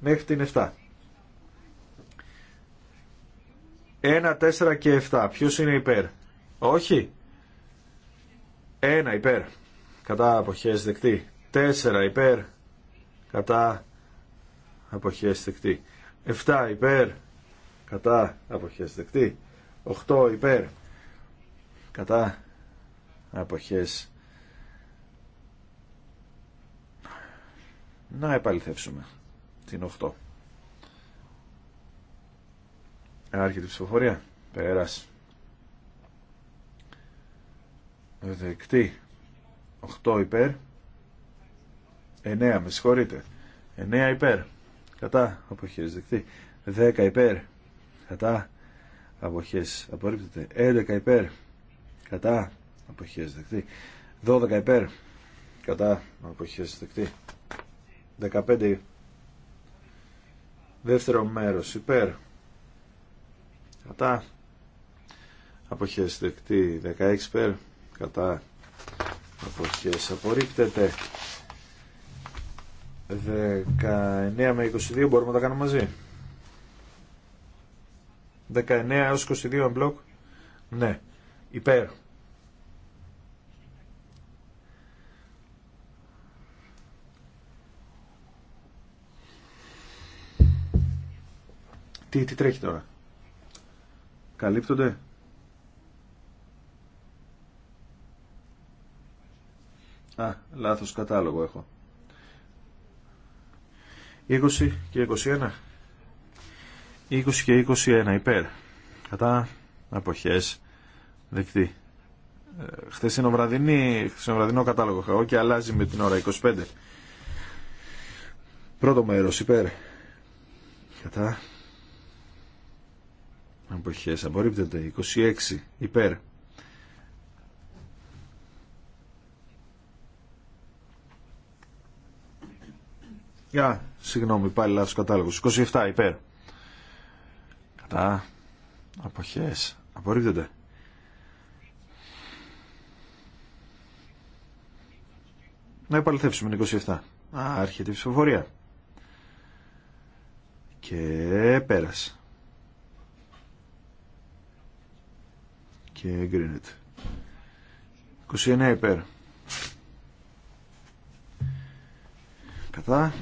Μέχρι την 7. 1, 4 και 7. Ποιος είναι υπέρ. Όχι. 1 υπέρ. Κατά αποχές δεκτή. 4 υπέρ. Κατά αποχές δεκτή. 7 υπέρ. Κατά αποχές δεκτή. 8 υπέρ κατά αποχές να επαληθεύσουμε την 8 άρχεται η ψηφοφορία πέρας δεκτή 8 υπέρ 9 με συγχωρείτε 9 υπέρ κατά αποχές δεκτή 10 υπέρ κατά αποχές απορρίπτεται 11 υπέρ κατά αποχές δεκτή 12 υπέρ κατά αποχές δεκτή 15 δεύτερο μέρος υπέρ κατά αποχές δεκτή 16 υπέρ κατά αποχές απορρίπτεται 19 με 22 μπορούμε να τα κάνουμε μαζί 19 έως 22 μπλοκ. Ναι. Υπέρ. Τι, τι τρέχει τώρα. Καλύπτονται. Α, λάθος κατάλογο έχω. 20 και 21. 20 και 21 υπέρ. Κατά αποχές δεκτή. Ε, είναι ο βραδινό κατάλογο χαό και αλλάζει με την ώρα 25. Πρώτο μέρο υπέρ. Κατά Αποχέ, απορρίπτεται. 26 υπέρ. Α, συγγνώμη, πάλι λάθος κατάλογος. 27 υπέρ. Κατά. Αποχές. Απορρίπτονται. Να επαληθεύσουμε 27. Α, έρχεται η ψηφοφορία. Και πέρασε. Και εγκρίνεται. 29 υπέρ. Κατά.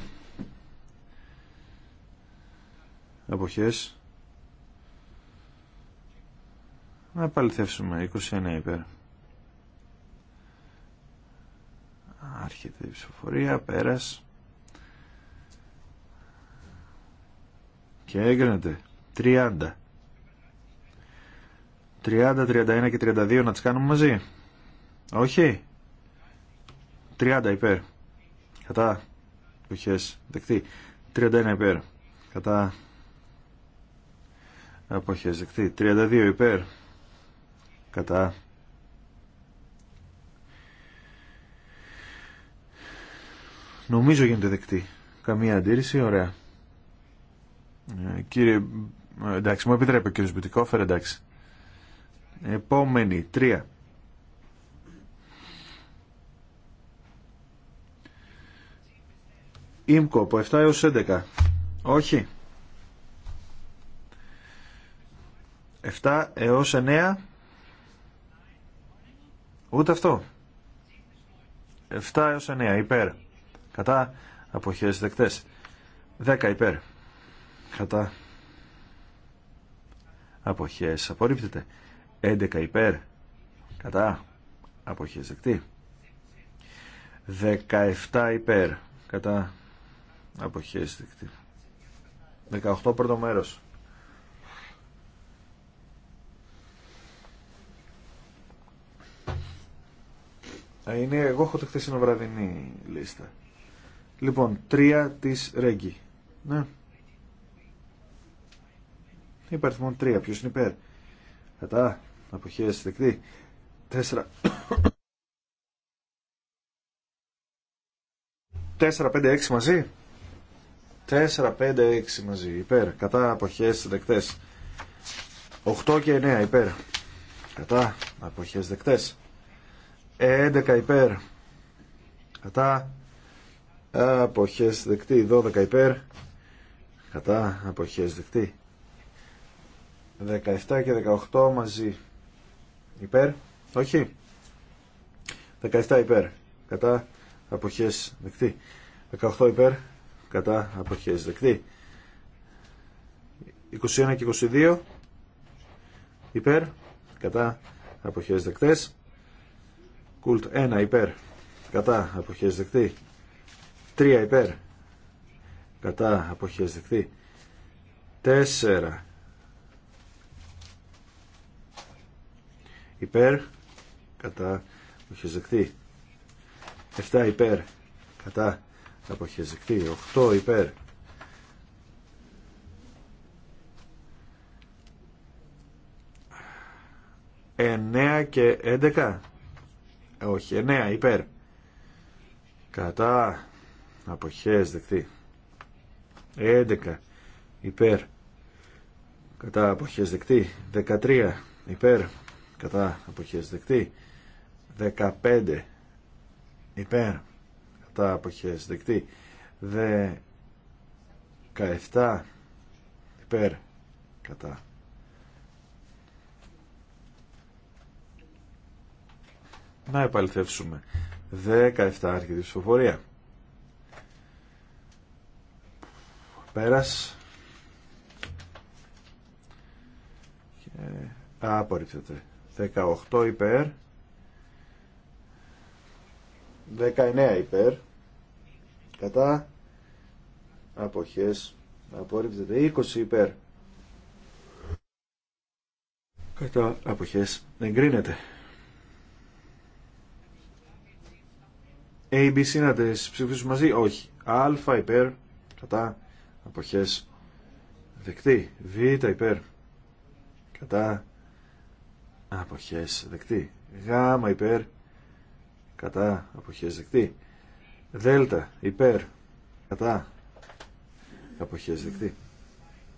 Αποχές. Να επαληθεύσουμε. 29 υπέρ. Άρχεται η ψηφοφορία. Πέρας. Και έγκρινεται. 30. 30, 31 και 32 να τις κάνουμε μαζί. Όχι. 30 υπέρ. Κατά. Εποχές. Δεκτή. 31 υπέρ. Κατά. Εποχές. Δεκτή. 32 υπέρ κατά νομίζω γίνεται δεκτή καμία αντίρρηση, ωραία ε, κύριε εντάξει μου επιτρέπει ο κύριος Μπιτικόφερ εντάξει επόμενη τρία Ίμκο από 7 έως 11 όχι 7 έως 9 Ούτε αυτό. 7 έως 9 υπέρ. Κατά αποχές δεκτές. 10 υπέρ. Κατά αποχές απορρίπτεται. 11 υπέρ. Κατά Αποχέ δεκτή. 17 υπέρ. Κατά αποχές δεκτή. 18 πρώτο μέρος. Είναι, εγώ έχω το χθεσινό βραδινή λίστα. Λοιπόν, τρία τη Ρέγκη. Ναι. Είπα αριθμό τρία. Ποιος είναι υπέρ. Κατά. Αποχέ. Δεκτή. Τέσσερα. Τέσσερα, πέντε, έξι μαζί. Τέσσερα, πέντε, έξι μαζί. Υπέρ. Κατά. Αποχέ. δεκτές. Οχτώ και εννέα. Υπέρ. Κατά. Αποχέ. δεκτές. 11 υπέρ κατά αποχές δεκτή 12 υπέρ κατά αποχές δεκτή 17 και 18 μαζί υπέρ όχι 17 υπέρ κατά αποχές δεκτή 18 υπέρ κατά αποχές δεκτή 21 και 22 υπέρ κατά αποχές δεκτές Κουλτ 1 υπέρ. Κατά αποχές δεκτή. 3 υπέρ. Κατά αποχές δεκτή. 4 υπέρ. Κατά αποχές δεκτή. 7 υπέρ. Κατά αποχές δεκτή. 8 υπέρ. 9 και 11 όχι 9 υπέρ κατά αποχές δεκτή 11 υπέρ κατά αποχές δεκτή 13 υπέρ κατά αποχές δεκτή 15 υπέρ κατά αποχές δεκτή 17 υπέρ κατά Να επαληθεύσουμε. 17 άρχιδη ψηφοφορία. Πέρας. Και... απορρίπτεται. 18 υπέρ. 19 υπέρ. Κατά. Αποχές. Απορρίπτεται. 20 υπέρ. Κατά. Αποχές. Εγκρίνεται. ABC να τις ψηφίσουμε μαζί. Όχι. Α υπέρ κατά αποχές δεκτή. Β υπέρ κατά αποχές δεκτή. Γ υπέρ κατά αποχές δεκτή. Δ υπέρ κατά αποχές δεκτή.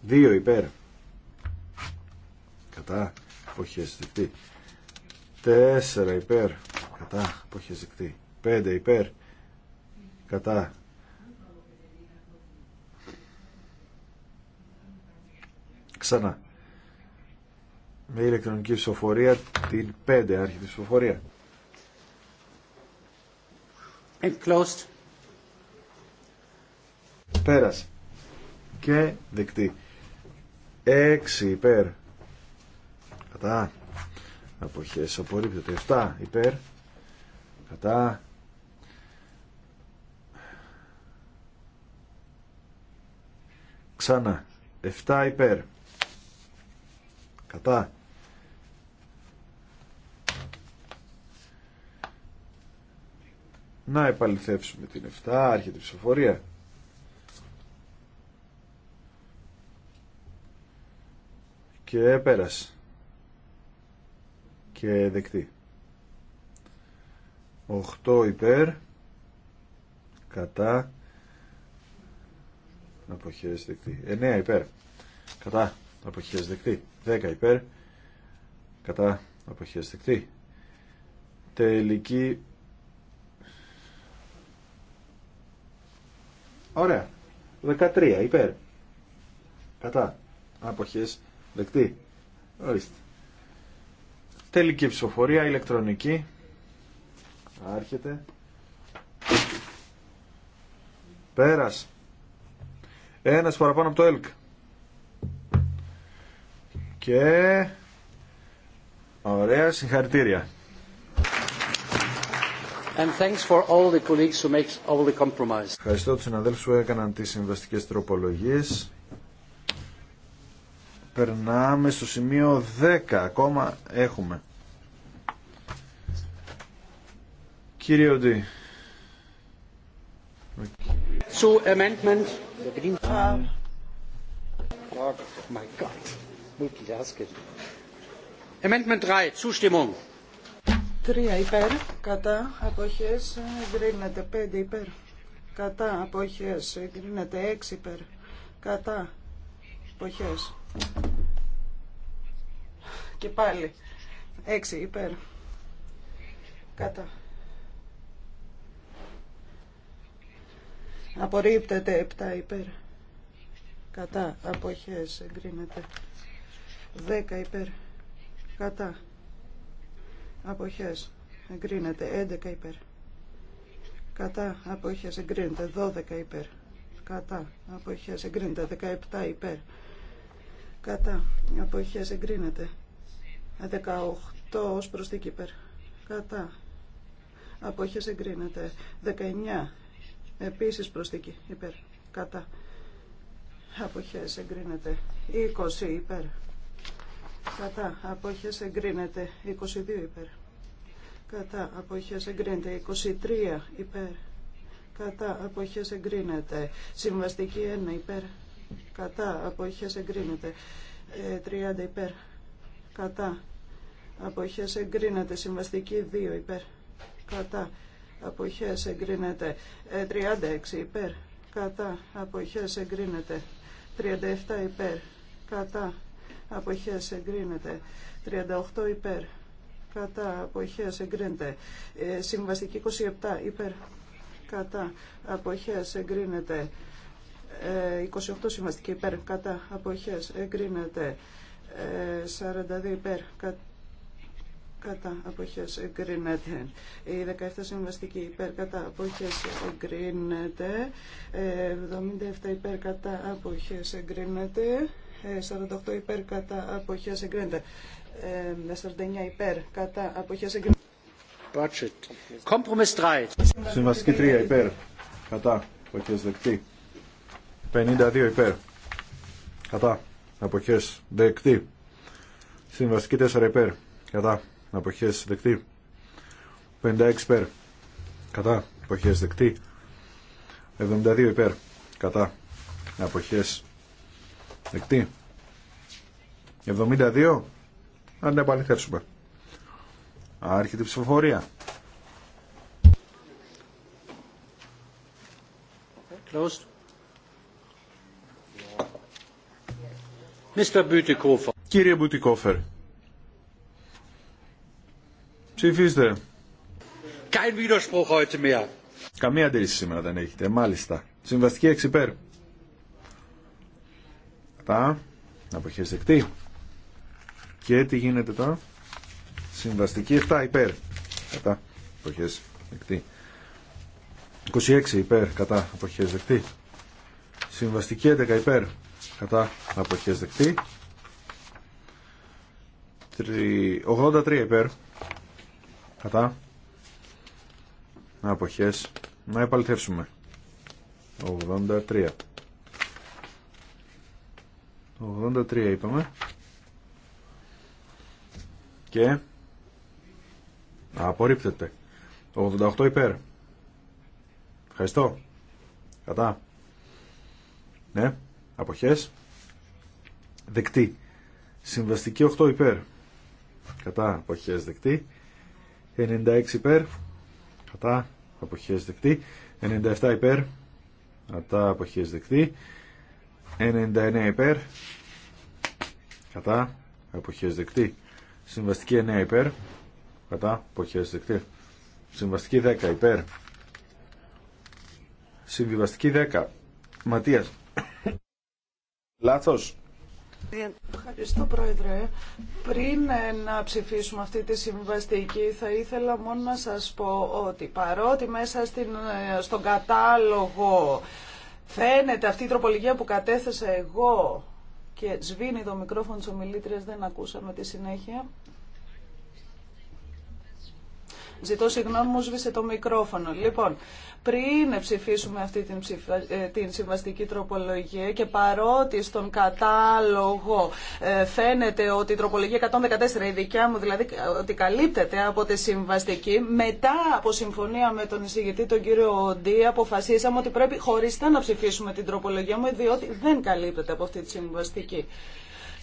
Δύο υπέρ κατά αποχές δεκτή. Τέσσερα υπέρ κατά αποχές δεκτή. 5 υπέρ κατά ξανά με ηλεκτρονική ψηφοφορία την 5 άρχη της ψηφοφορία ε, closed. πέρασε και δεκτή 6 υπέρ κατά αποχές απορρίπτεται 7 υπέρ κατά ξανά 7 υπέρ κατά να επαληθεύσουμε την 7 άρχεται η ψηφοφορία και πέρασε και δεκτή 8 υπέρ κατά αποχές δεκτή 9 υπέρ κατά αποχές δεκτή 10 υπέρ κατά αποχές δεκτή τελική ωραία 13 υπέρ κατά αποχές δεκτή ορίστε τελική ψηφοφορία ηλεκτρονική άρχεται πέρας ένα παραπάνω από το ΕΛΚ. Και... Ωραία, συγχαρητήρια. And Ευχαριστώ τους συναδέλφους που έκαναν τις συμβαστικές τροπολογίες. Περνάμε στο σημείο 10. Ακόμα έχουμε. Κύριε Οντή. Two amendment the green time. Oh mein Gott, multitasking. Amendment 3, Zustimmung. 3 υπέρ, κατά, αποχές, εγκρίνεται 5 υπέρ, κατά, αποχές, εγκρίνεται 6 υπέρ, κατά, αποχές. Και πάλι, 6 υπέρ, κατά. Απορρίπτεται 7 υπέρ. Κατά. Αποχές εγκρίνεται. 10 υπέρ. Κατά. Αποχές εγκρίνεται. 11 υπέρ. Κατά. Αποχές εγκρίνεται. 12 υπέρ. Κατά. Αποχές εγκρίνεται. 17 υπέρ. Κατά. Αποχές εγκρίνεται. 18 ως προσθήκη υπέρ. Κατά. Αποχές εγκρίνεται. 19 Επίσης προσθήκη υπέρ. Κατά. Αποχές εγκρίνεται. 20 υπέρ. Κατά. Αποχές εγκρίνεται. 22 υπέρ. Κατά. Αποχές εγκρίνεται. 23 υπέρ. Κατά. Αποχές εγκρίνεται. Συμβαστική 1 υπέρ. Κατά. Αποχές εγκρίνεται. 30 ε, υπέρ. Κατά. Αποχές εγκρίνεται. Συμβαστική 2 υπέρ. Κατά αποχές εγκρίνεται 36 ε, υπέρ κατά αποχές εγκρίνεται 37 υπέρ κατά αποχές εγκρίνεται 38 υπέρ κατά αποχές εγκρίνεται ε, συμβαστική 27 υπέρ κατά αποχές εγκρίνεται 28 ε, συμβαστική υπέρ κατά αποχές εγκρίνεται 42 υπέρ κατά κατά αποχές εγκρίνεται. Η 17 συμβαστική υπέρ κατά αποχές εγκρίνεται. 77 ε, υπέρ κατά αποχές εγκρίνεται. 48 ε, υπέρ κατά αποχές εγκρίνεται. 49 ε, υπέρ κατά αποχές εγκρίνεται. Budget. 3. Συμβαστική 3 υπέρ κατά αποχές δεκτή. 52 υπέρ κατά αποχές δεκτή. Συμβαστική 4 υπέρ κατά Αποχέ δεκτή 56 υπέρ κατά Αποχέ δεκτή 72 υπέρ κατά Αποχέ δεκτή 72 αν δεν επαληθεύσουμε άρχεται η ψηφοφορία Closed. Mr. Κύριε Μπουτικόφερ, Ψηφίστε. Καμία αντίρρηση σήμερα δεν έχετε. Μάλιστα. Συμβαστική 6 υπέρ. Κατά. Αποχές δεκτή. Και τι γίνεται τώρα. Συμβαστική 7 υπέρ. Κατά. Αποχές δεκτή. 26 υπέρ. Κατά. Αποχές δεκτή. Συμβαστική 11 υπέρ. Κατά. Αποχές δεκτή. 83 υπέρ Κατά. Αποχές. Να επαληθεύσουμε. 83. 83 είπαμε. Και... Απορρίπτεται. 88 υπέρ. Ευχαριστώ. Κατά. Ναι. Αποχές. Δεκτή. Συμβαστική 8 υπέρ. Κατά. Αποχές δεκτή. 96 υπέρ, κατά αποχές δεκτή. 97 υπέρ, κατά αποχές δεκτή. 99 υπέρ, κατά αποχές δεκτή. Συμβαστική 9 υπέρ, κατά αποχές δεκτή. Συμβαστική 10 υπέρ. Συμβιβαστική 10. Ματίας. Λάθος. Ευχαριστώ Πρόεδρε. Πριν να ψηφίσουμε αυτή τη συμβαστική θα ήθελα μόνο να σας πω ότι παρότι μέσα στην, στον κατάλογο φαίνεται αυτή η τροπολογία που κατέθεσα εγώ και σβήνει το μικρόφωνο της ομιλήτριας, δεν ακούσαμε τη συνέχεια. Ζητώ συγγνώμη, μου σβήσε το μικρόφωνο. Λοιπόν, πριν ψηφίσουμε αυτή την, ε, την συμβαστική τροπολογία και παρότι στον κατάλογο ε, φαίνεται ότι η τροπολογία 114, η δικιά μου δηλαδή, ότι καλύπτεται από τη συμβαστική, μετά από συμφωνία με τον εισηγητή τον κύριο Οντή, αποφασίσαμε ότι πρέπει χωριστά να ψηφίσουμε την τροπολογία μου, διότι δεν καλύπτεται από αυτή τη συμβαστική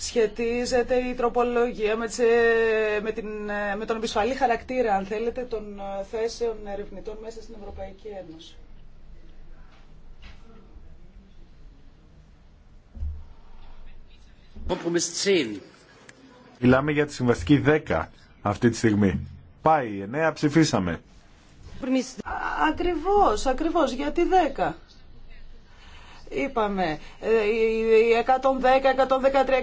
σχετίζεται η τροπολογία με, ε, με, την, ε, με τον επισφαλή χαρακτήρα, αν θέλετε, των ε, θέσεων ερευνητών μέσα στην Ευρωπαϊκή Ένωση. Μιλάμε για τη συμβαστική 10 αυτή τη στιγμή. Πάει, 9 ψηφίσαμε. Ακριβώς, ακριβώς, γιατί 10 είπαμε, ε, οι 110, 113,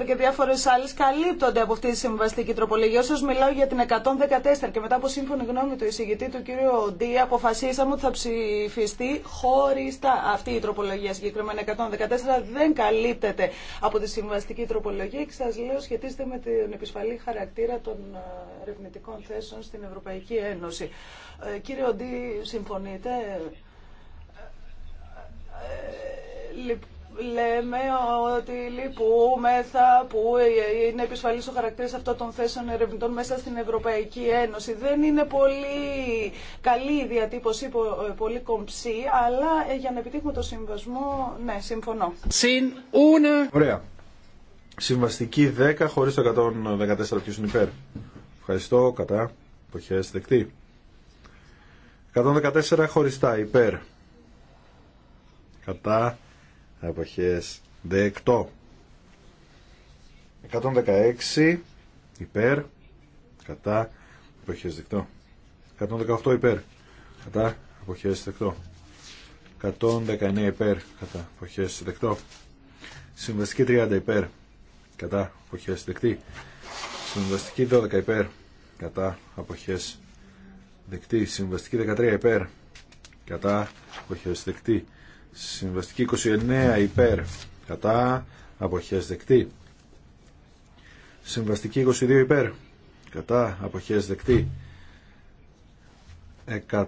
114 και διάφορε άλλε καλύπτονται από αυτή τη συμβαστική τροπολογία. Όσως μιλάω για την 114 και μετά από σύμφωνη γνώμη του εισηγητή του κ. Ντί, αποφασίσαμε ότι θα ψηφιστεί χωριστά αυτή η τροπολογία συγκεκριμένα. 114 δεν καλύπτεται από τη συμβαστική τροπολογία και σα λέω σχετίζεται με την επισφαλή χαρακτήρα των ε, ερευνητικών θέσεων στην Ευρωπαϊκή Ένωση. Ε, κύριε Ντί, συμφωνείτε λέμε ότι λυπούμεθα που είναι επισφαλής ο χαρακτήρας αυτών των θέσεων ερευνητών μέσα στην Ευρωπαϊκή Ένωση. Δεν είναι πολύ καλή η διατύπωση, πολύ κομψή, αλλά ε, για να επιτύχουμε το συμβασμό, ναι, συμφωνώ. Συν Ωραία. Συμβαστική 10 χωρίς το 114 ποιος είναι υπέρ. Ευχαριστώ, κατά, εποχές δεκτή. 114 χωριστά, υπέρ κατά αποχές δεκτό 116 υπέρ κατά αποχές δεκτό 118 υπέρ κατά αποχές δεκτό 119 υπέρ κατά αποχές δεκτό συμβαστική 30 υπέρ κατά αποχές δεκτή συμβαστική 12 υπέρ κατά αποχές δεκτή συμβαστική 13 υπέρ κατά αποχές δεκτή Συμβαστική 29 υπέρ κατά αποχές δεκτή. Συμβαστική 22 υπέρ κατά αποχές δεκτή. 143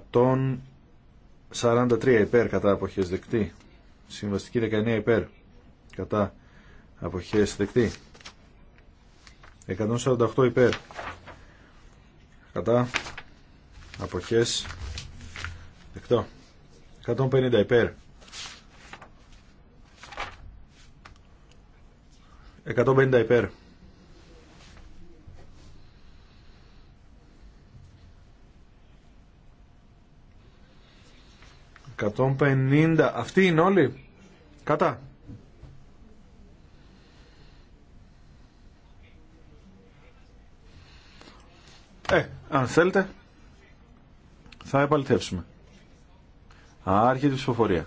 υπέρ κατά αποχές δεκτή. Συμβαστική 19 υπέρ κατά αποχές δεκτή. 148 υπέρ κατά αποχές δεκτό. 150 υπέρ 150 υπέρ. Εκατόν πενήντα. Αυτοί είναι όλοι. Κατά. Ε, αν θέλετε, θα επαληθεύσουμε. Άρχιε τη ψηφοφορία.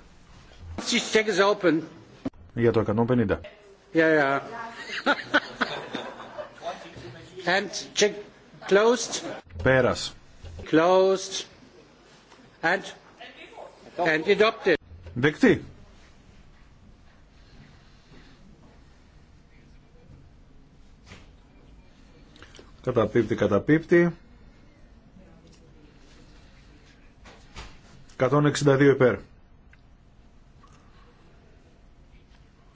Για το 150. Yeah, yeah. And check closed. Πέρας. Closed. And, and adopted. Δεκτή. Καταπίπτει, καταπίπτει. 162 υπέρ.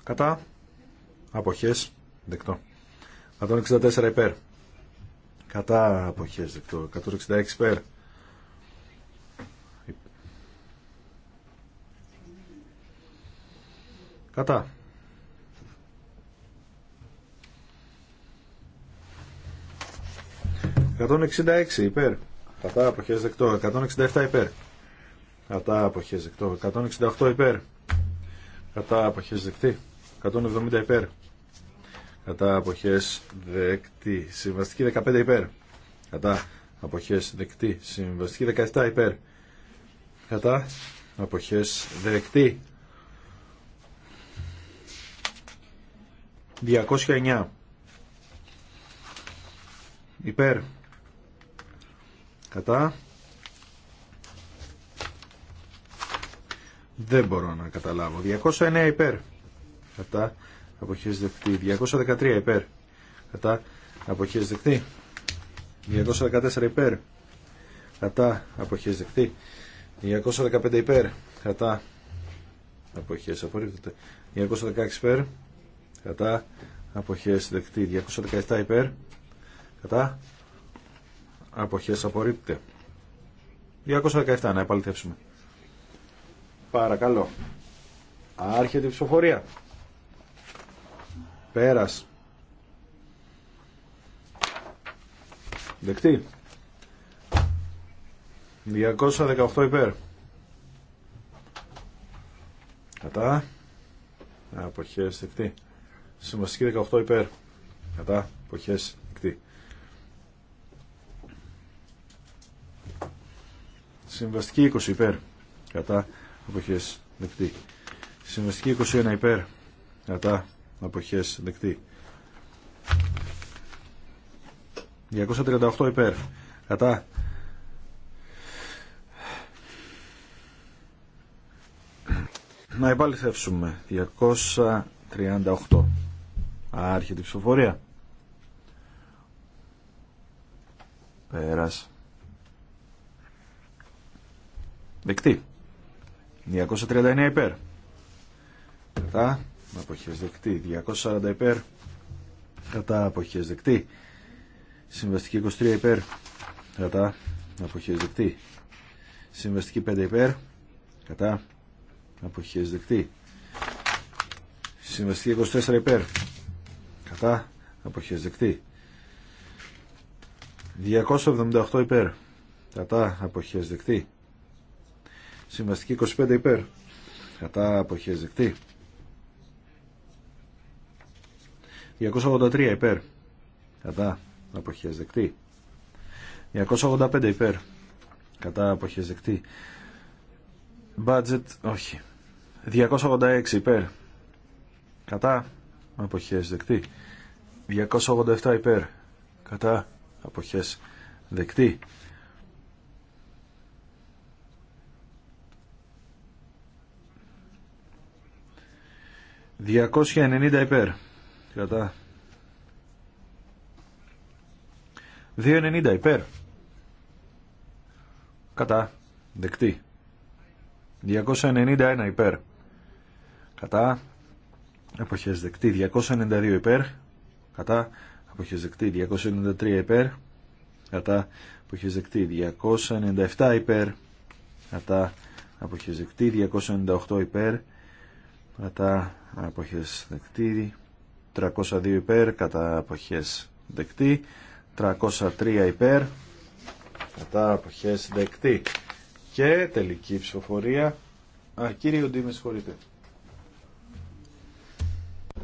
Κατά. Αποχές δεκτό. 164 υπέρ. Κατά αποχές δεκτό. 166 υπέρ. Κατά. 166 υπέρ. Κατά αποχές δεκτό. 167 υπέρ. Κατά αποχές δεκτό. 168 υπέρ. Κατά αποχές δεκτή. 170 υπέρ κατά αποχέ δεκτή συμβαστική 15 υπέρ κατά απόχέ δεκτή συμβαστική 17 υπέρ κατά αποχέ δεκτή 209 υπέρ κατά δεν μπορώ να καταλάβω 209 υπέρ κατά αποχές δεκτή 213 υπέρ κατά αποχές δεκτή 214 υπέρ κατά αποχές δεκτή 215 υπέρ κατά αποχές απορρίπτεται 216 υπέρ κατά αποχές δεκτή 217 υπέρ κατά αποχές απορρίπτεται 217 να επαληθεύσουμε παρακαλώ άρχεται η ψηφοφορία Πέρας. Δεκτή. 218 υπέρ. Κατά. Αποχές δεκτή. Συμβαστική 18 υπέρ. Κατά. Αποχές δεκτή. Συμβαστική 20 υπέρ. Κατά. Αποχές δεκτή. Συμβαστική 21 υπέρ. Κατά αποχές δεκτή 238 υπέρ κατά να επαληθεύσουμε 238 άρχεται η ψηφοφορία πέρας δεκτή 239 υπέρ κατά αποχές δεκτή 240 υπέρ κατά αποχές δεκτή συμβαστική 23 υπέρ κατά αποχές δεκτή συμβαστική 5 υπέρ κατά αποχές δεκτή συμβαστική 24 υπέρ κατά αποχές δεκτή 278 υπέρ κατά αποχές δεκτή συμβαστική 25 υπέρ κατά αποχές δεκτή 283 υπέρ. Κατά αποχές δεκτή. 285 υπέρ. Κατά αποχές δεκτή. Budget όχι. 286 υπέρ. Κατά αποχές δεκτή. 287 υπέρ. Κατά αποχές δεκτή. 290 υπέρ Κατά. 2,90 υπέρ. Κατά. Δεκτή. 291 υπέρ. Κατά. Αποχές δεκτή. 292 υπέρ. Κατά. Αποχές δεκτή. 293 υπέρ. Κατά. Αποχές δεκτή. 297 υπέρ. Κατά. Αποχές δεκτή. 298 υπέρ. Κατά. Αποχές δεκτή. 302 υπέρ κατά αποχές δεκτή 303 υπέρ κατά αποχές δεκτή και τελική ψηφοφορία Α, κύριε Οντή, με συγχωρείτε.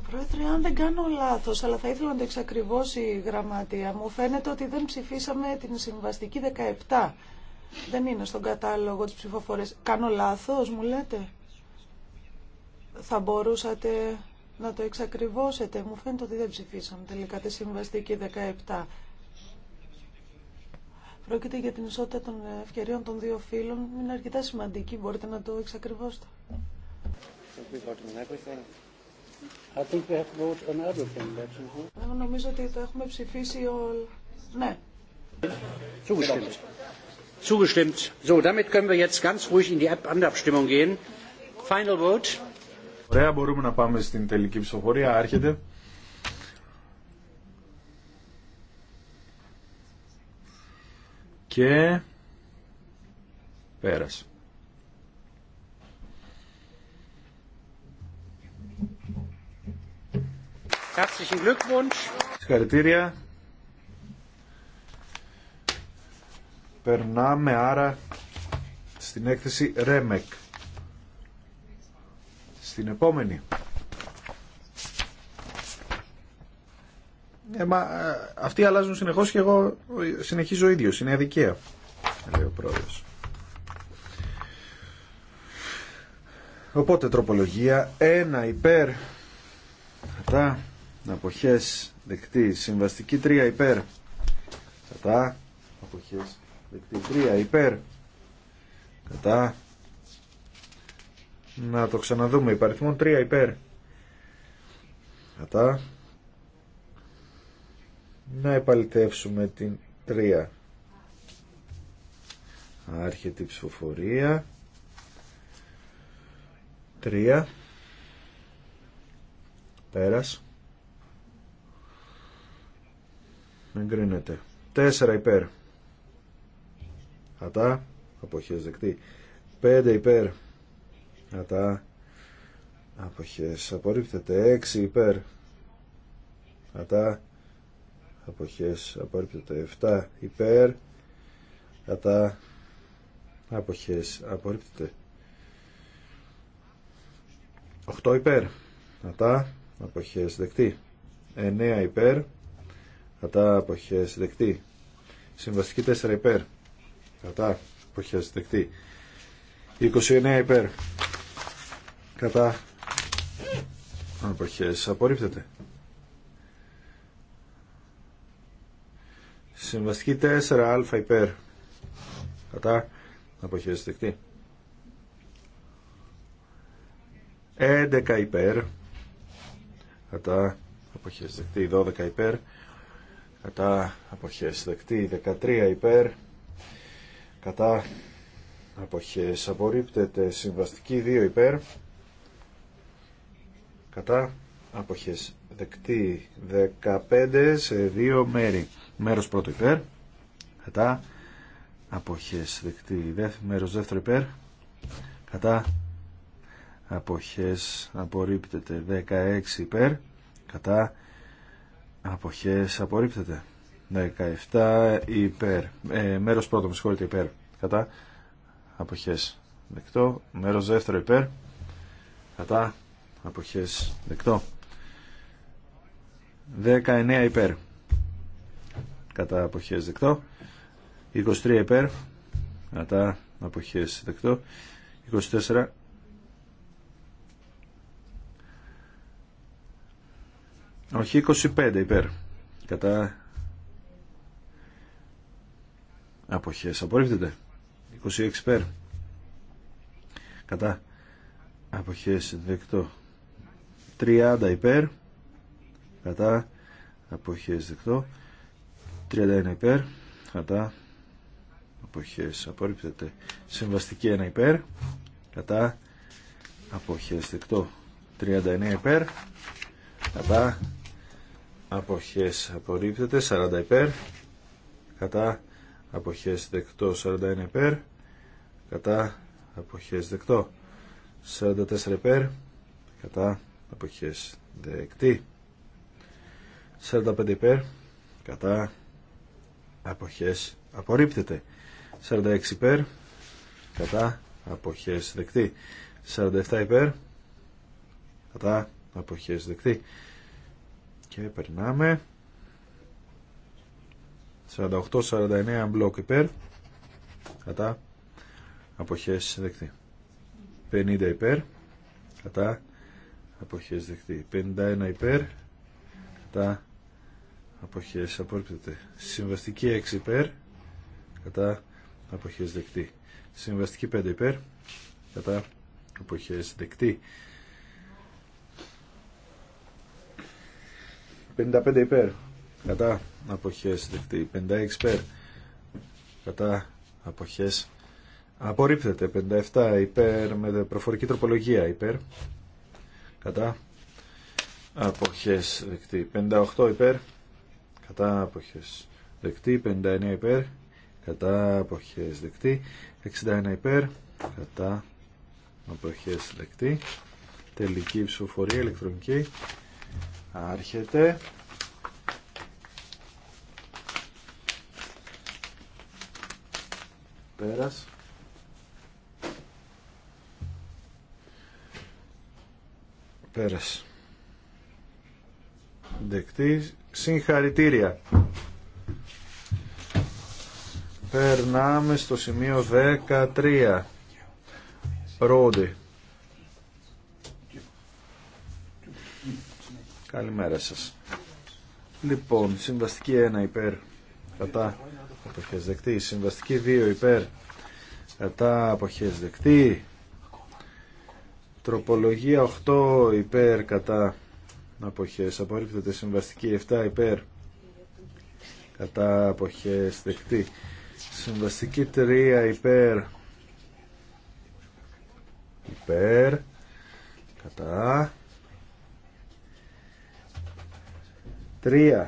Πρόεδρε, αν δεν κάνω λάθος, αλλά θα ήθελα να το εξακριβώσει η γραμματεία μου, φαίνεται ότι δεν ψηφίσαμε την συμβαστική 17. Δεν είναι στον κατάλογο της ψηφοφορίας. Κάνω λάθος, μου λέτε. Θα μπορούσατε να το εξακριβώσετε. Μου φαίνεται ότι δεν ψηφίσαμε τελικά τη συμβαστική 17. Πρόκειται για την ισότητα των ευκαιριών των δύο φίλων. Είναι αρκετά σημαντική. Μπορείτε να το εξακριβώσετε. Εγώ νομίζω ότι το έχουμε ψηφίσει όλοι. Ναι. Zugestimmt. Zugestimmt. So, damit können wir jetzt ganz ruhig in die Abstimmung gehen. Final vote. Ωραία, μπορούμε να πάμε στην τελική ψηφοφορία. Άρχεται. Και πέρασε. Συγχαρητήρια. Περνάμε άρα στην έκθεση ΡΕΜΕΚ στην επόμενη. Ε, μα, ε, αυτοί αλλάζουν συνεχώς και εγώ συνεχίζω ίδιος. Είναι αδικαία, λέει ο πρόεδρος. Οπότε τροπολογία 1 υπέρ κατά αποχές δεκτή συμβαστική 3 υπέρ κατά αποχές δεκτή 3 υπέρ κατά να το ξαναδούμε. Υπαριθμόν 3 υπέρ. Κατά. Να επαληθεύσουμε την 3. Άρχεται η ψηφοφορία. 3. Πέρας. Εγκρίνεται. 4 υπέρ. Κατά. Αποχές δεκτή. 5 υπέρ κατά αποχές απορρίπτεται 6 υπέρ κατά αποχές απορρίπτεται 7 υπέρ κατά αποχές απορρίπτεται 8 υπέρ κατά αποχές δεκτή 9 υπέρ κατά αποχές δεκτή συμβαστική 4 υπέρ κατά αποχές δεκτή 29 υπέρ κατά αποχές απορρίπτεται συμβαστική 4 α υπέρ κατά αποχές δεκτή 11 υπέρ κατά αποχές δεκτή 12 υπέρ κατά αποχές δεκτή 13 υπέρ κατά αποχές απορρίπτεται συμβαστική 2 υπέρ κατά αποχές δεκτή 15 σε δύο μέρη μέρος πρώτο υπέρ κατά αποχές δεκτή μέρος δεύτερο υπέρ κατά αποχές απορρίπτεται 16 υπέρ κατά αποχές απορρίπτεται 17 υπέρ ε, μέρος πρώτο με συγχωρείτε υπέρ κατά αποχές δεκτό μέρος δεύτερο υπέρ κατά αποχές δεκτό 19 υπέρ κατά αποχές δεκτό 23 υπέρ κατά αποχές δεκτό 24 όχι 25 υπέρ κατά αποχές απορρίφτεται 26 υπέρ κατά αποχές δεκτό 30 υπέρ κατά αποχές δεκτό 31 υπέρ κατά αποχές απορρίπτεται συμβαστική 1 υπέρ κατά αποχές δεκτό 39 υπέρ κατά αποχές απορρίπτεται 40 υπέρ κατά αποχές δεκτό 41 υπέρ κατά αποχές δεκτό 44 υπέρ κατά αποχές δεκτή 45 υπέρ κατά αποχές απορρίπτεται 46 υπέρ κατά αποχές δεκτή 47 υπέρ κατά αποχές δεκτή και περνάμε 48-49 μπλοκ υπέρ κατά αποχές δεκτή 50 υπέρ κατά αποχές δεκτή 51 υπέρ κατά αποχές απορρίπτεται συμβαστική 6 υπέρ κατά αποχές δεκτή συμβαστική 5 υπέρ κατά αποχές δεκτή 55 υπέρ κατά αποχές δεκτή 56 υπέρ κατά αποχές απορρίπτεται 57 υπέρ με προφορική τροπολογία υπέρ κατά αποχές δεκτή 58 υπέρ κατά αποχές δεκτή 59 υπέρ κατά αποχές δεκτή 61 υπέρ κατά αποχές δεκτή τελική ψηφοφορία ηλεκτρονική άρχεται πέρας Πέρασε. Δεκτή. Συγχαρητήρια. Περνάμε στο σημείο 13. Ρόντι. Καλημέρα σας. Λοιπόν, συμβαστική 1 υπέρ κατά αποχές δεκτή, συμβαστική 2 υπέρ κατά αποχές δεκτή, Τροπολογία 8 υπέρ κατά αποχές απορρίπτεται. Συμβαστική 7 υπέρ κατά αποχές δεκτή. Συμβαστική 3 υπέρ υπέρ κατά 3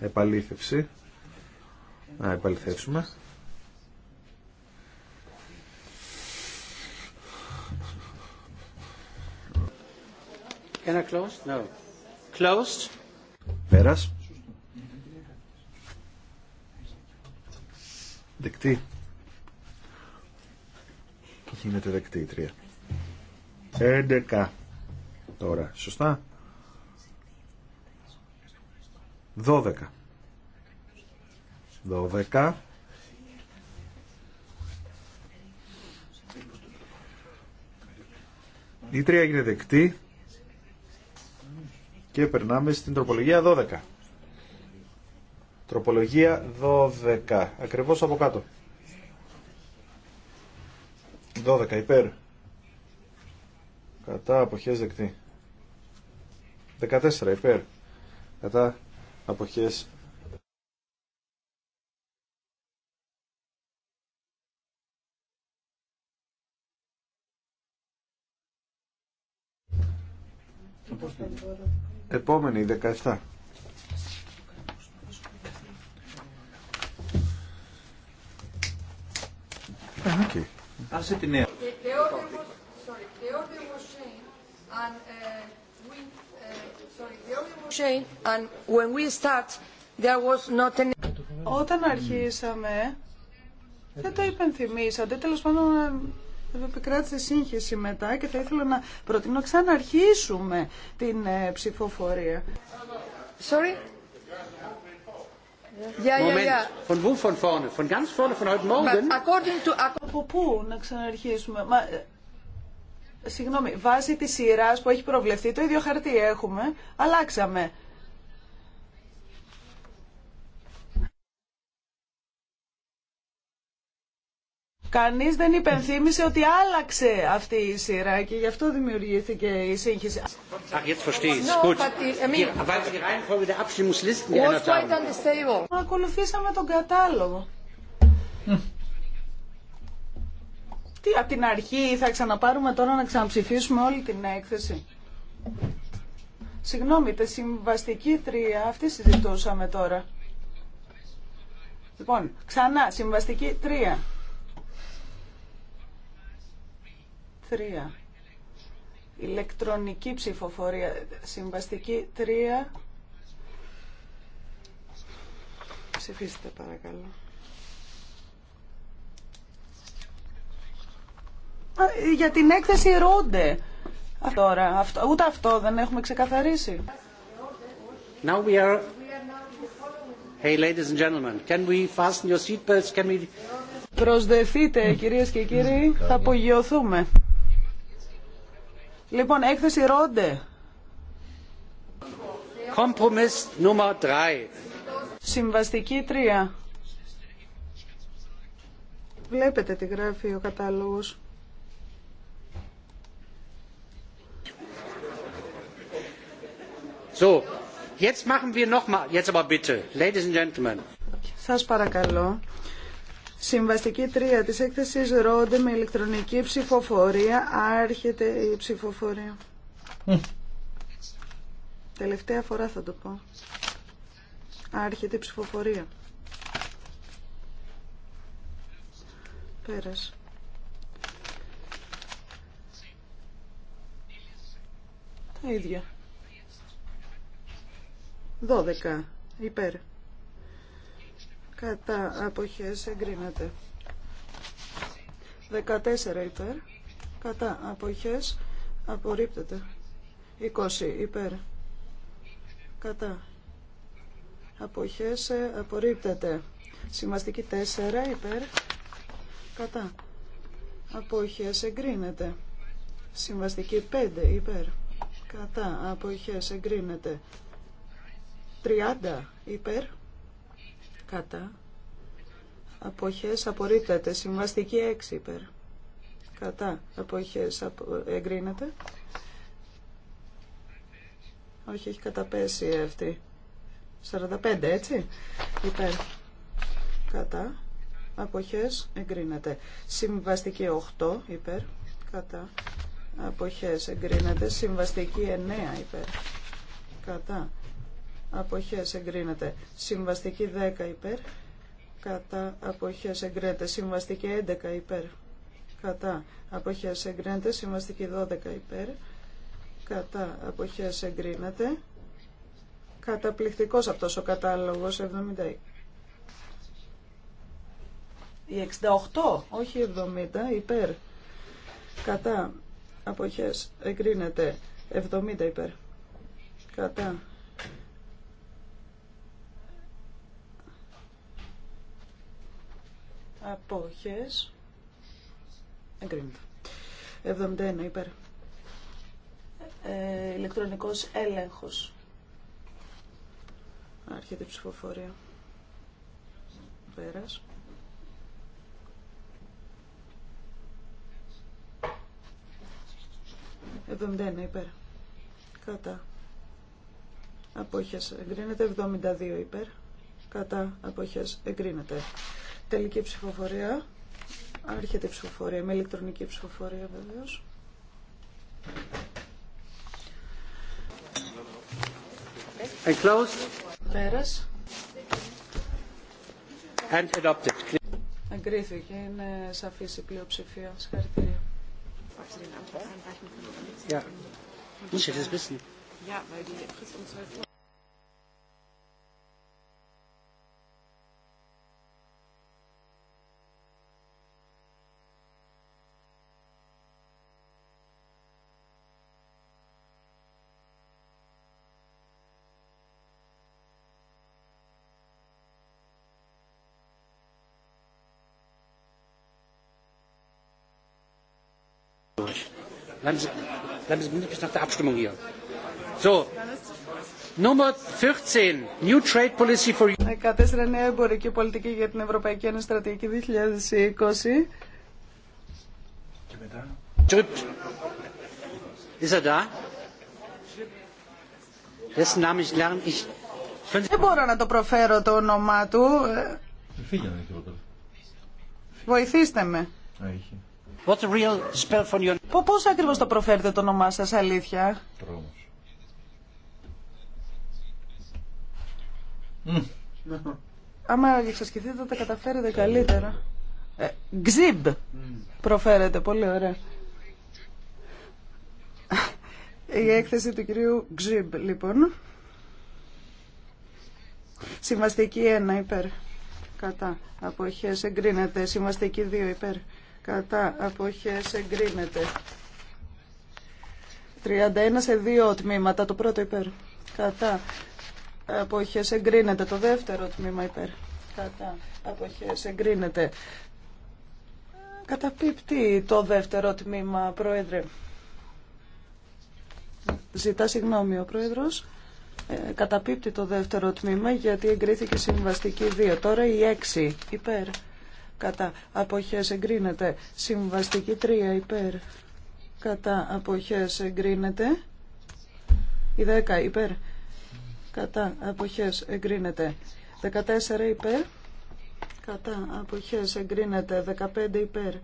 επαλήθευση να επαληθεύσουμε Can I close? No. Πέρας. Δεκτή. Γίνεται δεκτή η τρία. Εντεκά Τώρα, σωστά. Δώδεκα. Δώδεκα. Η τρία έγινε δεκτή. Και περνάμε στην τροπολογία 12. Τροπολογία 12. Ακριβώς από κάτω. 12 υπέρ. Κατά αποχές δεκτή. 14 υπέρ. Κατά αποχές Πώς Επόμενη, 17. Okay. Ε, ε, Όταν αρχίσαμε, δεν το υπενθυμίσατε. Τέλος πάντων, επικράτησε σύγχυση μετά και θα ήθελα να προτείνω να ξαναρχίσουμε την ε, ψηφοφορία. Sorry. Yeah, yeah, yeah. Von von vorne? Von ganz vorne, von heute Morgen? According to... Από πού να ξαναρχίσουμε. Μα, ε, συγγνώμη, βάσει της σειράς που έχει προβλεφθεί, το ίδιο χαρτί έχουμε, αλλάξαμε. Κανείς δεν υπενθύμησε ότι άλλαξε αυτή η σειρά και γι' αυτό δημιουργήθηκε η σύγχυση. Hm, ακολουθήσαμε τον κατάλογο. Τι, από την αρχή θα ξαναπάρουμε τώρα να ξαναψηφίσουμε όλη την έκθεση. Συγγνώμη, τη συμβαστική τρία, αυτή συζητούσαμε τώρα. Λοιπόν, ξανά, συμβαστική τρία. 3. Ηλεκτρονική ψηφοφορία. Συμβαστική 3. Ψηφίστε παρακαλώ. Για την έκθεση ρόντε. Τώρα, αυτό, ούτε αυτό δεν έχουμε ξεκαθαρίσει. Now we are... Hey, ladies and gentlemen, can we fasten your seatbelts? Can we... Προσδεθείτε, κυρίες και κύριοι, θα απογειωθούμε. Λοιπόν, έκθεση Ρόντε. Συμβαστική 3. Βλέπετε τι γράφει ο κατάλογος. So, jetzt machen wir noch mal, jetzt aber bitte, ladies and gentlemen. Σας παρακαλώ. Συμβαστική τρία της έκθεσης ρόνται με ηλεκτρονική ψηφοφορία. Άρχεται η ψηφοφορία. Τελευταία φορά θα το πω. Άρχεται η ψηφοφορία. Πέρασε. Τα ίδια. Δώδεκα. υπέρ κατά αποχές εγκρίνεται 14 υπέρ κατά αποχές απορρίπτεται 20 υπέρ κατά αποχές απορρίπτεται Σημαστική 4 υπέρ κατά αποχές εγκρίνεται Συμβαστική 5 υπέρ κατά αποχές εγκρίνεται 30 υπέρ κατά αποχές απορρίπτεται συμβαστική 6 υπέρ κατά αποχές απο... εγκρίνεται όχι έχει καταπέσει αυτή 45 έτσι υπέρ κατά αποχές εγκρίνεται συμβαστική 8 υπέρ κατά αποχές εγκρίνεται συμβαστική 9 υπέρ κατά αποχές εγκρίνεται. Συμβαστική 10 υπέρ, κατά αποχές εγκρίνεται. Συμβαστική 11 υπέρ, κατά αποχές εγκρίνεται. Συμβαστική 12 υπέρ, κατά αποχές εγκρίνεται. Καταπληκτικός αυτός ο κατάλογος 70. Η 68, όχι 70, υπέρ. Κατά αποχές εγκρίνεται 70 υπέρ. Κατά απόχες εγκρίνεται 71 υπέρ ε, ηλεκτρονικός έλεγχος άρχεται η ψηφοφορία πέρας 71 υπέρ. Κατά. Απόχες εγκρίνεται. 72 υπέρ. Κατά. Απόχες εγκρίνεται. Τελική ψηφοφορία. Άρχεται η ψηφοφορία, με ηλεκτρονική ψηφοφορία βεβαίως. Enclosed. Πέρας. And adopted. Εγκρίθηκε, είναι σαφής η πλειοψηφία. Συγχαρητήρια. Ja, muss ich das wissen? Ja, weil die um Bleiben Sie, bleiben Abstimmung hier. So. 14. New Trade Policy for Europe. πολιτική για την Ευρωπαϊκή Ένωση Στρατηγική 2020. Er Δεν μπορώ να το προφέρω το όνομά του. Ε, Βοηθήστε με. What's the Πώς ακριβώς το προφέρετε το όνομά σας, αλήθεια. Τρόμος. Mm. Άμα εξασκηθείτε θα τα καταφέρετε καλύτερα. Ε, προφέρετε, πολύ ωραία. Η έκθεση του κυρίου Γκζιμπ λοιπόν. Συμβαστική 1 υπέρ. Κατά. Αποχές εγκρίνεται. Συμβαστική 2 υπέρ κατά αποχές εγκρίνεται. 31 σε δύο τμήματα, το πρώτο υπέρ. Κατά αποχές εγκρίνεται, το δεύτερο τμήμα υπέρ. Κατά αποχές εγκρίνεται. Καταπίπτει το δεύτερο τμήμα, Πρόεδρε. Ζητά συγγνώμη ο Πρόεδρος. Ε, καταπίπτει το δεύτερο τμήμα γιατί εγκρίθηκε συμβαστική 2. Τώρα η 6 υπέρ κατά αποχές εγκρίνεται. Συμβαστική 3 υπέρ κατά αποχές εγκρίνεται. Η 10 υπέρ κατά αποχές εγκρίνεται. 14 υπέρ κατά αποχές εγκρίνεται. 15 υπέρ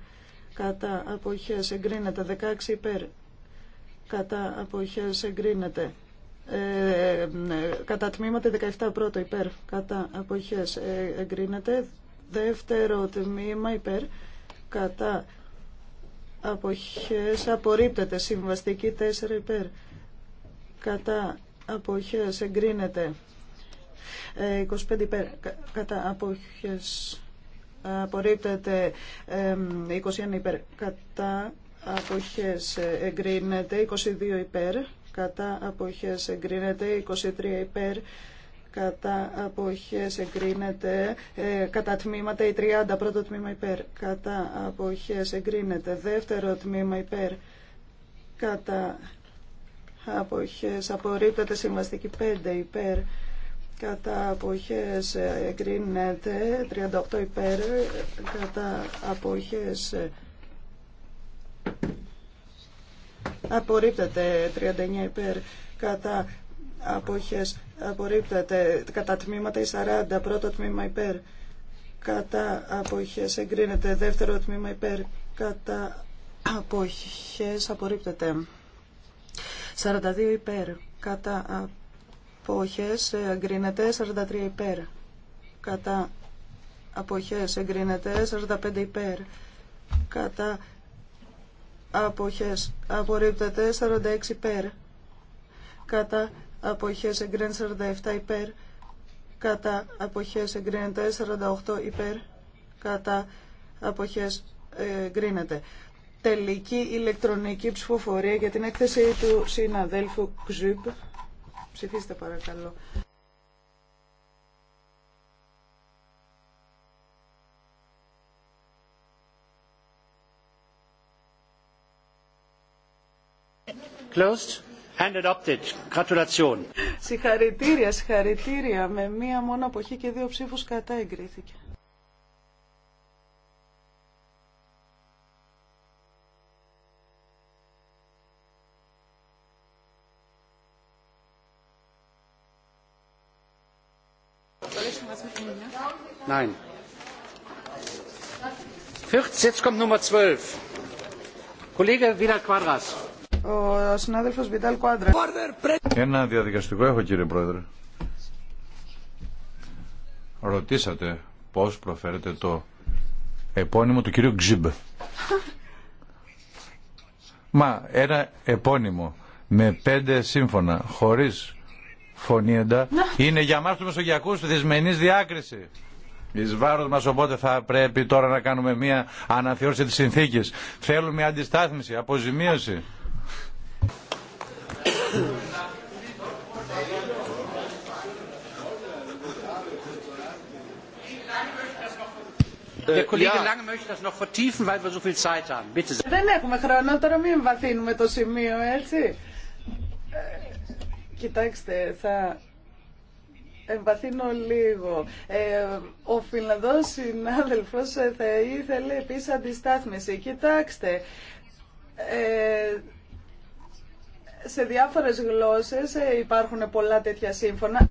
κατά αποχές εγκρίνεται. 16 υπέρ κατά αποχές εγκρίνεται. Ε, ε, ε κατά τμήματα 17 πρώτο υπέρ κατά αποχές ε, εγκρίνεται Δεύτερο τμήμα υπέρ κατά αποχές απορρίπτεται. Συμβαστική 4 υπέρ κατά αποχές εγκρίνεται. 25 ε, υπέρ κατά αποχές απορρίπτεται. 21 υπέρ κατά αποχές εγκρίνεται. 22 υπέρ κατά αποχές εγκρίνεται. 23 υπέρ κατά αποχές εγκρίνεται ε, κατά τμήματα η 30 πρώτο τμήμα υπέρ κατά αποχές εγκρίνεται δεύτερο τμήμα υπέρ κατά αποχές απορρίπτεται συμβαστική 5 υπέρ κατά αποχές εγκρίνεται 38 υπέρ κατά αποχές απορρίπτεται 39 υπέρ κατά αποχές απορρίπτεται κατά τμήματα η 40 πρώτο τμήμα υπέρ κατά αποχές εγκρίνεται δεύτερο τμήμα υπέρ κατά αποχές απορρίπτεται 42 υπέρ κατά αποχές εγκρίνεται 43 υπέρ κατά αποχές εγκρίνεται 45 υπέρ κατά αποχές απορρίπτεται 46 υπέρ κατά αποχές εγκρίνεται 47 υπέρ κατά αποχές εγκρίνεται 48 υπέρ κατά αποχές εγκρίνεται τελική ηλεκτρονική ψηφοφορία για την έκθεση του συναδέλφου ΚΖΥΠ ψηφίστε παρακαλώ Closed. Συγχαρητήρια, συγχαρητήρια. Με μία μόνο αποχή και δύο ψήφους κατά εγκρίθηκε. Nein. Jetzt kommt Nummer 12. Kollege Vidal Quadras. Ο συνάδελφος Βιντάλ Κουάντρα. Ένα διαδικαστικό έχω κύριε Πρόεδρε. Ρωτήσατε πώς προφέρετε το επώνυμο του κυρίου Γκζιμπ. Μα ένα επώνυμο με πέντε σύμφωνα χωρίς εντά είναι για μας τους μεσογειακούς δυσμενής διάκριση. Εις βάρος μας οπότε θα πρέπει τώρα να κάνουμε μια αναθεώρηση της συνθήκης. Θέλουμε αντιστάθμιση, αποζημίωση. Δεν έχουμε χρόνο, τώρα μην βαθύνουμε το σημείο, έτσι. Ε, κοιτάξτε, θα εμβαθύνω λίγο. Ε, ο Φιλανδός συνάδελφος ε, θα ήθελε επίσης αντιστάθμιση. Κοιτάξτε, ε, σε διάφορες γλώσσες ε, υπάρχουν πολλά τέτοια σύμφωνα.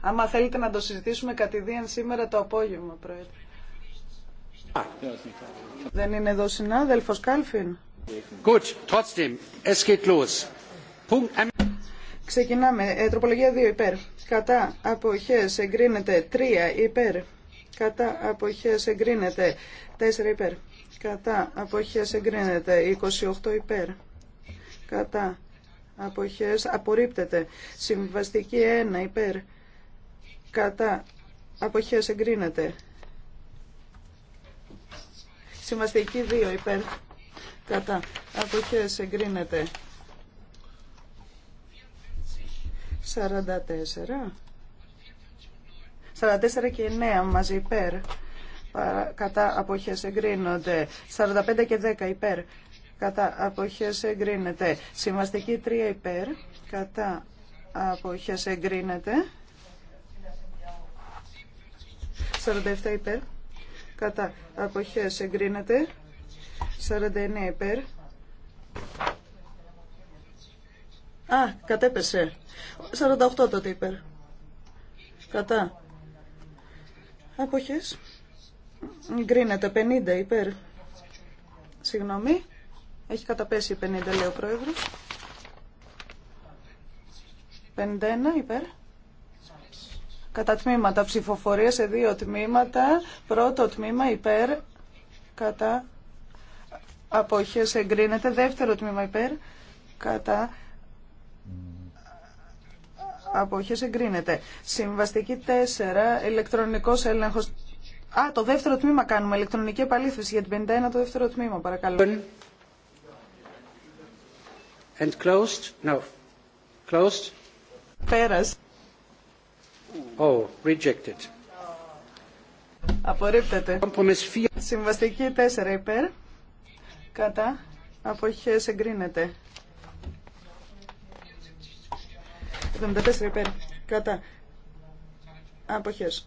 Άμα θέλετε να το συζητήσουμε κατηδίαν σήμερα το απόγευμα, Πρόεδρε. Δεν είναι εδώ συνάδελφος Κάλφιν. Good, trotzdem, es geht los. Punkt... Ξεκινάμε. Ε, τροπολογία 2 υπέρ. Κατά αποχές εγκρίνεται 3 υπέρ. Κατά αποχές εγκρίνεται 4 υπέρ κατά αποχές εγκρίνεται 28 υπέρ κατά αποχές απορρίπτεται συμβαστική 1 υπέρ κατά αποχές εγκρίνεται συμβαστική 2 υπέρ κατά αποχές εγκρίνεται 44 44 και 9 μαζί υπέρ κατά αποχές εγκρίνονται. 45 και 10 υπέρ κατά αποχές εγκρίνεται. Συμβαστική 3 υπέρ κατά αποχές εγκρίνεται. 47 υπέρ κατά αποχές εγκρίνεται. 49 υπέρ. Α, κατέπεσε. 48 τότε υπέρ. Κατά. Αποχές. Γκρίνεται 50 υπέρ. Συγγνώμη. Έχει καταπέσει 50 λέει ο πρόεδρος. 51 υπέρ. Κατά τμήματα ψηφοφορία σε δύο τμήματα. Πρώτο τμήμα υπέρ. Κατά αποχές εγκρίνεται. Δεύτερο τμήμα υπέρ. Κατά αποχές εγκρίνεται. Συμβαστική 4. Ηλεκτρονικός έλεγχος Α, το δεύτερο τμήμα κάνουμε. Ηλεκτρονική επαλήθευση για την 51, το δεύτερο τμήμα, παρακαλώ. And closed? Πέρας. Oh, rejected. Απορρίπτεται. Συμβαστική 4 υπέρ. Κατά. Αποχές εγκρίνεται. 74 υπέρ. Κατά. Αποχές.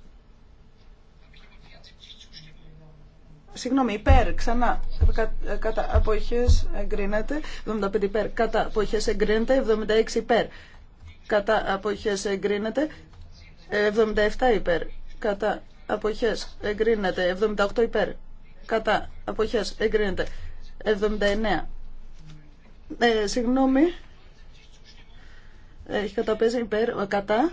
Συγγνώμη, υπέρ, ξανά, κατά αποχές εγκρίνεται, 75 υπέρ, κατά αποχές εγκρίνεται, 76 υπέρ, κατά αποχές εγκρίνεται, 77 υπέρ, κατά αποχές εγκρίνεται, 78 υπέρ, κατά αποχές εγκρίνεται, 79. Ε, συγγνώμη, έχει καταπέσει υπέρ, κατά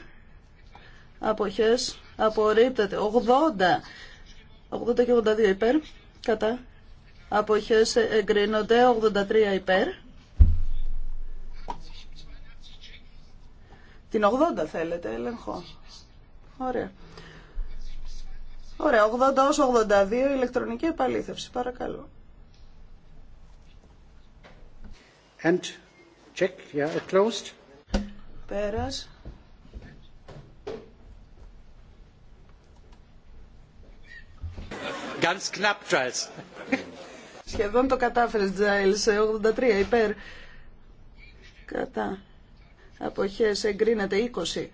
απόχέ. απορρίπτεται, 80 80 και 82 υπέρ. Κατά. Αποχές εγκρίνονται 83 υπέρ. Την 80 θέλετε, έλεγχο. Ωραία. Ωραία, 80 82 ηλεκτρονική επαλήθευση, παρακαλώ. And check, yeah, closed. Πέρας. Σχεδόν το κατάφερες, σε 83 υπέρ. Κατά. Αποχές εγκρίνεται 20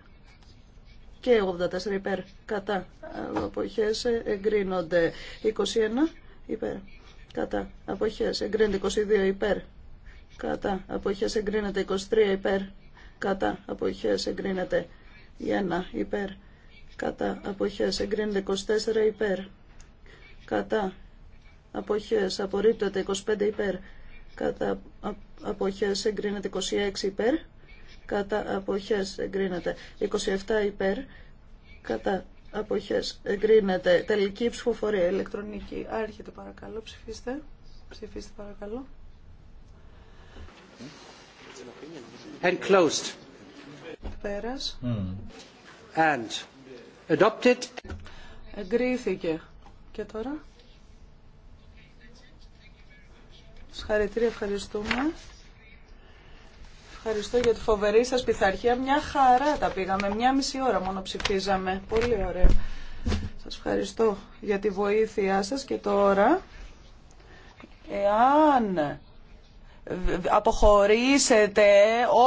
και 84 υπέρ. Κατά. Αποχές εγκρίνονται 21 υπέρ. Κατά. Αποχές εγκρίνεται 22 υπέρ. Κατά. Αποχές εγκρίνεται 23 υπέρ. Κατά. Αποχές εγκρίνεται 1 υπέρ. Κατά. Αποχές εγκρίνεται 24 υπέρ κατά αποχές απορρίπτεται 25 υπέρ κατά αποχές εγκρίνεται 26 υπέρ κατά αποχές εγκρίνεται 27 υπέρ κατά αποχές εγκρίνεται τελική ψηφοφορία ηλεκτρονική άρχεται παρακαλώ ψηφίστε ψηφίστε παρακαλώ and closed πέρας mm. and adopted εγκρίθηκε και τώρα. Συγχαρητήρια, ευχαριστούμε. Ευχαριστώ για τη φοβερή σας πειθαρχία. Μια χαρά τα πήγαμε, μια μισή ώρα μόνο ψηφίζαμε. Πολύ ωραία. Σας ευχαριστώ για τη βοήθειά σας και τώρα, εάν αποχωρήσετε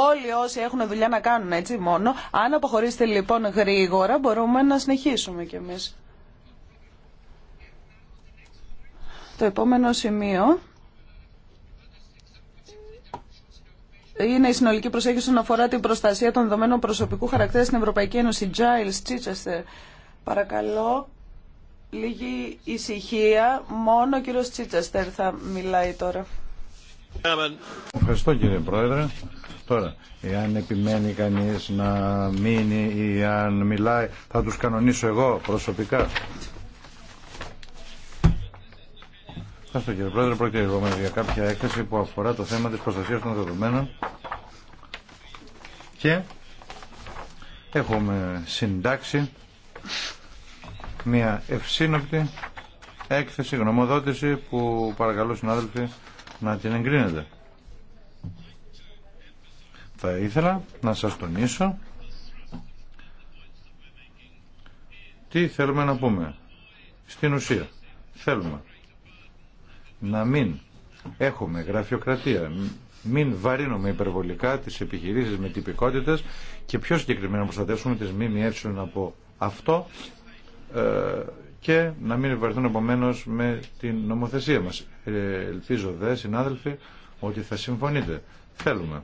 όλοι όσοι έχουν δουλειά να κάνουν έτσι μόνο, αν αποχωρήσετε λοιπόν γρήγορα μπορούμε να συνεχίσουμε κι εμείς. Το επόμενο σημείο είναι η συνολική προσέγγιση όσον αφορά την προστασία των δεδομένων προσωπικού χαρακτήρα στην Ευρωπαϊκή Ένωση. Giles, Chichester, παρακαλώ λίγη ησυχία. Μόνο ο κύριος Τσίτσαστερ θα μιλάει τώρα. Ευχαριστώ κύριε Πρόεδρε. Τώρα, εάν επιμένει κανείς να μείνει ή αν μιλάει, θα τους κανονίσω εγώ προσωπικά. Ευχαριστώ κύριε Πρόεδρε. Πρόκειται εγώ για κάποια έκθεση που αφορά το θέμα της προστασίας των δεδομένων και έχουμε συντάξει μια ευσύνοπτη έκθεση, γνωμοδότηση που παρακαλώ συνάδελφοι να την εγκρίνετε. Θα ήθελα να σας τονίσω τι θέλουμε να πούμε. Στην ουσία θέλουμε να μην έχουμε γραφειοκρατία, μην βαρύνουμε υπερβολικά τις επιχειρήσεις με τυπικότητες και πιο συγκεκριμένα προστατεύσουμε τις ΜΜΕ από αυτό ε, και να μην βαρθούν επομένω με την νομοθεσία μας. Ε, ελπίζω δε, συνάδελφοι, ότι θα συμφωνείτε. Θέλουμε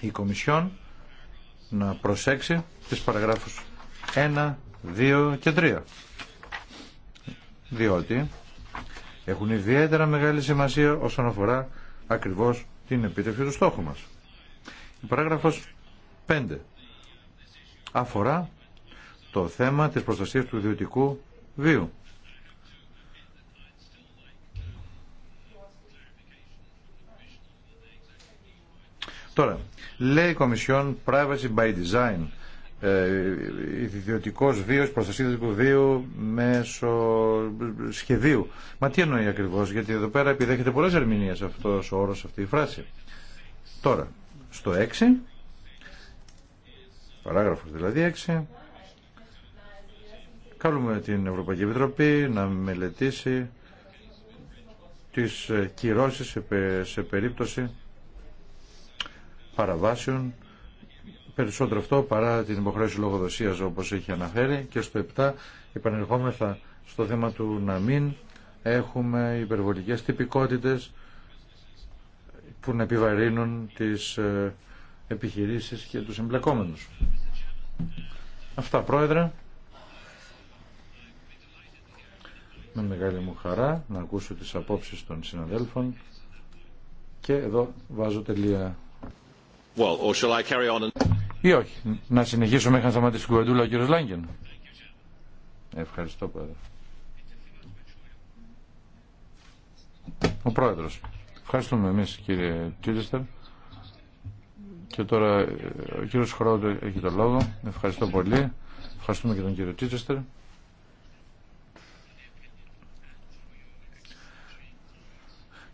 η Κομισιόν να προσέξει τις παραγράφους 1, 2 και 3. Διότι έχουν ιδιαίτερα μεγάλη σημασία όσον αφορά ακριβώς την επίτευξη του στόχου μας. Η παράγραφος 5 αφορά το θέμα της προστασίας του ιδιωτικού βίου. Τώρα, λέει η Κομισιόν Privacy by Design ε, ιδιωτικό βίο προστασία του βίου μέσω σχεδίου. Μα τι εννοεί ακριβώς, γιατί εδώ πέρα επιδέχεται πολλές ερμηνείες αυτό ο όρο αυτή η φράση. Τώρα, στο 6, παράγραφος δηλαδή 6, Καλούμε την Ευρωπαϊκή Επιτροπή να μελετήσει τις κυρώσεις σε περίπτωση παραβάσεων περισσότερο αυτό παρά την υποχρέωση λογοδοσίας όπως έχει αναφέρει και στο 7 επανερχόμεθα στο θέμα του να μην έχουμε υπερβολικές τυπικότητες που να επιβαρύνουν τις ε, επιχειρήσεις και τους εμπλεκόμενους. Αυτά πρόεδρε. Με μεγάλη μου χαρά να ακούσω τις απόψεις των συναδέλφων και εδώ βάζω τελεία. Well, or shall I carry ή όχι. Να συνεχίσω μέχρι να σταματήσει την κουβεντούλα ο κύριος Λάγκεν. Ευχαριστώ πρόεδρε. Ο πρόεδρος. Ευχαριστούμε εμείς κύριε Τίλιστερ. Και τώρα ε, ο κύριος Χρόντο έχει το λόγο. Ευχαριστώ πολύ. Ευχαριστούμε και τον κύριο Τίτσεστερ.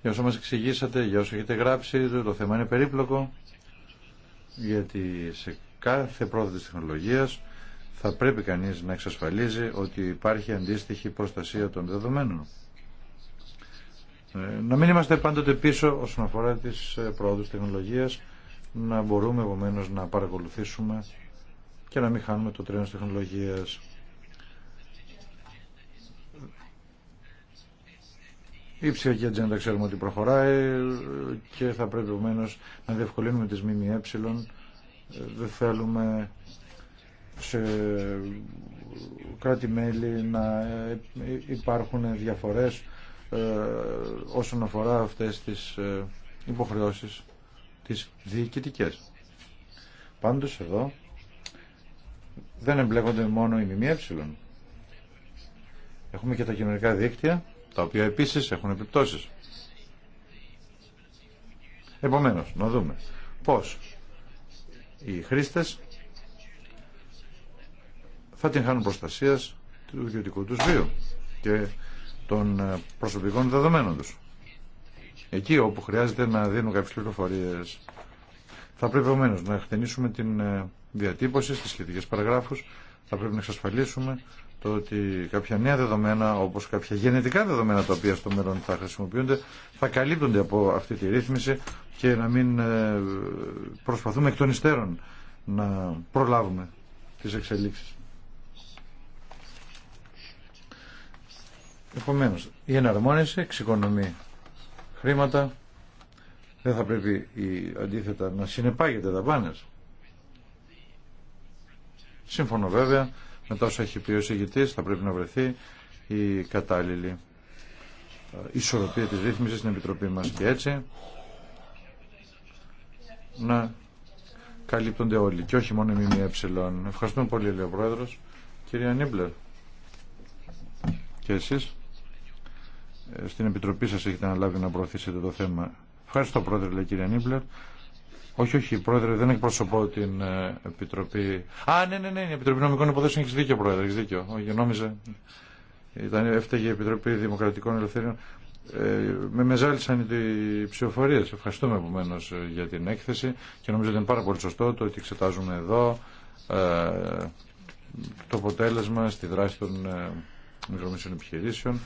Για όσο μας εξηγήσατε, για όσο έχετε γράψει, το θέμα είναι περίπλοκο γιατί σε κάθε πρόοδο της τεχνολογίας θα πρέπει κανείς να εξασφαλίζει ότι υπάρχει αντίστοιχη προστασία των δεδομένων. Ε, να μην είμαστε πάντοτε πίσω όσον αφορά τις ε, πρόοδους τεχνολογίας, να μπορούμε επομένω να παρακολουθήσουμε και να μην χάνουμε το τρένο της τεχνολογίας. Η ψηφιακή ατζέντα ξέρουμε ότι προχωράει και θα πρέπει επομένω να διευκολύνουμε τις ΜΜΕ. Δεν θέλουμε σε κράτη-μέλη να υπάρχουν διαφορές ε, όσον αφορά αυτές τις ε, υποχρεώσεις τις διοικητικές. Πάντως εδώ δεν εμπλέκονται μόνο οι ΜΜΕ. Έχουμε και τα κοινωνικά δίκτυα τα οποία επίσης έχουν επιπτώσεις. Επομένως, να δούμε πώς οι χρήστες θα την χάνουν προστασίας του ιδιωτικού τους βίου και των ε, προσωπικών δεδομένων τους. Εκεί όπου χρειάζεται να δίνουν κάποιες πληροφορίες θα πρέπει επομένω να εκτενήσουμε την ε, διατύπωση στις σχετικές παραγράφους, θα πρέπει να εξασφαλίσουμε το ότι κάποια νέα δεδομένα, όπως κάποια γενετικά δεδομένα τα οποία στο μέλλον θα χρησιμοποιούνται, θα καλύπτονται από αυτή τη ρύθμιση και να μην ε, προσπαθούμε εκ των υστέρων να προλάβουμε τις εξελίξεις. Επομένως, η εναρμόνιση εξοικονομεί χρήματα, δεν θα πρέπει η, αντίθετα να συνεπάγεται δαπάνες. Σύμφωνο βέβαια μετά όσο έχει πει ο συγητής, θα πρέπει να βρεθεί η κατάλληλη ε, ισορροπία της ρύθμισης στην Επιτροπή μας και έτσι να καλύπτονται όλοι και όχι μόνο η ΜΜΕ. Ευχαριστούμε πολύ, λέει ο Πρόεδρος. Κυρία Νίμπλερ, και εσείς ε, στην Επιτροπή σας έχετε αναλάβει να προωθήσετε το θέμα. Ευχαριστώ, Πρόεδρε, λέει κυρία Νίμπλερ. Όχι, όχι, πρόεδρε, δεν εκπροσωπώ την ε, Επιτροπή. Α, ναι, ναι, ναι, η Επιτροπή Νομικών Υποθέσεων έχει δίκιο, πρόεδρε, έχει δίκιο. Όχι, νόμιζα. Ήταν, έφταιγε η Επιτροπή Δημοκρατικών Ελευθερίων. Ε, με μεζάλισαν οι ψηφοφορίε. Ευχαριστούμε επομένω για την έκθεση και νομίζω ότι είναι πάρα πολύ σωστό το ότι εξετάζουμε εδώ ε, το αποτέλεσμα στη δράση των ε, μικρομεσαίων επιχειρήσεων.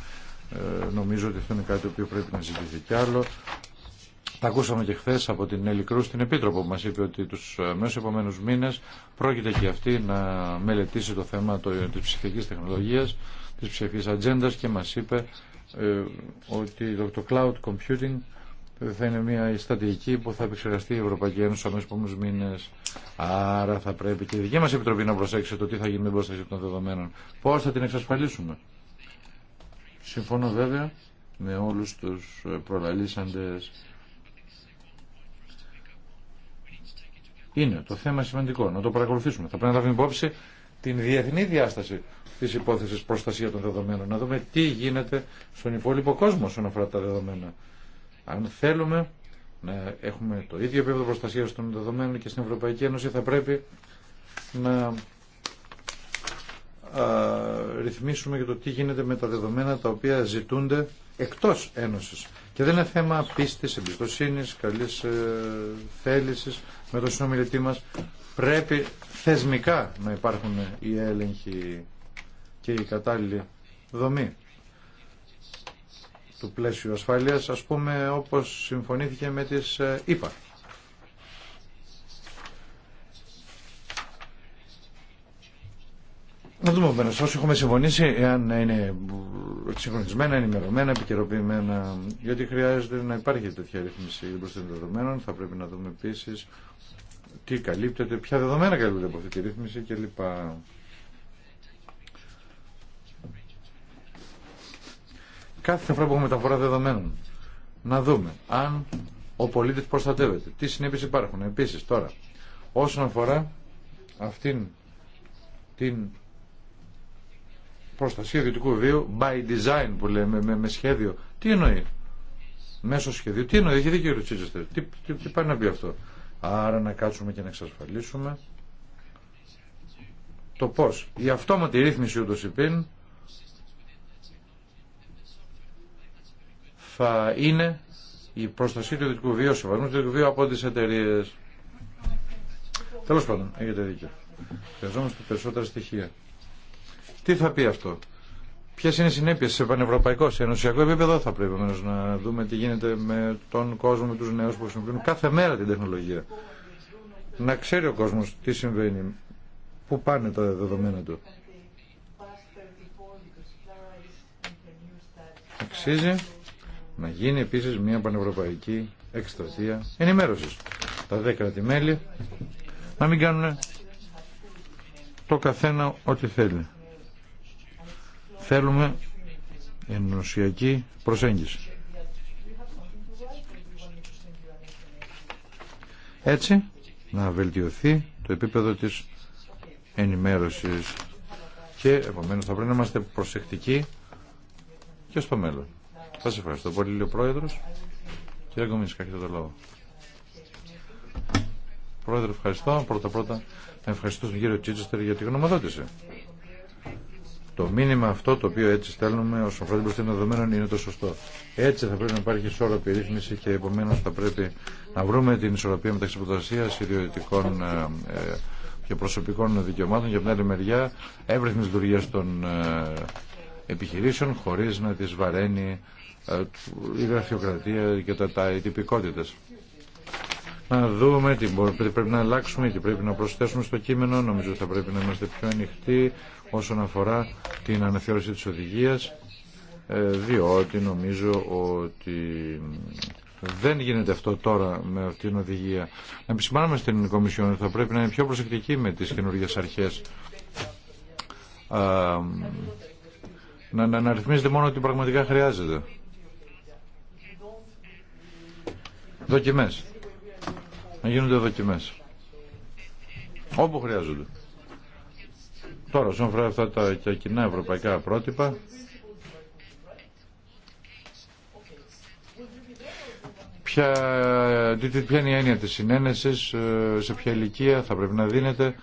Ε, νομίζω ότι αυτό είναι κάτι το πρέπει να ζητηθεί κι άλλο. Τα ακούσαμε και χθε από την Ελικρού στην Επίτροπο που μα είπε ότι του ε, μέσου επόμενου μήνε πρόκειται και αυτή να μελετήσει το θέμα τη ψηφιακή τεχνολογία, τη ψηφιακή ατζέντα και μα είπε ε, ότι το cloud computing θα είναι μια στρατηγική που θα επεξεργαστεί η Ευρωπαϊκή Ένωση αμέσω επόμενου μήνε. Άρα θα πρέπει και η δική μα επιτροπή να προσέξει το τι θα γίνει με την προστασία των δεδομένων. Πώ θα την εξασφαλίσουμε. Συμφωνώ βέβαια με όλου του προλαλήσαντε είναι το θέμα σημαντικό. Να το παρακολουθήσουμε. Θα πρέπει να λάβουμε υπόψη την διεθνή διάσταση τη υπόθεση προστασία των δεδομένων. Να δούμε τι γίνεται στον υπόλοιπο κόσμο όσον αφορά τα δεδομένα. Αν θέλουμε να έχουμε το ίδιο επίπεδο προστασία των δεδομένων και στην Ευρωπαϊκή Ένωση θα πρέπει να ρυθμίσουμε για το τι γίνεται με τα δεδομένα τα οποία ζητούνται εκτός Ένωσης. Και δεν είναι θέμα πίστης, εμπιστοσύνης, καλή ε, θέληση με τον συνομιλητή μας. Πρέπει θεσμικά να υπάρχουν οι έλεγχοι και η κατάλληλη δομή του πλαίσιου ασφάλειας, ας πούμε όπως συμφωνήθηκε με τις ΕΠΑ. Να δούμε επομένω όσοι έχουμε συμφωνήσει, εάν είναι εξυγχρονισμένα, ενημερωμένα, επικαιροποιημένα, γιατί χρειάζεται να υπάρχει τέτοια ρύθμιση προ των δεδομένων. Θα πρέπει να δούμε επίση τι καλύπτεται, ποια δεδομένα καλύπτεται από αυτή τη ρύθμιση κλπ. Κάθε φορά που έχουμε μεταφορά δεδομένων, να δούμε αν ο πολίτη προστατεύεται, τι συνέπειες υπάρχουν. Επίση τώρα, όσον αφορά αυτήν την προστασία ιδιωτικού βίου by design που λέμε, με, με σχέδιο. Τι εννοεί. Μέσω σχεδίου. Τι εννοεί. Έχει δίκιο ο Τσίτσεστερ. Τι, τι, τι πάει να πει αυτό. Άρα να κάτσουμε και να εξασφαλίσουμε το πώς. Η αυτόματη ρύθμιση ούτω υπήν θα είναι η προστασία του ιδιωτικού βίου, ο σεβασμό του ιδιωτικού βίου από τι εταιρείε. Τέλο πάντων, έχετε δίκιο. Χρειαζόμαστε περισσότερα στοιχεία. Τι θα πει αυτό. Ποιε είναι οι συνέπειε σε πανευρωπαϊκό, σε ενωσιακό επίπεδο, θα πρέπει να δούμε τι γίνεται με τον κόσμο, με του νέου που χρησιμοποιούν κάθε μέρα την τεχνολογία. Να ξέρει ο κόσμο τι συμβαίνει, πού πάνε τα δεδομένα του. Αξίζει να γίνει επίση μια πανευρωπαϊκή εκστρατεία ενημέρωση. Τα δέκα μέλη να μην κάνουν το καθένα ό,τι θέλει. Θέλουμε ενωσιακή προσέγγιση. Έτσι, να βελτιωθεί το επίπεδο της ενημέρωσης και επομένως θα πρέπει να είμαστε προσεκτικοί και στο μέλλον. Θα σας ευχαριστώ πολύ, λέει ο Πρόεδρος. Κύριε Κομίνσκα, έχετε το λόγο. Πρόεδρε, ευχαριστώ. Πρώτα-πρώτα, να ευχαριστώ τον κύριο Τσίτσεστερ για τη γνωμοδότηση. Το μήνυμα αυτό το οποίο έτσι στέλνουμε ως αφορά την δεδομένων είναι το σωστό. Έτσι θα πρέπει να υπάρχει ισόρροπη ρύθμιση και επομένω θα πρέπει να βρούμε την ισορροπία μεταξύ προστασίας ιδιωτικών ε, ε, και προσωπικών δικαιωμάτων και από την άλλη μεριά εύρυθμη λειτουργία των ε, επιχειρήσεων χωρίς να τις βαραίνει η γραφειοκρατία και τα, τα, τυπικότητες. Να δούμε τι πρέπει να αλλάξουμε τι πρέπει να προσθέσουμε στο κείμενο. Νομίζω θα πρέπει να είμαστε πιο ανοιχτοί όσον αφορά την αναθεώρηση της οδηγίας ε, διότι νομίζω ότι δεν γίνεται αυτό τώρα με αυτήν την οδηγία. Να επισημάνουμε στην Κομισιόν ότι θα πρέπει να είναι πιο προσεκτική με τις καινούργιε αρχές. Να, να, να μόνο ότι πραγματικά χρειάζεται. Δοκιμές. Να γίνονται δοκιμές. Όπου χρειάζονται. Τώρα, όσον αφορά αυτά τα κοινά ευρωπαϊκά πρότυπα, ποια, ποια είναι η έννοια της συνένεσης, ε, σε ποια ηλικία θα πρέπει να δίνεται,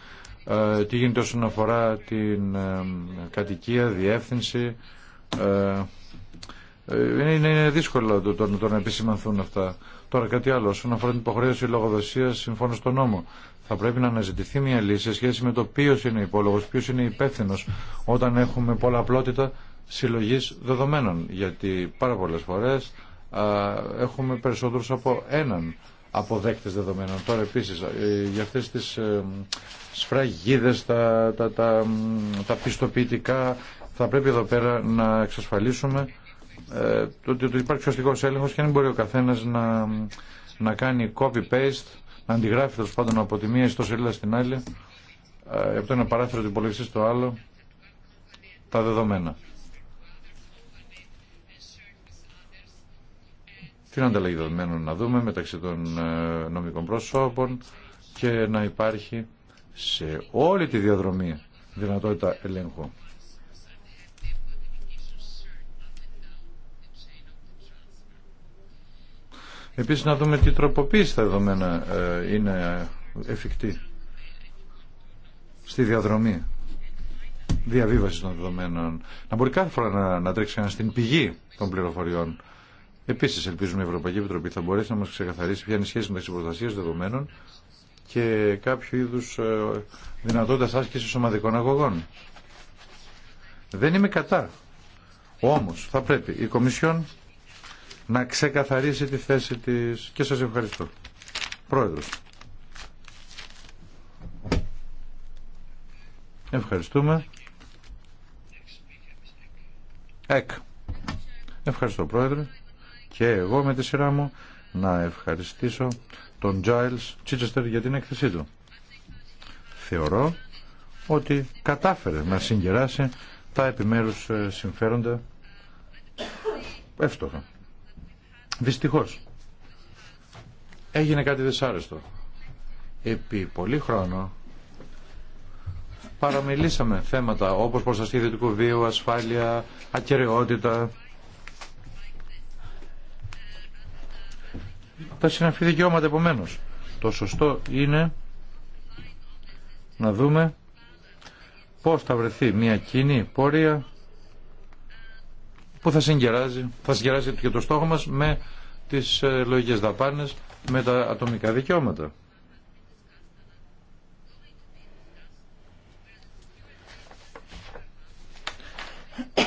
ε, τι γίνεται όσον αφορά την ε, κατοικία, διεύθυνση. Είναι, είναι δύσκολο το, το, να επισημανθούν αυτά. Τώρα κάτι άλλο, όσον αφορά την υποχρέωση λογοδοσία συμφώνω στον νόμο θα πρέπει να αναζητηθεί μια λύση σε σχέση με το ποιο είναι ο υπόλογο, ποιο είναι υπεύθυνο όταν έχουμε πολλαπλότητα συλλογή δεδομένων. Γιατί πάρα πολλέ φορέ έχουμε περισσότερου από έναν αποδέκτες δεδομένων. Τώρα επίσης ε, για αυτές τις ε, σφραγίδες, τα, τα, τα, πιστοποιητικά θα πρέπει εδώ πέρα να εξασφαλίσουμε ε, ότι υπάρχει σωστικός έλεγχος και δεν μπορεί ο καθένας να, να κάνει copy-paste αντιγράφει τέλο πάντων από τη μία ιστοσελίδα στην άλλη, ε, από το ένα παράθυρο του υπολογιστή στο άλλο, τα δεδομένα. Την ανταλλαγή δεδομένων να δούμε μεταξύ των ε, νομικών προσώπων και να υπάρχει σε όλη τη διαδρομή δυνατότητα ελέγχου. Επίσης να δούμε τι τροποποίηση στα δεδομένα ε, είναι εφικτή στη διαδρομή διαβίβαση των δεδομένων. Να μπορεί κάθε φορά να, να τρέξει κανένα στην πηγή των πληροφοριών. Επίσης ελπίζουμε η Ευρωπαϊκή Επιτροπή θα μπορέσει να μας ξεκαθαρίσει ποια είναι η σχέση μεταξύ προστασίας δεδομένων και κάποιο είδους ε, δυνατότητας άσκησης ομαδικών αγωγών. Δεν είμαι κατά. Όμως θα πρέπει η Κομισιόν να ξεκαθαρίσει τη θέση της και σας ευχαριστώ. Πρόεδρος. Ευχαριστούμε. Εκ. Ευχαριστώ πρόεδρε. Και εγώ με τη σειρά μου να ευχαριστήσω τον Giles Chichester για την έκθεσή του. Θεωρώ ότι κατάφερε να συγκεράσει τα επιμέρους ε, συμφέροντα εύστοχα. Δυστυχώ, έγινε κάτι δυσάρεστο. Επί πολύ χρόνο παραμιλήσαμε θέματα όπως προστασία ιδιωτικού βίου, ασφάλεια, ακαιρεότητα. Τα συναφή δικαιώματα επομένω. Το σωστό είναι να δούμε πώς θα βρεθεί μια κοινή πορεία που θα συγκεράζει, θα συγκεράζει και το στόχο μας με τις ε, λογικές δαπάνες, με τα ατομικά δικαιώματα.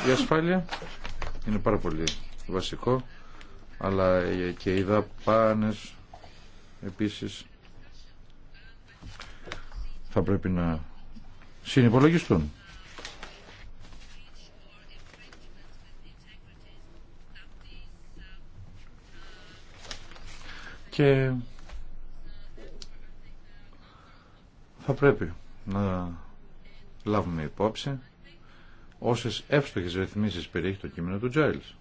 Η ασφάλεια είναι πάρα πολύ βασικό, αλλά ε, και οι δαπάνες επίσης θα πρέπει να συνυπολογιστούν. Και θα πρέπει να λάβουμε υπόψη όσες εύστοχες ρυθμίσεις περιέχει το κείμενο του Giles.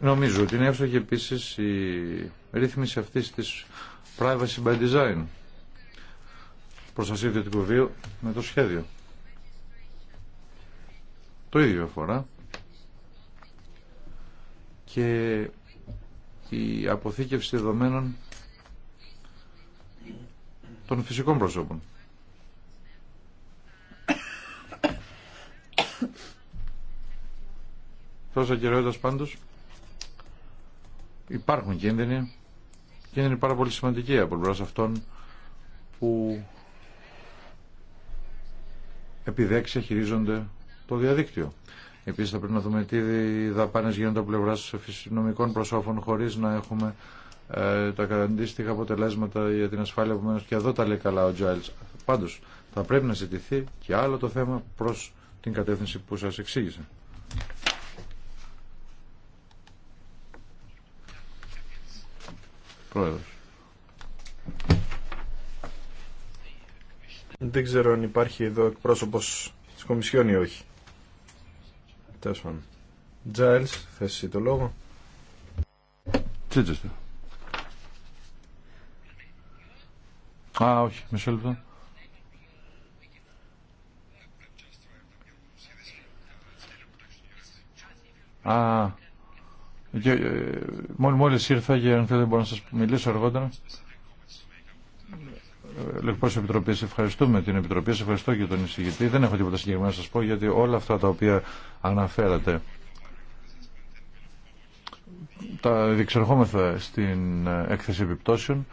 Νομίζω ότι είναι εύστοχη επίσης η ρύθμιση αυτής της privacy by design προστασία ιδιωτικού βίου με το σχέδιο. Το ίδιο αφορά και η αποθήκευση δεδομένων των φυσικών προσώπων. Τόσα καιρότητα πάντως υπάρχουν κίνδυνοι και είναι πάρα πολύ σημαντική από πλευρά αυτών που επιδέξει. χειρίζονται το διαδίκτυο. Επίσης θα πρέπει να δούμε τι δαπάνε γίνονται από πλευρά φυσικονομικών προσώπων χωρίς να έχουμε ε, τα αντίστοιχα αποτελέσματα για την ασφάλεια. μένουν. και εδώ τα λέει καλά ο Giles. Πάντως θα πρέπει να ζητηθεί και άλλο το θέμα προς την κατεύθυνση που σας εξήγησα. Πρόεδρος. Δεν ξέρω αν υπάρχει εδώ εκπρόσωπος της Κομισιόν ή όχι. Τέλος πάντων. Τζάιλς, θες εσύ το λόγο. Τσίτσεστε. Α, όχι, μισό λεπτό. Α, και, ε, μόλις ήρθα και αν θέλετε μπορώ να σας μιλήσω αργότερα. Λευκό Επιτροπή. Ευχαριστούμε την Επιτροπή, σε ευχαριστώ και τον εισηγητή. Δεν έχω τίποτα συγκεκριμένο να σα πω γιατί όλα αυτά τα οποία αναφέρατε τα διεξερχόμεθα στην έκθεση επιπτώσεων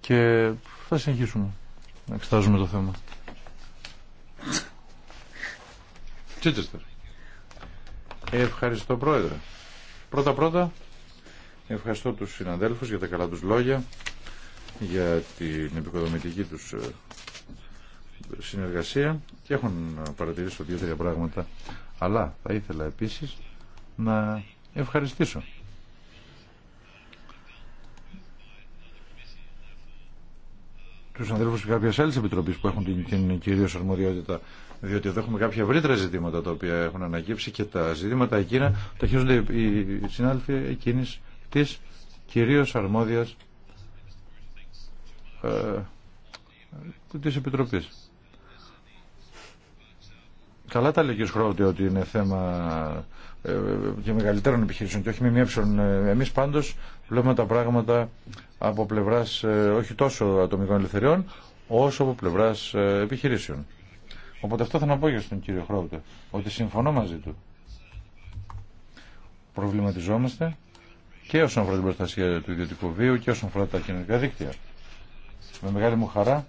και θα συνεχίσουμε να εξετάζουμε το θέμα. Τσίτσεστερ. Ευχαριστώ Πρόεδρε. Πρώτα πρώτα ευχαριστώ τους συναδέλφους για τα καλά τους λόγια για την επικοδομητική τους ε, συνεργασία και έχουν παρατηρήσει δύο-τρία πράγματα. Αλλά θα ήθελα επίσης να ευχαριστήσω. Του και κάποιε άλλη επιτροπής που έχουν την, την κυρίω αρμοδιότητα, διότι εδώ έχουμε κάποια ευρύτερα ζητήματα τα οποία έχουν ανακύψει και τα ζητήματα εκείνα τα χειρίζονται οι συνάδελφοι εκείνη τη κυρίω αρμόδια ε, της Επιτροπής. Καλά τα λέει ο ότι είναι θέμα ε, και μεγαλύτερων επιχειρήσεων και όχι με μία ε, Εμείς πάντως βλέπουμε τα πράγματα από πλευράς ε, όχι τόσο ατομικών ελευθεριών όσο από πλευράς ε, επιχειρήσεων. Οπότε αυτό θα να πω για στον κύριο Χρόουτε, ότι συμφωνώ μαζί του. Προβληματιζόμαστε και όσον αφορά την προστασία του ιδιωτικού βίου και όσον αφορά τα κοινωνικά δίκτυα. Με μεγάλη μου χαρά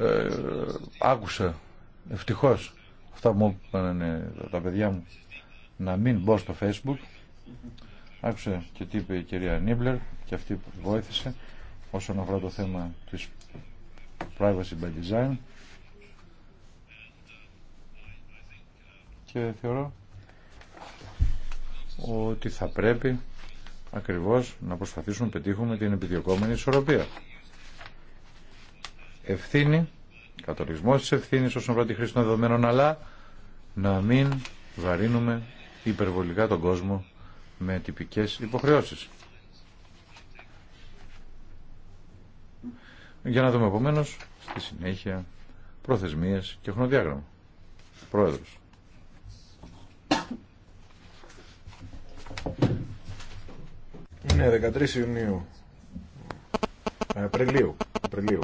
ε, άκουσα ευτυχώς αυτά που μου είπαν ε, τα παιδιά μου να μην μπω στο facebook άκουσα και τι είπε η κυρία Νίμπλερ και αυτή που βοήθησε όσον αφορά το θέμα της privacy by design και θεωρώ ότι θα πρέπει ακριβώς να προσπαθήσουμε να πετύχουμε την επιδιωκόμενη ισορροπία. Ευθύνη, κατορισμός της ευθύνης όσον αφορά τη χρήση των δεδομένων, αλλά να μην βαρύνουμε υπερβολικά τον κόσμο με τυπικές υποχρεώσεις. Για να δούμε επομένω στη συνέχεια προθεσμίες και χρονοδιάγραμμα. Πρόεδρος. Ναι, 13 Ιουνίου. Απριλίου. Απριλίου.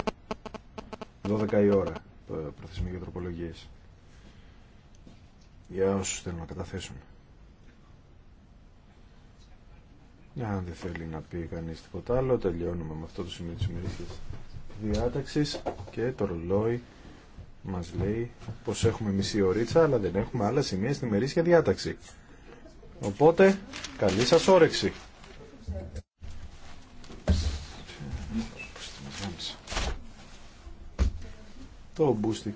12 η ώρα προθεσμοί για τροπολογίε. Για όσου θέλουν να καταθέσουν. Αν δεν θέλει να πει κανεί τίποτα άλλο, τελειώνουμε με αυτό το σημείο τη ημερήσια διάταξη και το ρολόι μα λέει πώ έχουμε μισή ωρίτσα, αλλά δεν έχουμε άλλα σημεία στη ημερήσια διάταξη. Οπότε, καλή σα όρεξη. Το μπούστι.